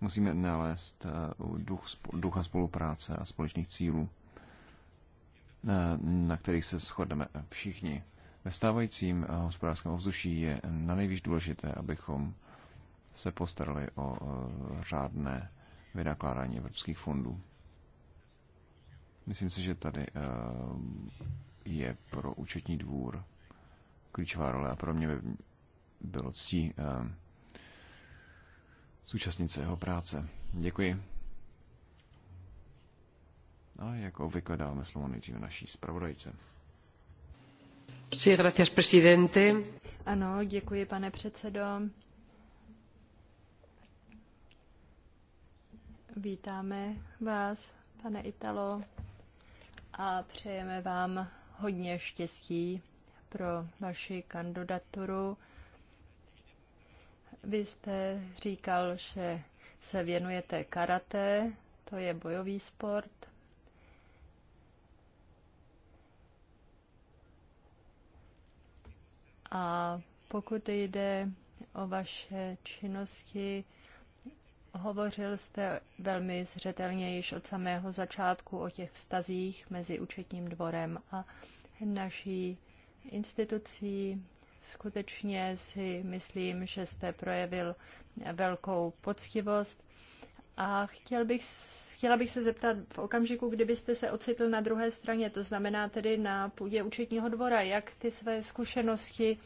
Musíme nalézt eh, duch, ducha spolupráce a společných cílů, eh, na kterých se shodneme všichni. Ve stávajícím eh, hospodářském ovzduší je na nejvíc důležité, abychom se postarali o řádné vynakládání evropských fondů. Myslím si, že tady je pro účetní dvůr klíčová role a pro mě by bylo ctí eh, se jeho práce. Děkuji. A jako obvykle dáme slovo nejdříve naší zpravodajce. Sí, gracias, presidente. Ano, děkuji, pane předsedo. Vítáme vás, pane Italo, a přejeme vám hodně štěstí pro vaši kandidaturu vy jste říkal, že se věnujete karate, to je bojový sport. A pokud jde o vaše činnosti, hovořil jste velmi zřetelně již od samého začátku o těch vztazích mezi účetním dvorem a naší institucí Skutečně si myslím, že jste projevil velkou poctivost a chtěl bych, chtěla bych se zeptat v okamžiku, kdybyste se ocitl na druhé straně, to znamená tedy na půdě účetního dvora, jak ty své zkušenosti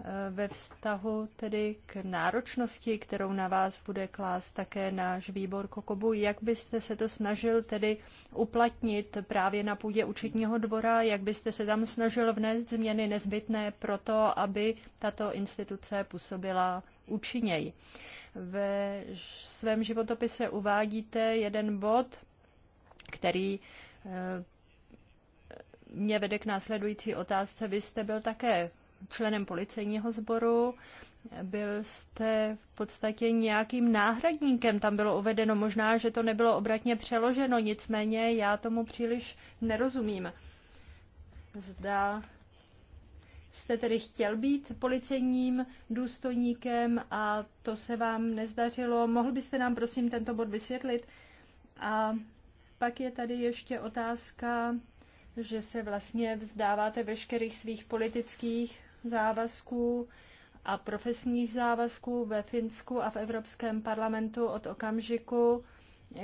Eh, ve vztahu tedy k náročnosti, kterou na vás bude klást také náš výbor Kokobu. Jak byste se to snažil tedy uplatnit právě na půdě učitního dvora? Jak byste se tam snažil vnést změny nezbytné pro to, aby tato instituce působila účinněji? Ve svém životopise uvádíte jeden bod, který eh, mě vede k následující otázce. Vy jste byl také členem policejního sboru, byl jste v podstatě nějakým náhradníkem, tam bylo uvedeno, možná, že to nebylo obratně přeloženo, nicméně já tomu příliš nerozumím. Zda jste tedy chtěl být policejním důstojníkem a to se vám nezdařilo. Mohl byste nám prosím tento bod vysvětlit? A pak je tady ještě otázka, že se vlastně vzdáváte veškerých svých politických závazků a profesních závazků ve Finsku a v Evropském parlamentu od okamžiku,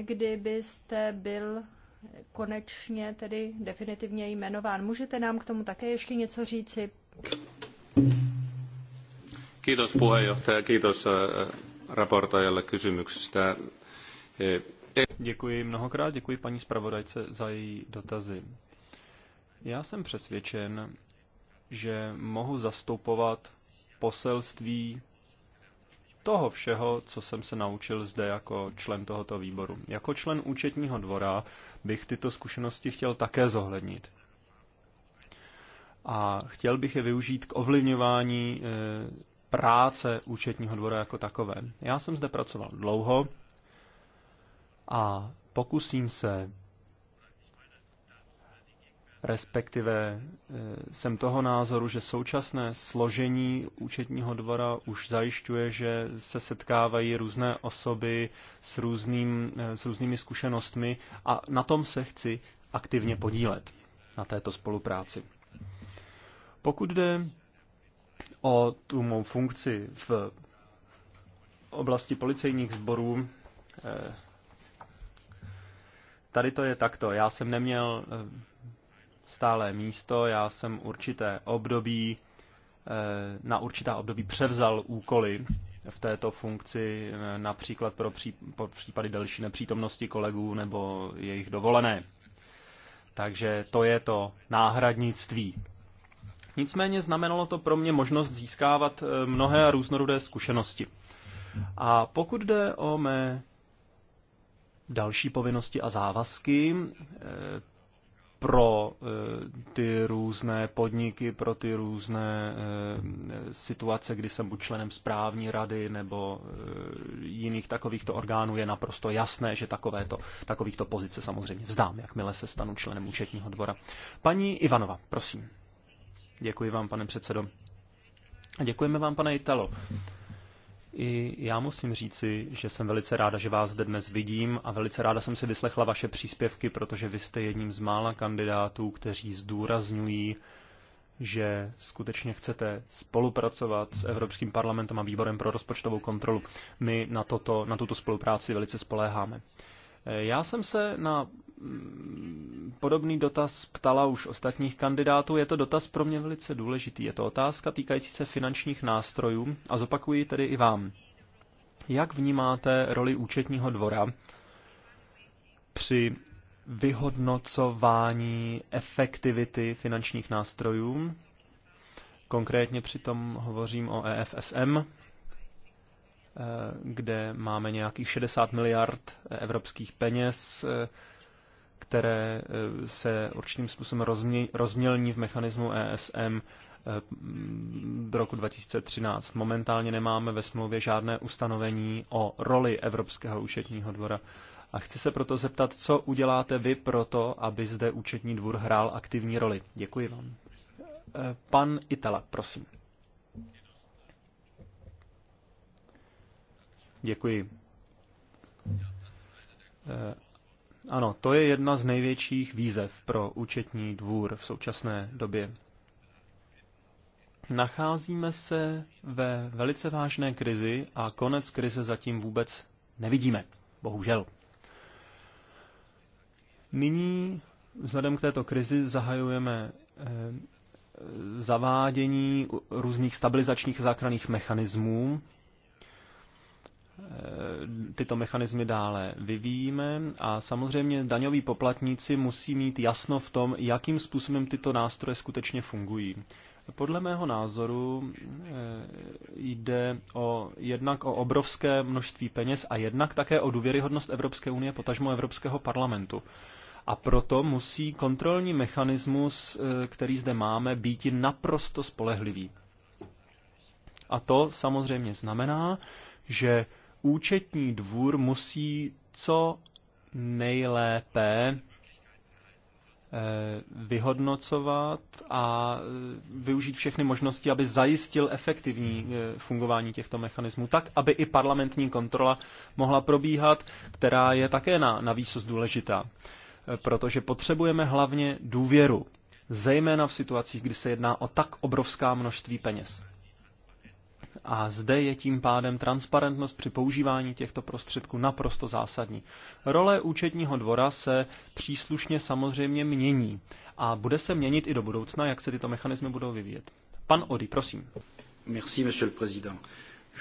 kdy byste byl konečně tedy definitivně jmenován. Můžete nám k tomu také ještě něco říci? Kiitos puheenjohtaja, kiitos eh, eh, raportoijalle kysymyksistä. Eh, děkuji mnohokrát, děkuji paní zpravodajce za její dotazy. Já jsem přesvědčen, že mohu zastupovat poselství toho všeho, co jsem se naučil zde jako člen tohoto výboru. Jako člen účetního dvora bych tyto zkušenosti chtěl také zohlednit. A chtěl bych je využít k ovlivňování eh, práce účetního dvora jako takové. Já jsem zde pracoval dlouho a pokusím se respektive eh, jsem toho názoru, že současné složení účetního dvora už zajišťuje, že se setkávají různé osoby s, různým, eh, s různými zkušenostmi a na tom se chci aktivně podílet, na této spolupráci. Pokud jde o tu mou funkci v oblasti policejních sborů, eh, tady to je takto. Já jsem neměl stálé místo. Já jsem určité období, eh, na určitá období převzal úkoly v této funkci, eh, například pro případy další nepřítomnosti kolegů nebo jejich dovolené. Takže to je to náhradnictví. Nicméně znamenalo to pro mě možnost získávat eh, mnohé a různorodé zkušenosti. A pokud jde o mé další povinnosti a závazky, pro eh, ty různé podniky, pro ty různé eh, situace, kdy jsem buď členem správní rady nebo eh, jiných takovýchto orgánů, je naprosto jasné, že takovéto, takovýchto pozice samozřejmě vzdám, jakmile se stanu členem účetního dvora. Paní Ivanova, prosím. Děkuji vám, pane předsedo. děkujeme vám, pane Italo. I já musím říci, že jsem velice ráda, že vás zde dnes vidím a velice ráda jsem si vyslechla vaše příspěvky, protože vy jste jedním z mála kandidátů, kteří zdůrazňují, že skutečně chcete spolupracovat s Evropským parlamentem a výborem pro rozpočtovou kontrolu. My na, toto, na tuto spolupráci velice spoléháme. Já jsem se na Mm, podobný dotaz ptala už ostatních kandidátů. Je to dotaz pro mě velice důležitý. Je to otázka týkající se finančních nástrojů a zopakuji tedy i vám. Jak vnímáte roli účetního dvora při vyhodnocování efektivity finančních nástrojů? Konkrétně přitom hovořím o EFSM, eh, kde máme nějakých 60 miliard evropských peněz, eh, které eh, se určitým způsobem rozmělní v mechanismu ESM eh, do roku 2013. Momentálně nemáme ve smlouvě žádné ustanovení o roli Evropského účetního dvora. A chci se proto zeptat, co uděláte vy pro to, aby zde účetní dvůr hrál aktivní roli. Děkuji vám. Eh, pan Itala, prosím. Děkuji ano, to je jedna z největších výzev pro účetní dvůr v současné době. Nacházíme se ve velice vážné krizi a konec krize zatím vůbec nevidíme. Bohužel. Nyní, vzhledem k této krizi, zahajujeme eh, zavádění různých stabilizačních záchranných mechanismů Eh, tyto mechanismy dále vyvíjíme a samozřejmě daňoví poplatníci musí mít jasno v tom, jakým způsobem tyto nástroje skutečně fungují. Podle mého názoru eh, jde o, jednak o obrovské množství peněz a jednak také o důvěryhodnost Evropské unie, potažmo Evropského parlamentu. A proto musí kontrolní mechanismus, eh, který zde máme, být naprosto spolehlivý. A to samozřejmě znamená, že účetní dvůr musí co nejlépe eh, vyhodnocovat a eh, využít všechny možnosti, aby zajistil efektivní eh, fungování těchto mechanismů, tak, aby i parlamentní kontrola mohla probíhat, která je také na, na výsost důležitá. Protože potřebujeme hlavně důvěru, zejména v situacích, kdy se jedná o tak obrovská množství peněz. A zde je tím pádem transparentnost při používání těchto prostředků naprosto zásadní. Role účetního dvora se příslušně samozřejmě mění a bude se měnit i do budoucna, jak se tyto mechanismy budou vyvíjet. Pan Ody, prosím. Merci, monsieur le président.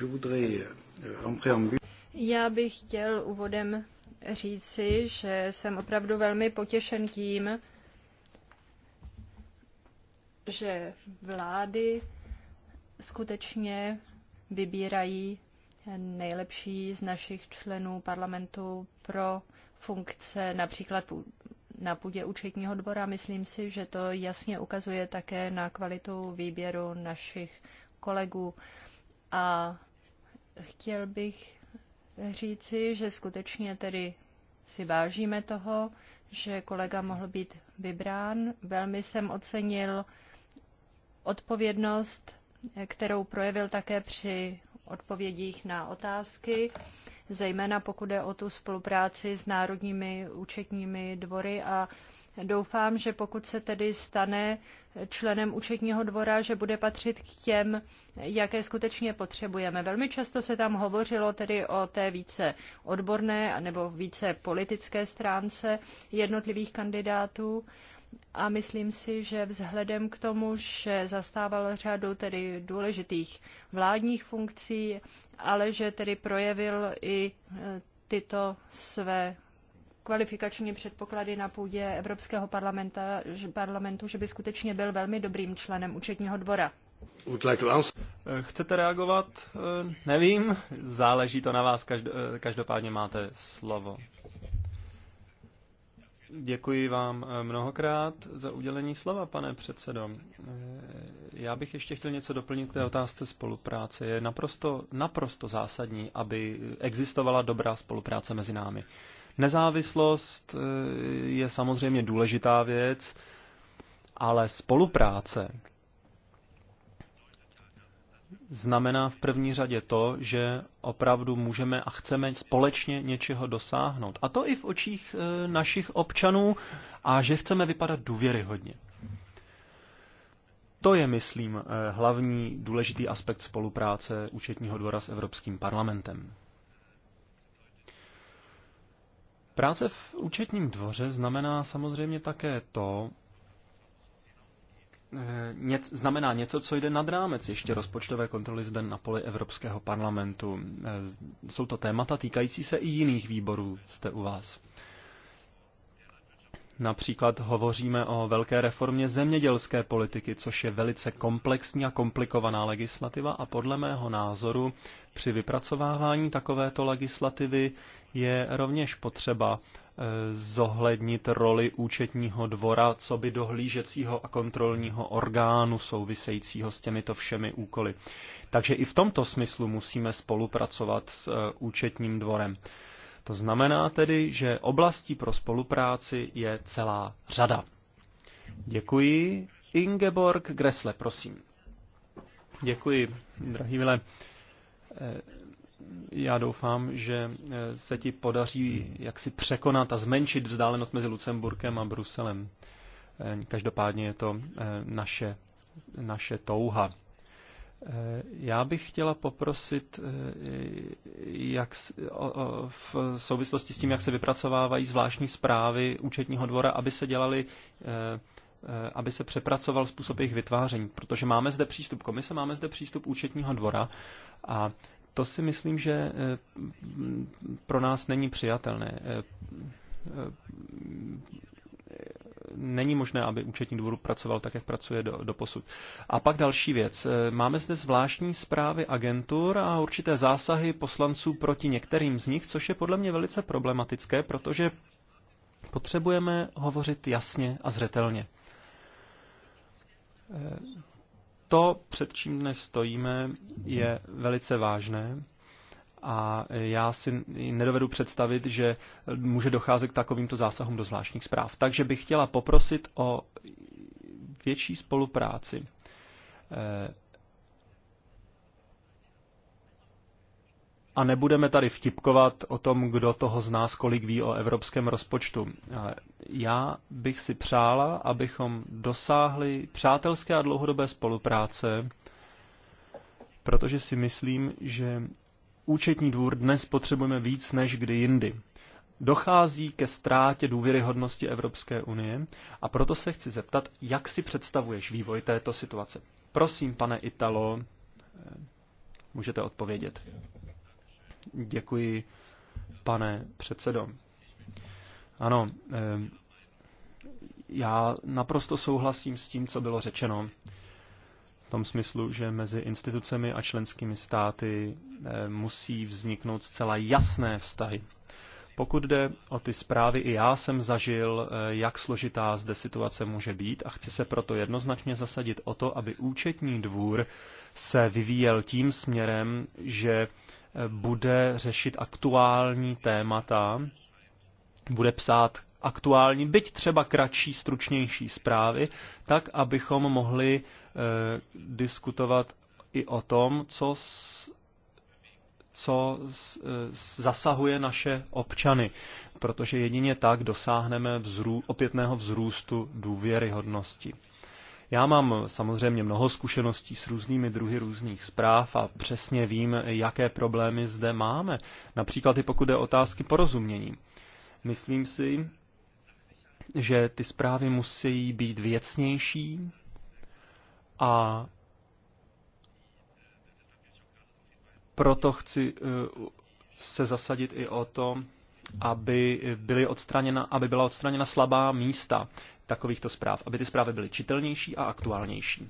Je voudrais euh, en Já bych chtěl úvodem říci, že jsem opravdu velmi potěšen tím, že vlády skutečně vybírají nejlepší z našich členů parlamentu pro funkce například na půdě účetního dvora. Myslím si, že to jasně ukazuje také na kvalitu výběru našich kolegů. A chtěl bych říci, že skutečně tedy si vážíme toho, že kolega mohl být vybrán. Velmi jsem ocenil odpovědnost kterou projevil také při odpovědích na otázky, zejména pokud jde o tu spolupráci s národními účetními dvory a doufám, že pokud se tedy stane členem účetního dvora, že bude patřit k těm, jaké skutečně potřebujeme. Velmi často se tam hovořilo tedy o té více odborné nebo více politické stránce jednotlivých kandidátů a myslím si, že vzhledem k tomu, že zastával řadu tedy důležitých vládních funkcí, ale že tedy projevil i e, tyto své kvalifikační předpoklady na půdě Evropského parlamenta, parlamentu, že by skutečně byl velmi dobrým členem účetního dvora. E, chcete reagovat? E, nevím, záleží to na vás, každopádně máte slovo. Děkuji vám eh, mnohokrát za udělení slova, pane předsedo. Eh, já bych ještě chtěl něco doplnit k té otázce spolupráce. Je naprosto, naprosto zásadní, aby existovala dobrá spolupráce mezi námi. Nezávislost eh, je samozřejmě důležitá věc, ale spolupráce znamená v první řadě to, že opravdu můžeme a chceme společně něčeho dosáhnout. A to i v očích e, našich občanů a že chceme vypadat důvěryhodně. To je, myslím, e, hlavní důležitý aspekt spolupráce účetního dvora s Evropským parlamentem. Práce v účetním dvoře znamená samozřejmě také to, Eh, něc, znamená něco, co jde nad rámec ještě rozpočtové kontroly zde na poli Evropského parlamentu. Eh, jsou to témata týkající se i jiných výborů, jste u vás. Například hovoříme o velké reformě zemědělské politiky, což je velice komplexní a komplikovaná legislativa a podle mého názoru při vypracovávání takovéto legislativy je rovněž potřeba zohlednit roli účetního dvora, co by dohlížecího a kontrolního orgánu souvisejícího s těmito všemi úkoly. Takže i v tomto smyslu musíme spolupracovat s eh, účetním dvorem. To znamená tedy, že oblastí pro spolupráci je celá řada. Děkuji. Ingeborg Gressle, prosím. Děkuji, drahý Vile já doufám, že eh, se ti podaří hmm. jaksi překonat a zmenšit vzdálenost mezi Lucemburkem a Bruselem. Eh, každopádně je to eh, naše, naše touha. Já bych chtěla poprosit jak, v souvislosti s tím, jak se vypracovávají zvláštní zprávy účetního dvora, aby se dělali aby se přepracoval způsob jejich vytváření, protože máme zde přístup komise, máme zde přístup účetního dvora a to si myslím, že eh, pro nás není přijatelné. Eh, eh, není možné, aby účetní dvůr pracoval tak, jak pracuje do, do posud. A pak další věc. Máme zde zvláštní zprávy agentur a určité zásahy poslanců proti některým z nich, což je podle mě velice problematické, protože potřebujeme hovořit jasně a zřetelně to, před čím dnes stojíme, je velice vážné a já si nedovedu představit, že může docházet k takovýmto zásahům do zvláštních zpráv. Takže bych chtěla poprosit o větší spolupráci eh, a nebudeme tady vtipkovat o tom, kdo toho z nás kolik ví o evropském rozpočtu. já bych si přála, abychom dosáhli přátelské a dlouhodobé spolupráce, protože si myslím, že účetní dvůr dnes potřebujeme víc než kdy jindy. Dochází ke ztrátě důvěryhodnosti Evropské unie a proto se chci zeptat, jak si představuješ vývoj této situace. Prosím, pane Italo, můžete odpovědět. Děkuji, pane předsedo. Ano, eh, já naprosto souhlasím s tím, co bylo řečeno. V tom smyslu, že mezi institucemi a členskými státy eh, musí vzniknout zcela jasné vztahy. Pokud jde o ty zprávy, i já jsem zažil, eh, jak složitá zde situace může být a chci se proto jednoznačně zasadit o to, aby účetní dvůr se vyvíjel tím směrem, že bude řešit aktuální témata, bude psát aktuální, byť třeba kratší, stručnější zprávy, tak abychom mohli eh, diskutovat i o tom, co, s, co s, s, eh, zasahuje naše občany, protože jedině tak dosáhneme vzrů, opětného vzrůstu důvěryhodnosti. Já mám samozřejmě mnoho zkušeností s různými druhy různých zpráv a přesně vím, jaké problémy zde máme. Například i pokud je otázky porozumění. Myslím si, že ty zprávy musí být věcnější a proto chci eh, se zasadit i o to, aby, byly odstraněna, aby byla odstraněna slabá místa takovýchto zpráv, aby ty zprávy byly čitelnější a aktuálnější.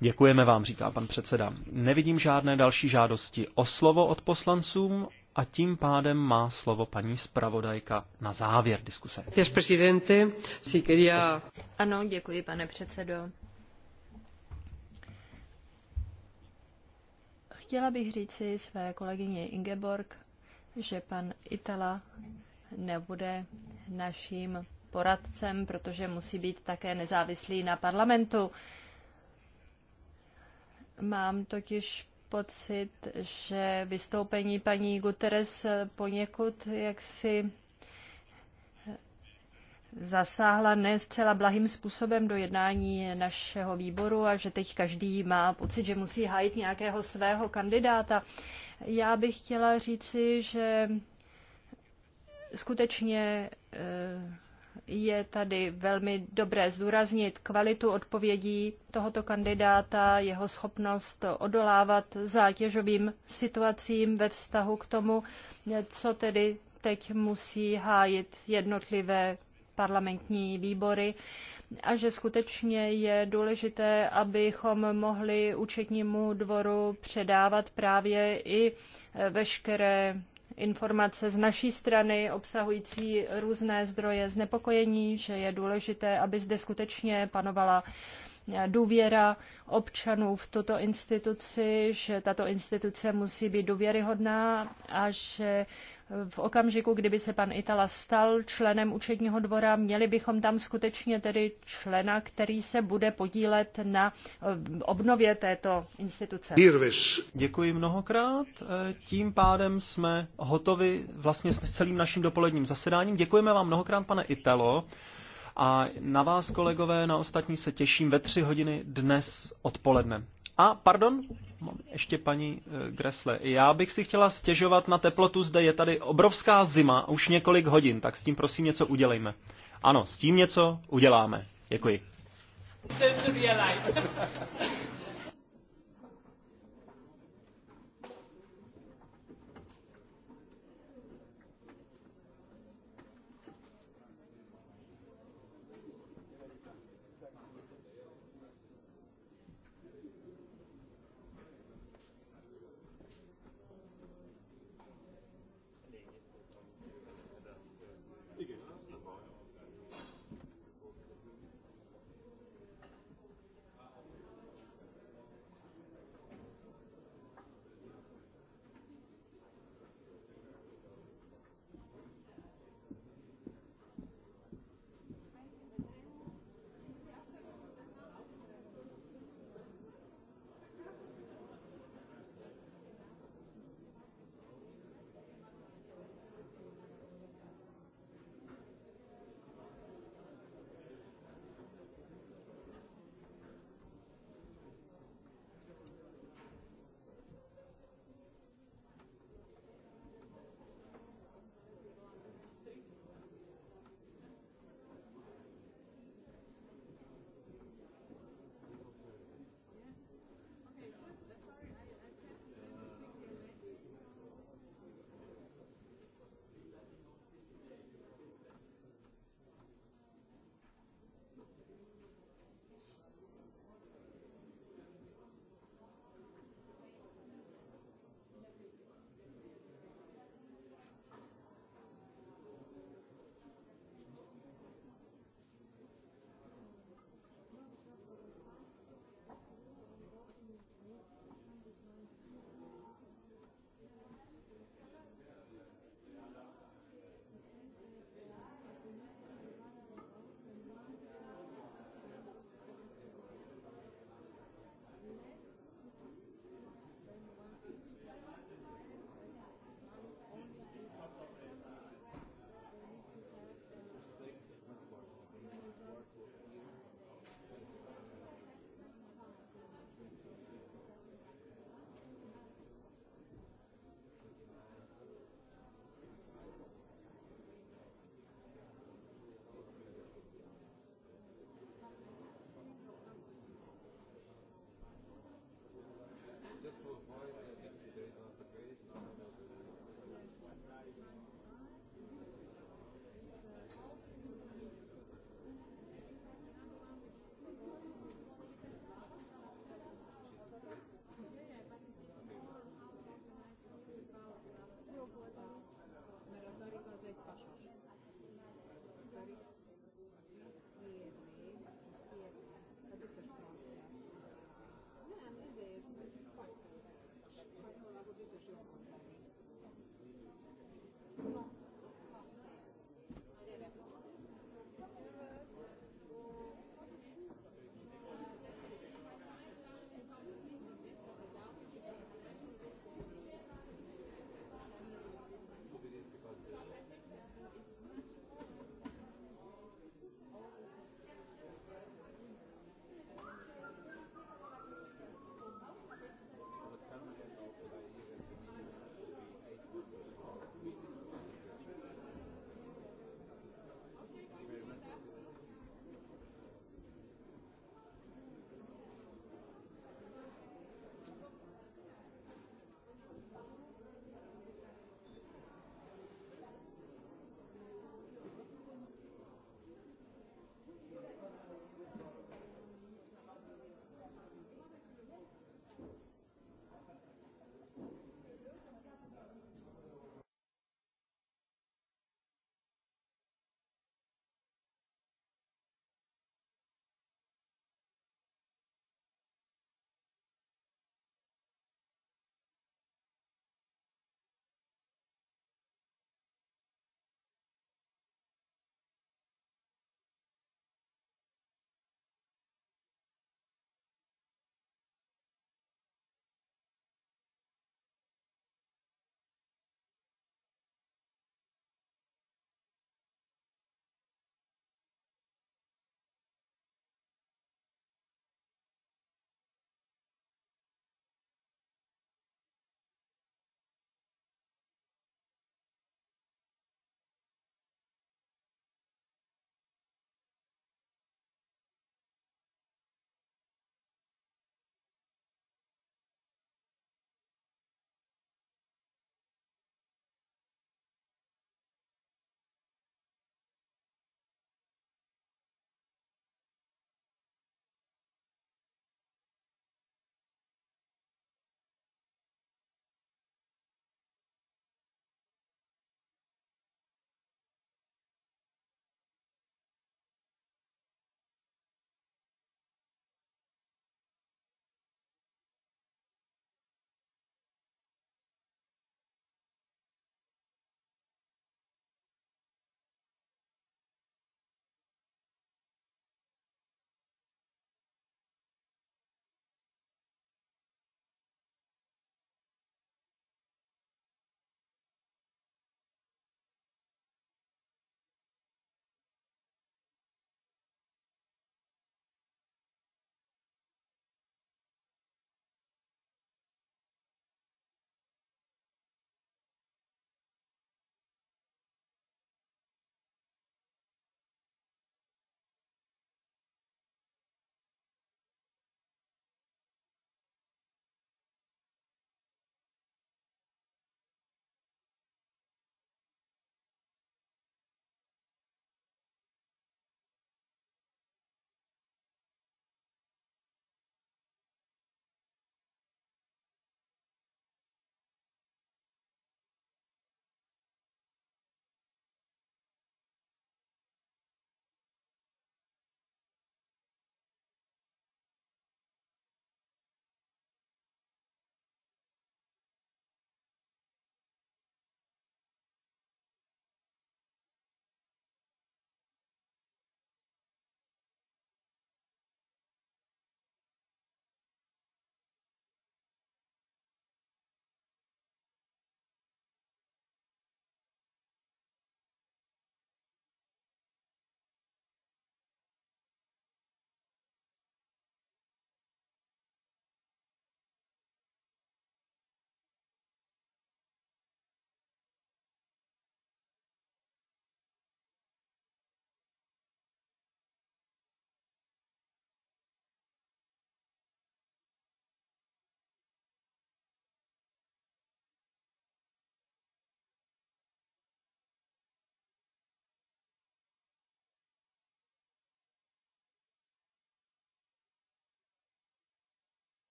Děkujeme vám, říká pan předseda. Nevidím žádné další žádosti o slovo od poslancům a tím pádem má slovo paní zpravodajka na závěr diskuse. Ano, děkuji, pane předsedo. Chtěla bych říci své kolegyně Ingeborg, že pan Itala nebude naším poradcem, protože musí být také nezávislý na parlamentu. Mám totiž pocit, že vystoupení paní Guterres poněkud jaksi zasáhla ne zcela blahým způsobem do jednání našeho výboru a že teď každý má pocit, že musí hájit nějakého svého kandidáta. Já bych chtěla říci, že skutečně eh, je tady velmi dobré zdůraznit kvalitu odpovědí tohoto kandidáta, jeho schopnost odolávat zátěžovým situacím ve vztahu k tomu, co tedy teď musí hájit jednotlivé parlamentní výbory a že skutečně je důležité, abychom mohli účetnímu dvoru předávat právě i veškeré informace z naší strany obsahující různé zdroje znepokojení, že je důležité, aby zde skutečně panovala důvěra občanů v tuto instituci, že tato instituce musí být důvěryhodná a že v okamžiku, kdyby se pan Itala stal členem účetního dvora, měli bychom tam skutečně tedy člena, který se bude podílet na eh, obnově této instituce. Děkuji mnohokrát. Eh, tím pádem jsme hotovi vlastně s celým naším dopoledním zasedáním. Děkujeme vám mnohokrát, pane Italo. A na vás, kolegové, na ostatní se těším ve tři hodiny dnes odpoledne. A, pardon, mám ještě paní eh, Gresle. Já bych si chtěla stěžovat na teplotu zde. Je tady obrovská zima, už několik hodin, tak s tím prosím něco udělejme. Ano, s tím něco uděláme. Děkuji.